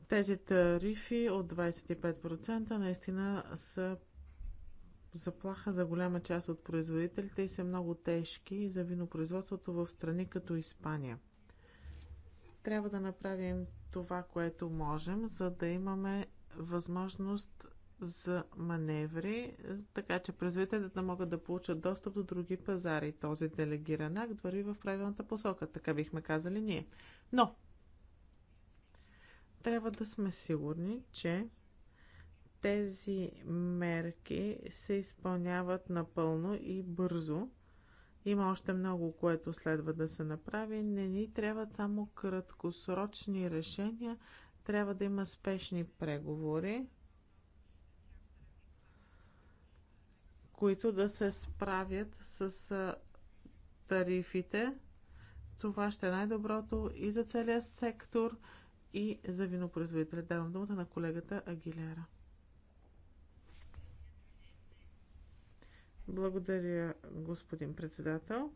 Тези тарифи от 25% наистина са заплаха за голяма част от производителите и са много тежки за винопроизводството в страни като Испания. Трябва да направим това, което можем, за да имаме възможност за маневри, така че производителите да могат да получат достъп до други пазари. Този делегиран акт върви в правилната посока, така бихме казали ние. Но, трябва да сме сигурни, че тези мерки се изпълняват напълно и бързо, има още много, което следва да се направи. Не ни трябват само краткосрочни решения, трябва да има спешни преговори, които да се справят с тарифите. Това ще е най-доброто и за целия сектор, и за винопроизводителите. Давам думата на колегата Агилера. Благодаря, господин председател.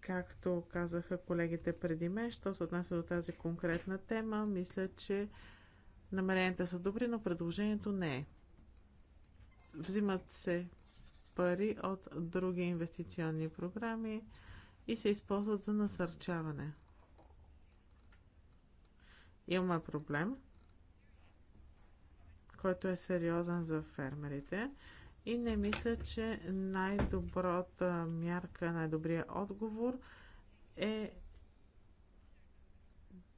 Както казаха колегите преди мен, що се отнася до тази конкретна тема, мисля, че намеренията са добри, но предложението не е. Взимат се пари от други инвестиционни програми и се използват за насърчаване. Имаме проблем – който е сериозен за фермерите и не мисля, че най-добрата мярка, най-добрият отговор е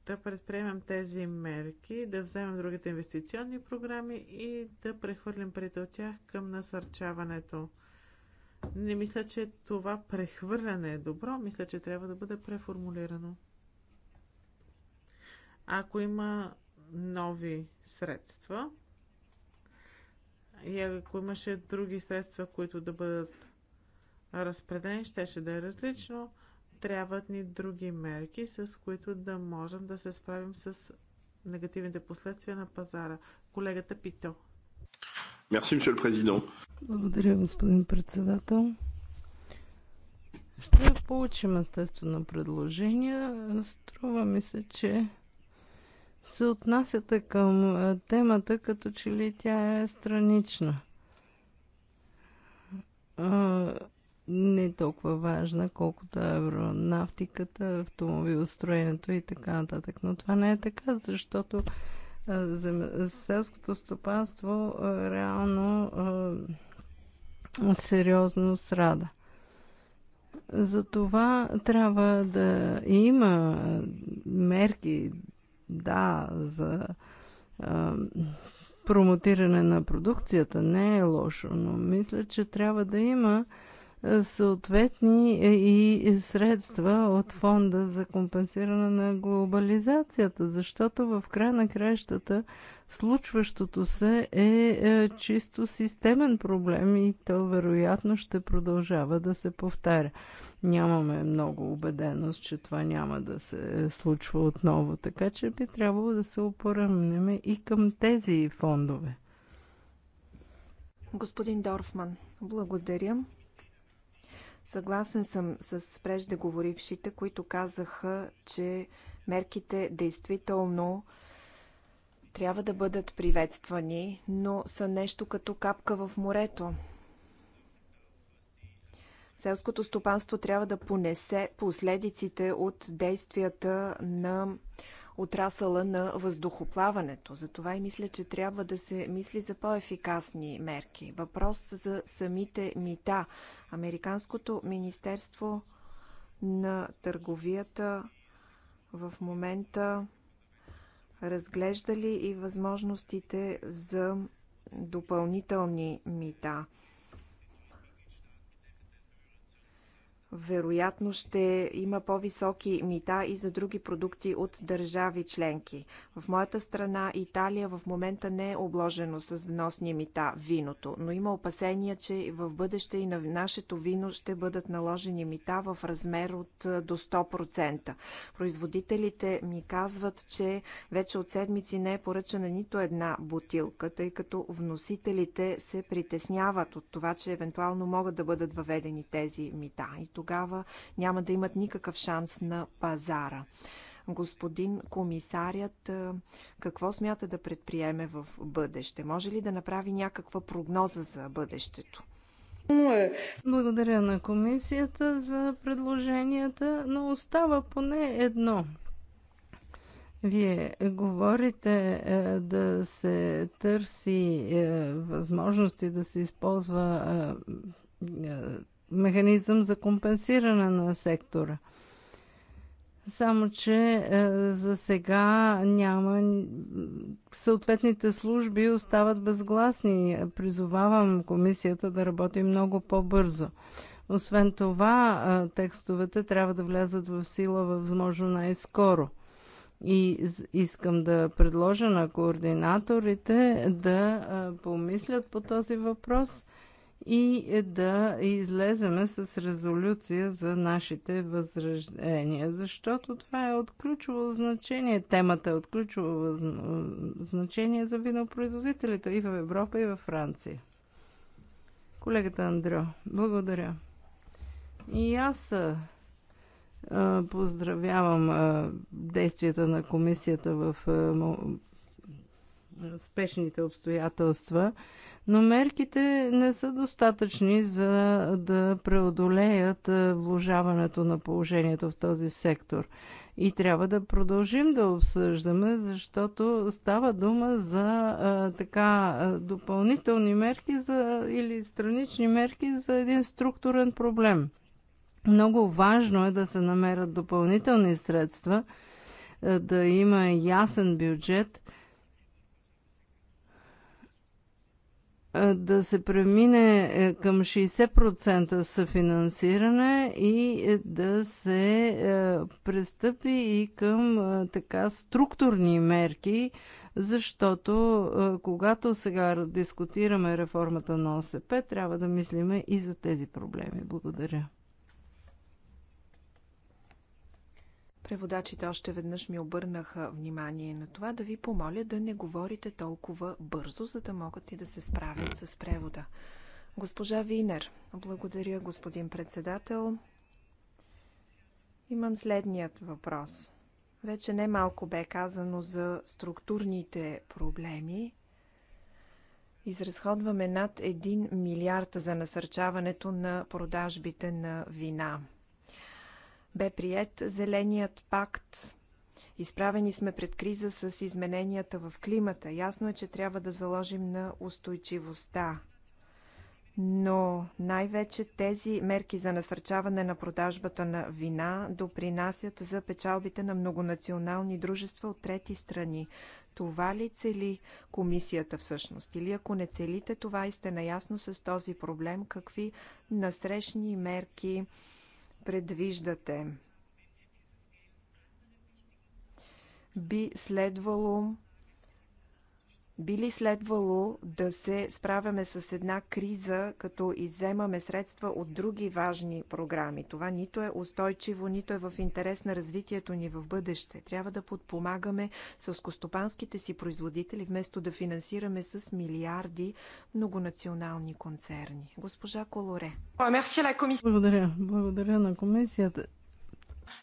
да предприемем тези мерки, да вземем другите инвестиционни програми и да прехвърлим парите от тях към насърчаването. Не мисля, че това прехвърляне е добро, мисля, че трябва да бъде преформулирано. Ако има нови средства, и ако имаше други средства, които да бъдат разпределени, щеше да е различно. Трябват ни други мерки, с които да можем да се справим с негативните последствия на пазара. Колегата Пито. Мерси, мсье президент. Благодаря, господин председател. Ще получим естествено предложения. Струва ми се, че се отнасяте към е, темата, като че ли тя е странична. Не е толкова важна, колкото евронавтиката, автомобилостроенето и така нататък. Но това не е така, защото е, селското стопанство е, реално сериозно срада. Затова трябва да има мерки, да, за а, промотиране на продукцията не е лошо, но мисля, че трябва да има съответни е, и средства от фонда за компенсиране на глобализацията, защото в края на краищата случващото се е, е чисто системен проблем и то вероятно ще продължава да се повтаря. Нямаме много убеденост, че това няма да се случва отново, така че би трябвало да се опоръмнем и към тези фондове. Господин Дорфман, благодаря. Съгласен съм с преждеговорившите, които казаха, че мерките действително трябва да бъдат приветствани, но са нещо като капка в морето. Селското стопанство трябва да понесе последиците от действията на отрасъла на въздухоплаването. Затова и мисля, че трябва да се мисли за по-ефикасни мерки. Въпрос за самите мита. Американското министерство на търговията в момента разглежда ли и възможностите за допълнителни мита? вероятно ще има по-високи мита и за други продукти от държави членки. В моята страна Италия в момента не е обложено с вносни мита виното, но има опасения, че в бъдеще и на нашето вино ще бъдат наложени мита в размер от до 100%. Производителите ми казват, че вече от седмици не е поръчана нито една бутилка, тъй като вносителите се притесняват от това, че евентуално могат да бъдат въведени тези мита. И тук тогава няма да имат никакъв шанс на пазара. Господин комисарят, е, какво смята да предприеме в бъдеще? Може ли да направи някаква прогноза за бъдещето? Благодаря на комисията за предложенията, но остава поне едно. Вие говорите е, да се търси е, възможности да се използва механизъм за компенсиране на сектора. Само, че е, за сега няма. Съответните служби остават безгласни. Призовавам комисията да работи много по-бързо. Освен това, е, текстовете трябва да влязат в сила възможно най-скоро. И искам да предложа на координаторите да е, помислят по този въпрос – и е да излеземе с резолюция за нашите възраждения. защото това е от ключово значение, темата е от ключово значение за винопроизводителите и в Европа, и във Франция. Колегата Андрео, благодаря. И аз поздравявам действията на комисията в спешните обстоятелства но мерките не са достатъчни за да преодолеят вложаването на положението в този сектор. И трябва да продължим да обсъждаме, защото става дума за а, така допълнителни мерки за, или странични мерки за един структурен проблем. Много важно е да се намерят допълнителни средства, да има ясен бюджет – да се премине е, към 60% съфинансиране и е, да се е, престъпи и към така структурни мерки, защото когато сега дискутираме реформата на ОСП, трябва да мислиме и за тези проблеми. Благодаря. Преводачите още веднъж ми обърнаха внимание на това да ви помоля да не говорите толкова бързо, за да могат и да се справят с превода. Госпожа Винер, благодаря, господин председател. Имам следният въпрос. Вече не малко бе казано за структурните проблеми. Изразходваме над 1 милиард за насърчаването на продажбите на вина – бе прият Зеленият пакт. Изправени сме пред криза с измененията в климата. Ясно е, че трябва да заложим на устойчивостта. Но най-вече тези мерки за насърчаване на продажбата на вина допринасят за печалбите на многонационални дружества от трети страни. Това ли цели комисията всъщност? Или ако не целите това и сте наясно с този проблем, какви насрещни мерки предвиждате? Би следвало би ли следвало да се справяме с една криза, като изземаме средства от други важни програми? Това нито е устойчиво, нито е в интерес на развитието ни в бъдеще. Трябва да подпомагаме сълскостопанските си производители, вместо да финансираме с милиарди многонационални концерни. Госпожа Колоре. Благодаря. Благодаря на комисията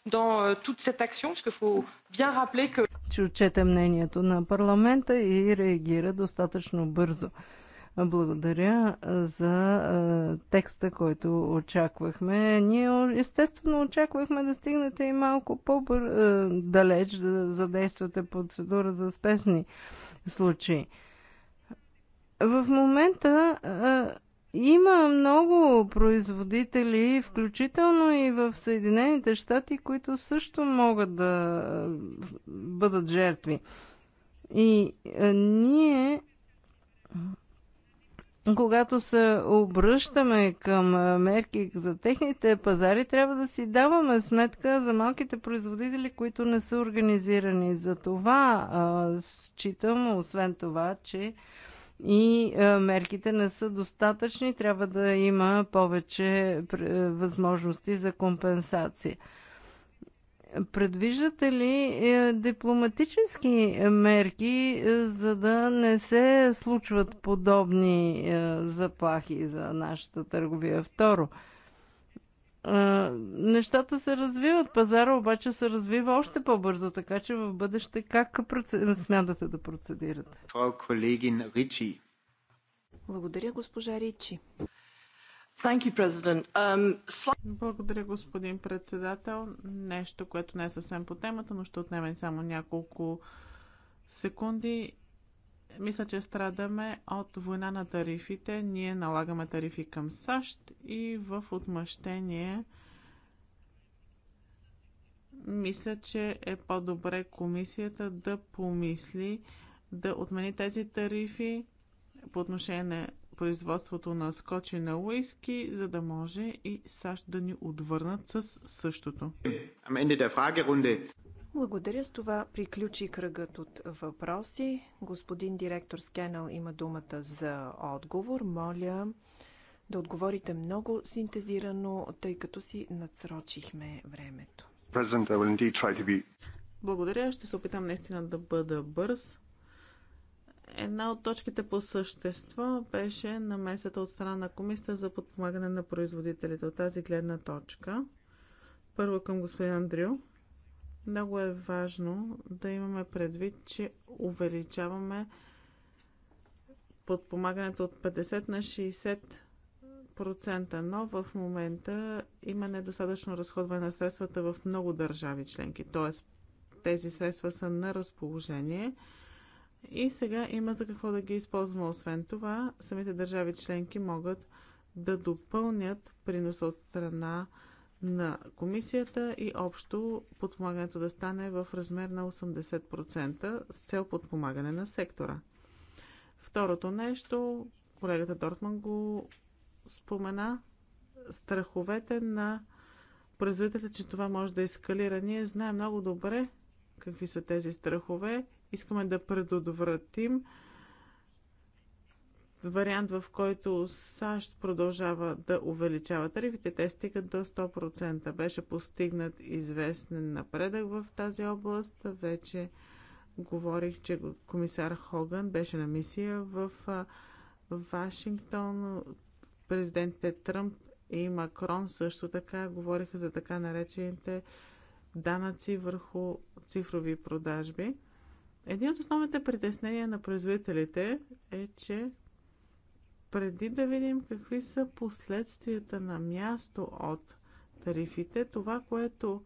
dans euh, toute cette action, parce qu'il faut bien rappeler que... Че мнението на парламента и реагира достатъчно бързо. Благодаря за е, текста, който очаквахме. Ние естествено очаквахме да стигнете и малко по-далеч, да задействате процедура за спесни случаи. В момента е, има много производители, включително и в Съединените щати, които също могат да бъдат жертви. И е, ние, когато се обръщаме към е, мерки за техните пазари, трябва да си даваме сметка за малките производители, които не са организирани. За това е, считам, освен това, че и е, мерките не са достатъчни, трябва да има повече е, възможности за компенсация. Предвиждате ли е, дипломатически мерки, за да не се случват подобни заплахи за нашата търговия? Второ, нещата се развиват, пазара обаче се развива още по-бързо, така че в бъдеще как смятате да процедирате? колегин Ричи. Благодаря, госпожа Ричи. You, um... Благодаря, господин председател. Нещо, което не е съвсем по темата, но ще отнеме само няколко секунди мисля, че страдаме от война на тарифите. Ние налагаме тарифи към САЩ и в отмъщение мисля, че е по-добре комисията да помисли да отмени тези тарифи по отношение на производството на скочи на уиски, за да може и САЩ да ни отвърнат с същото. Благодаря. С това приключи кръгът от въпроси. Господин директор Скенал има думата за отговор. Моля да отговорите много синтезирано, тъй като си надсрочихме времето. Благодаря. Ще се опитам наистина да бъда бърз. Една от точките по същество беше намесата от страна на комисията за подпомагане на производителите. От тази гледна точка, първо към господин Андрю много е важно да имаме предвид, че увеличаваме подпомагането от 50 на 60%, но в момента има недостатъчно разходване на средствата в много държави членки. Т.е. тези средства са на разположение и сега има за какво да ги използваме. Освен това, самите държави членки могат да допълнят приноса от страна на комисията и общо подпомагането да стане в размер на 80% с цел подпомагане на сектора. Второто нещо, колегата Дортман го спомена, страховете на производителите, че това може да ескалира. Ние знаем много добре какви са тези страхове. Искаме да предотвратим вариант, в който САЩ продължава да увеличава тарифите, те стигат до 100%. Беше постигнат известен напредък в тази област. Вече говорих, че комисар Хоган беше на мисия в Вашингтон. Президентите Тръмп и Макрон също така говориха за така наречените данъци върху цифрови продажби. Един от основните притеснения на производителите е, че преди да видим какви са последствията на място от тарифите, това, което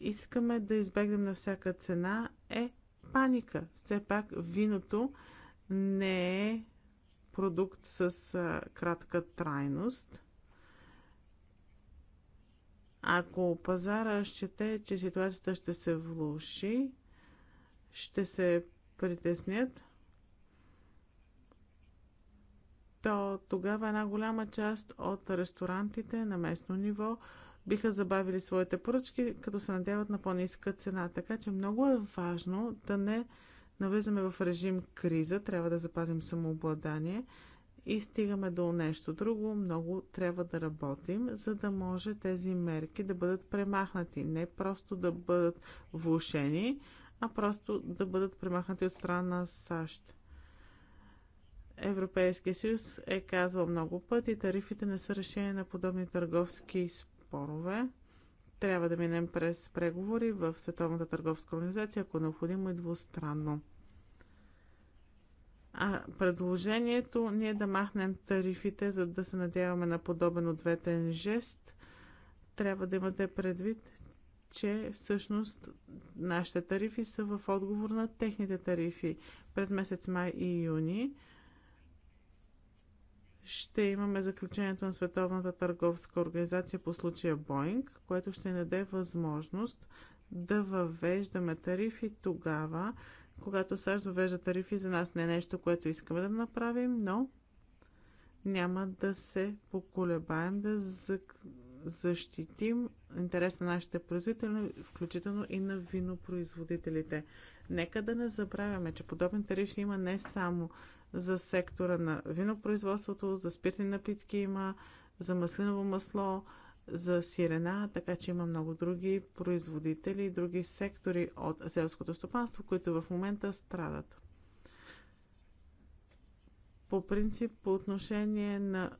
искаме да избегнем на всяка цена е паника. Все пак виното не е продукт с а, кратка трайност. Ако пазара счете, че ситуацията ще се влуши, ще се притеснят то тогава една голяма част от ресторантите на местно ниво биха забавили своите поръчки, като се надяват на по-ниска цена. Така че много е важно да не навлизаме в режим криза, трябва да запазим самообладание и стигаме до нещо друго. Много трябва да работим, за да може тези мерки да бъдат премахнати. Не просто да бъдат влушени, а просто да бъдат премахнати от страна на САЩ. Европейския съюз е казвал много пъти, тарифите не са решение на подобни търговски спорове. Трябва да минем през преговори в Световната търговска организация, ако е необходимо и двустранно. А предложението ние да махнем тарифите, за да се надяваме на подобен ответен жест, трябва да имате предвид, че всъщност нашите тарифи са в отговор на техните тарифи. През месец май и юни ще имаме заключението на Световната търговска организация по случая Боинг, което ще даде възможност да въвеждаме тарифи тогава, когато САЩ въвежда тарифи за нас. Не е нещо, което искаме да направим, но няма да се поколебаем да защитим интерес на нашите производители, включително и на винопроизводителите. Нека да не забравяме, че подобни тарифи има не само за сектора на винопроизводството, за спиртни напитки има, за маслиново масло, за сирена, така че има много други производители и други сектори от селското стопанство, които в момента страдат. По принцип, по отношение на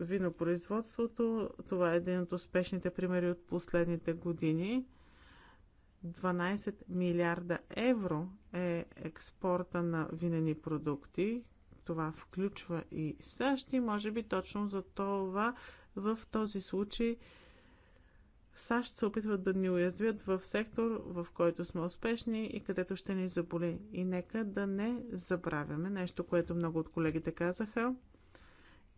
винопроизводството, това е един от успешните примери от последните години – 12 милиарда евро е експорта на винени продукти. Това включва и САЩ и може би точно за това в този случай САЩ се опитват да ни уязвят в сектор, в който сме успешни и където ще ни заболи. И нека да не забравяме нещо, което много от колегите казаха.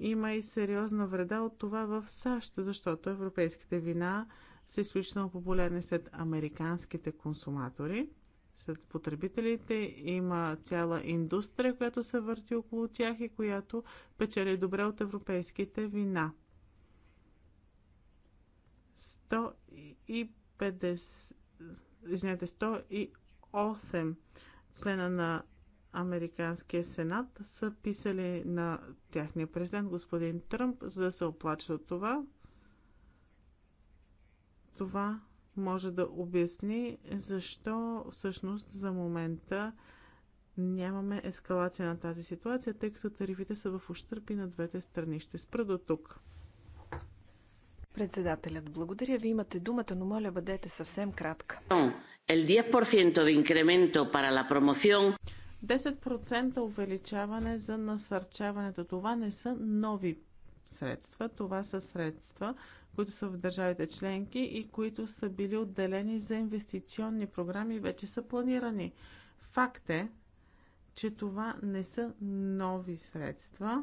Има и сериозна вреда от това в САЩ, защото европейските вина са изключително популярни сред американските консуматори. Сред потребителите има цяла индустрия, която се върти около тях и която печели добре от европейските вина. 150, извинете, 108 члена на Американския сенат са писали на тяхния президент господин Тръмп, за да се оплачат от това това може да обясни защо всъщност за момента нямаме ескалация на тази ситуация, тъй като тарифите са в ущърпи на двете страни. Ще спра до тук. Председателят, благодаря ви, имате думата, но моля бъдете съвсем кратка. 10% увеличаване за насърчаването. Това не са нови средства, това са средства, които са в държавите членки и които са били отделени за инвестиционни програми, вече са планирани. Факт е, че това не са нови средства.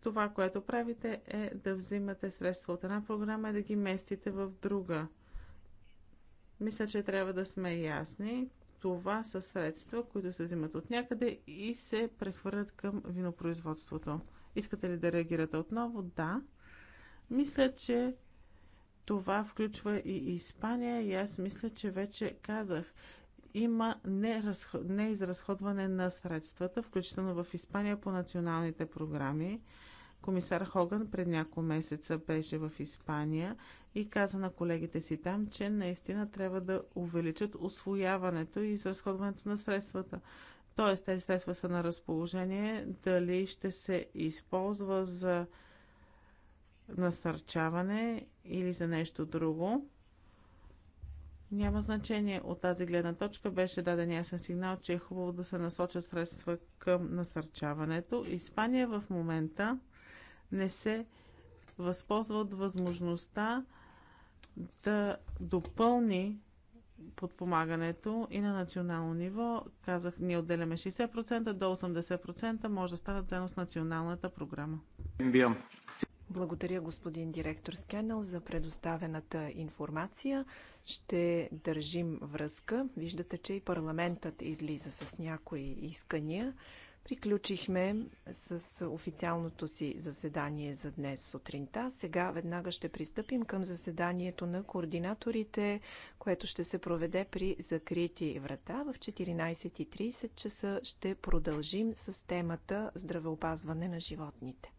Това, което правите е да взимате средства от една програма и да ги местите в друга. Мисля, че трябва да сме ясни. Това са средства, които се взимат от някъде и се прехвърлят към винопроизводството. Искате ли да реагирате отново? Да. Мисля, че това включва и Испания и аз мисля, че вече казах. Има неизразходване на средствата, включително в Испания по националните програми. Комисар Хоган пред няколко месеца беше в Испания и каза на колегите си там, че наистина трябва да увеличат освояването и изразходването на средствата. Тоест, тези средства са на разположение, дали ще се използва за насърчаване или за нещо друго. Няма значение от тази гледна точка. Беше даден ясен сигнал, че е хубаво да се насочат средства към насърчаването. Испания в момента не се възползва от възможността да допълни подпомагането и на национално ниво. Казах, ние отделяме 60%, до 80% може да станат заедно с националната програма. Благодаря, господин директор Скенел, за предоставената информация. Ще държим връзка. Виждате, че и парламентът излиза с някои искания. Приключихме с официалното си заседание за днес сутринта. Сега веднага ще пристъпим към заседанието на координаторите, което ще се проведе при закрити врата. В 14.30 часа ще продължим с темата здравеопазване на животните.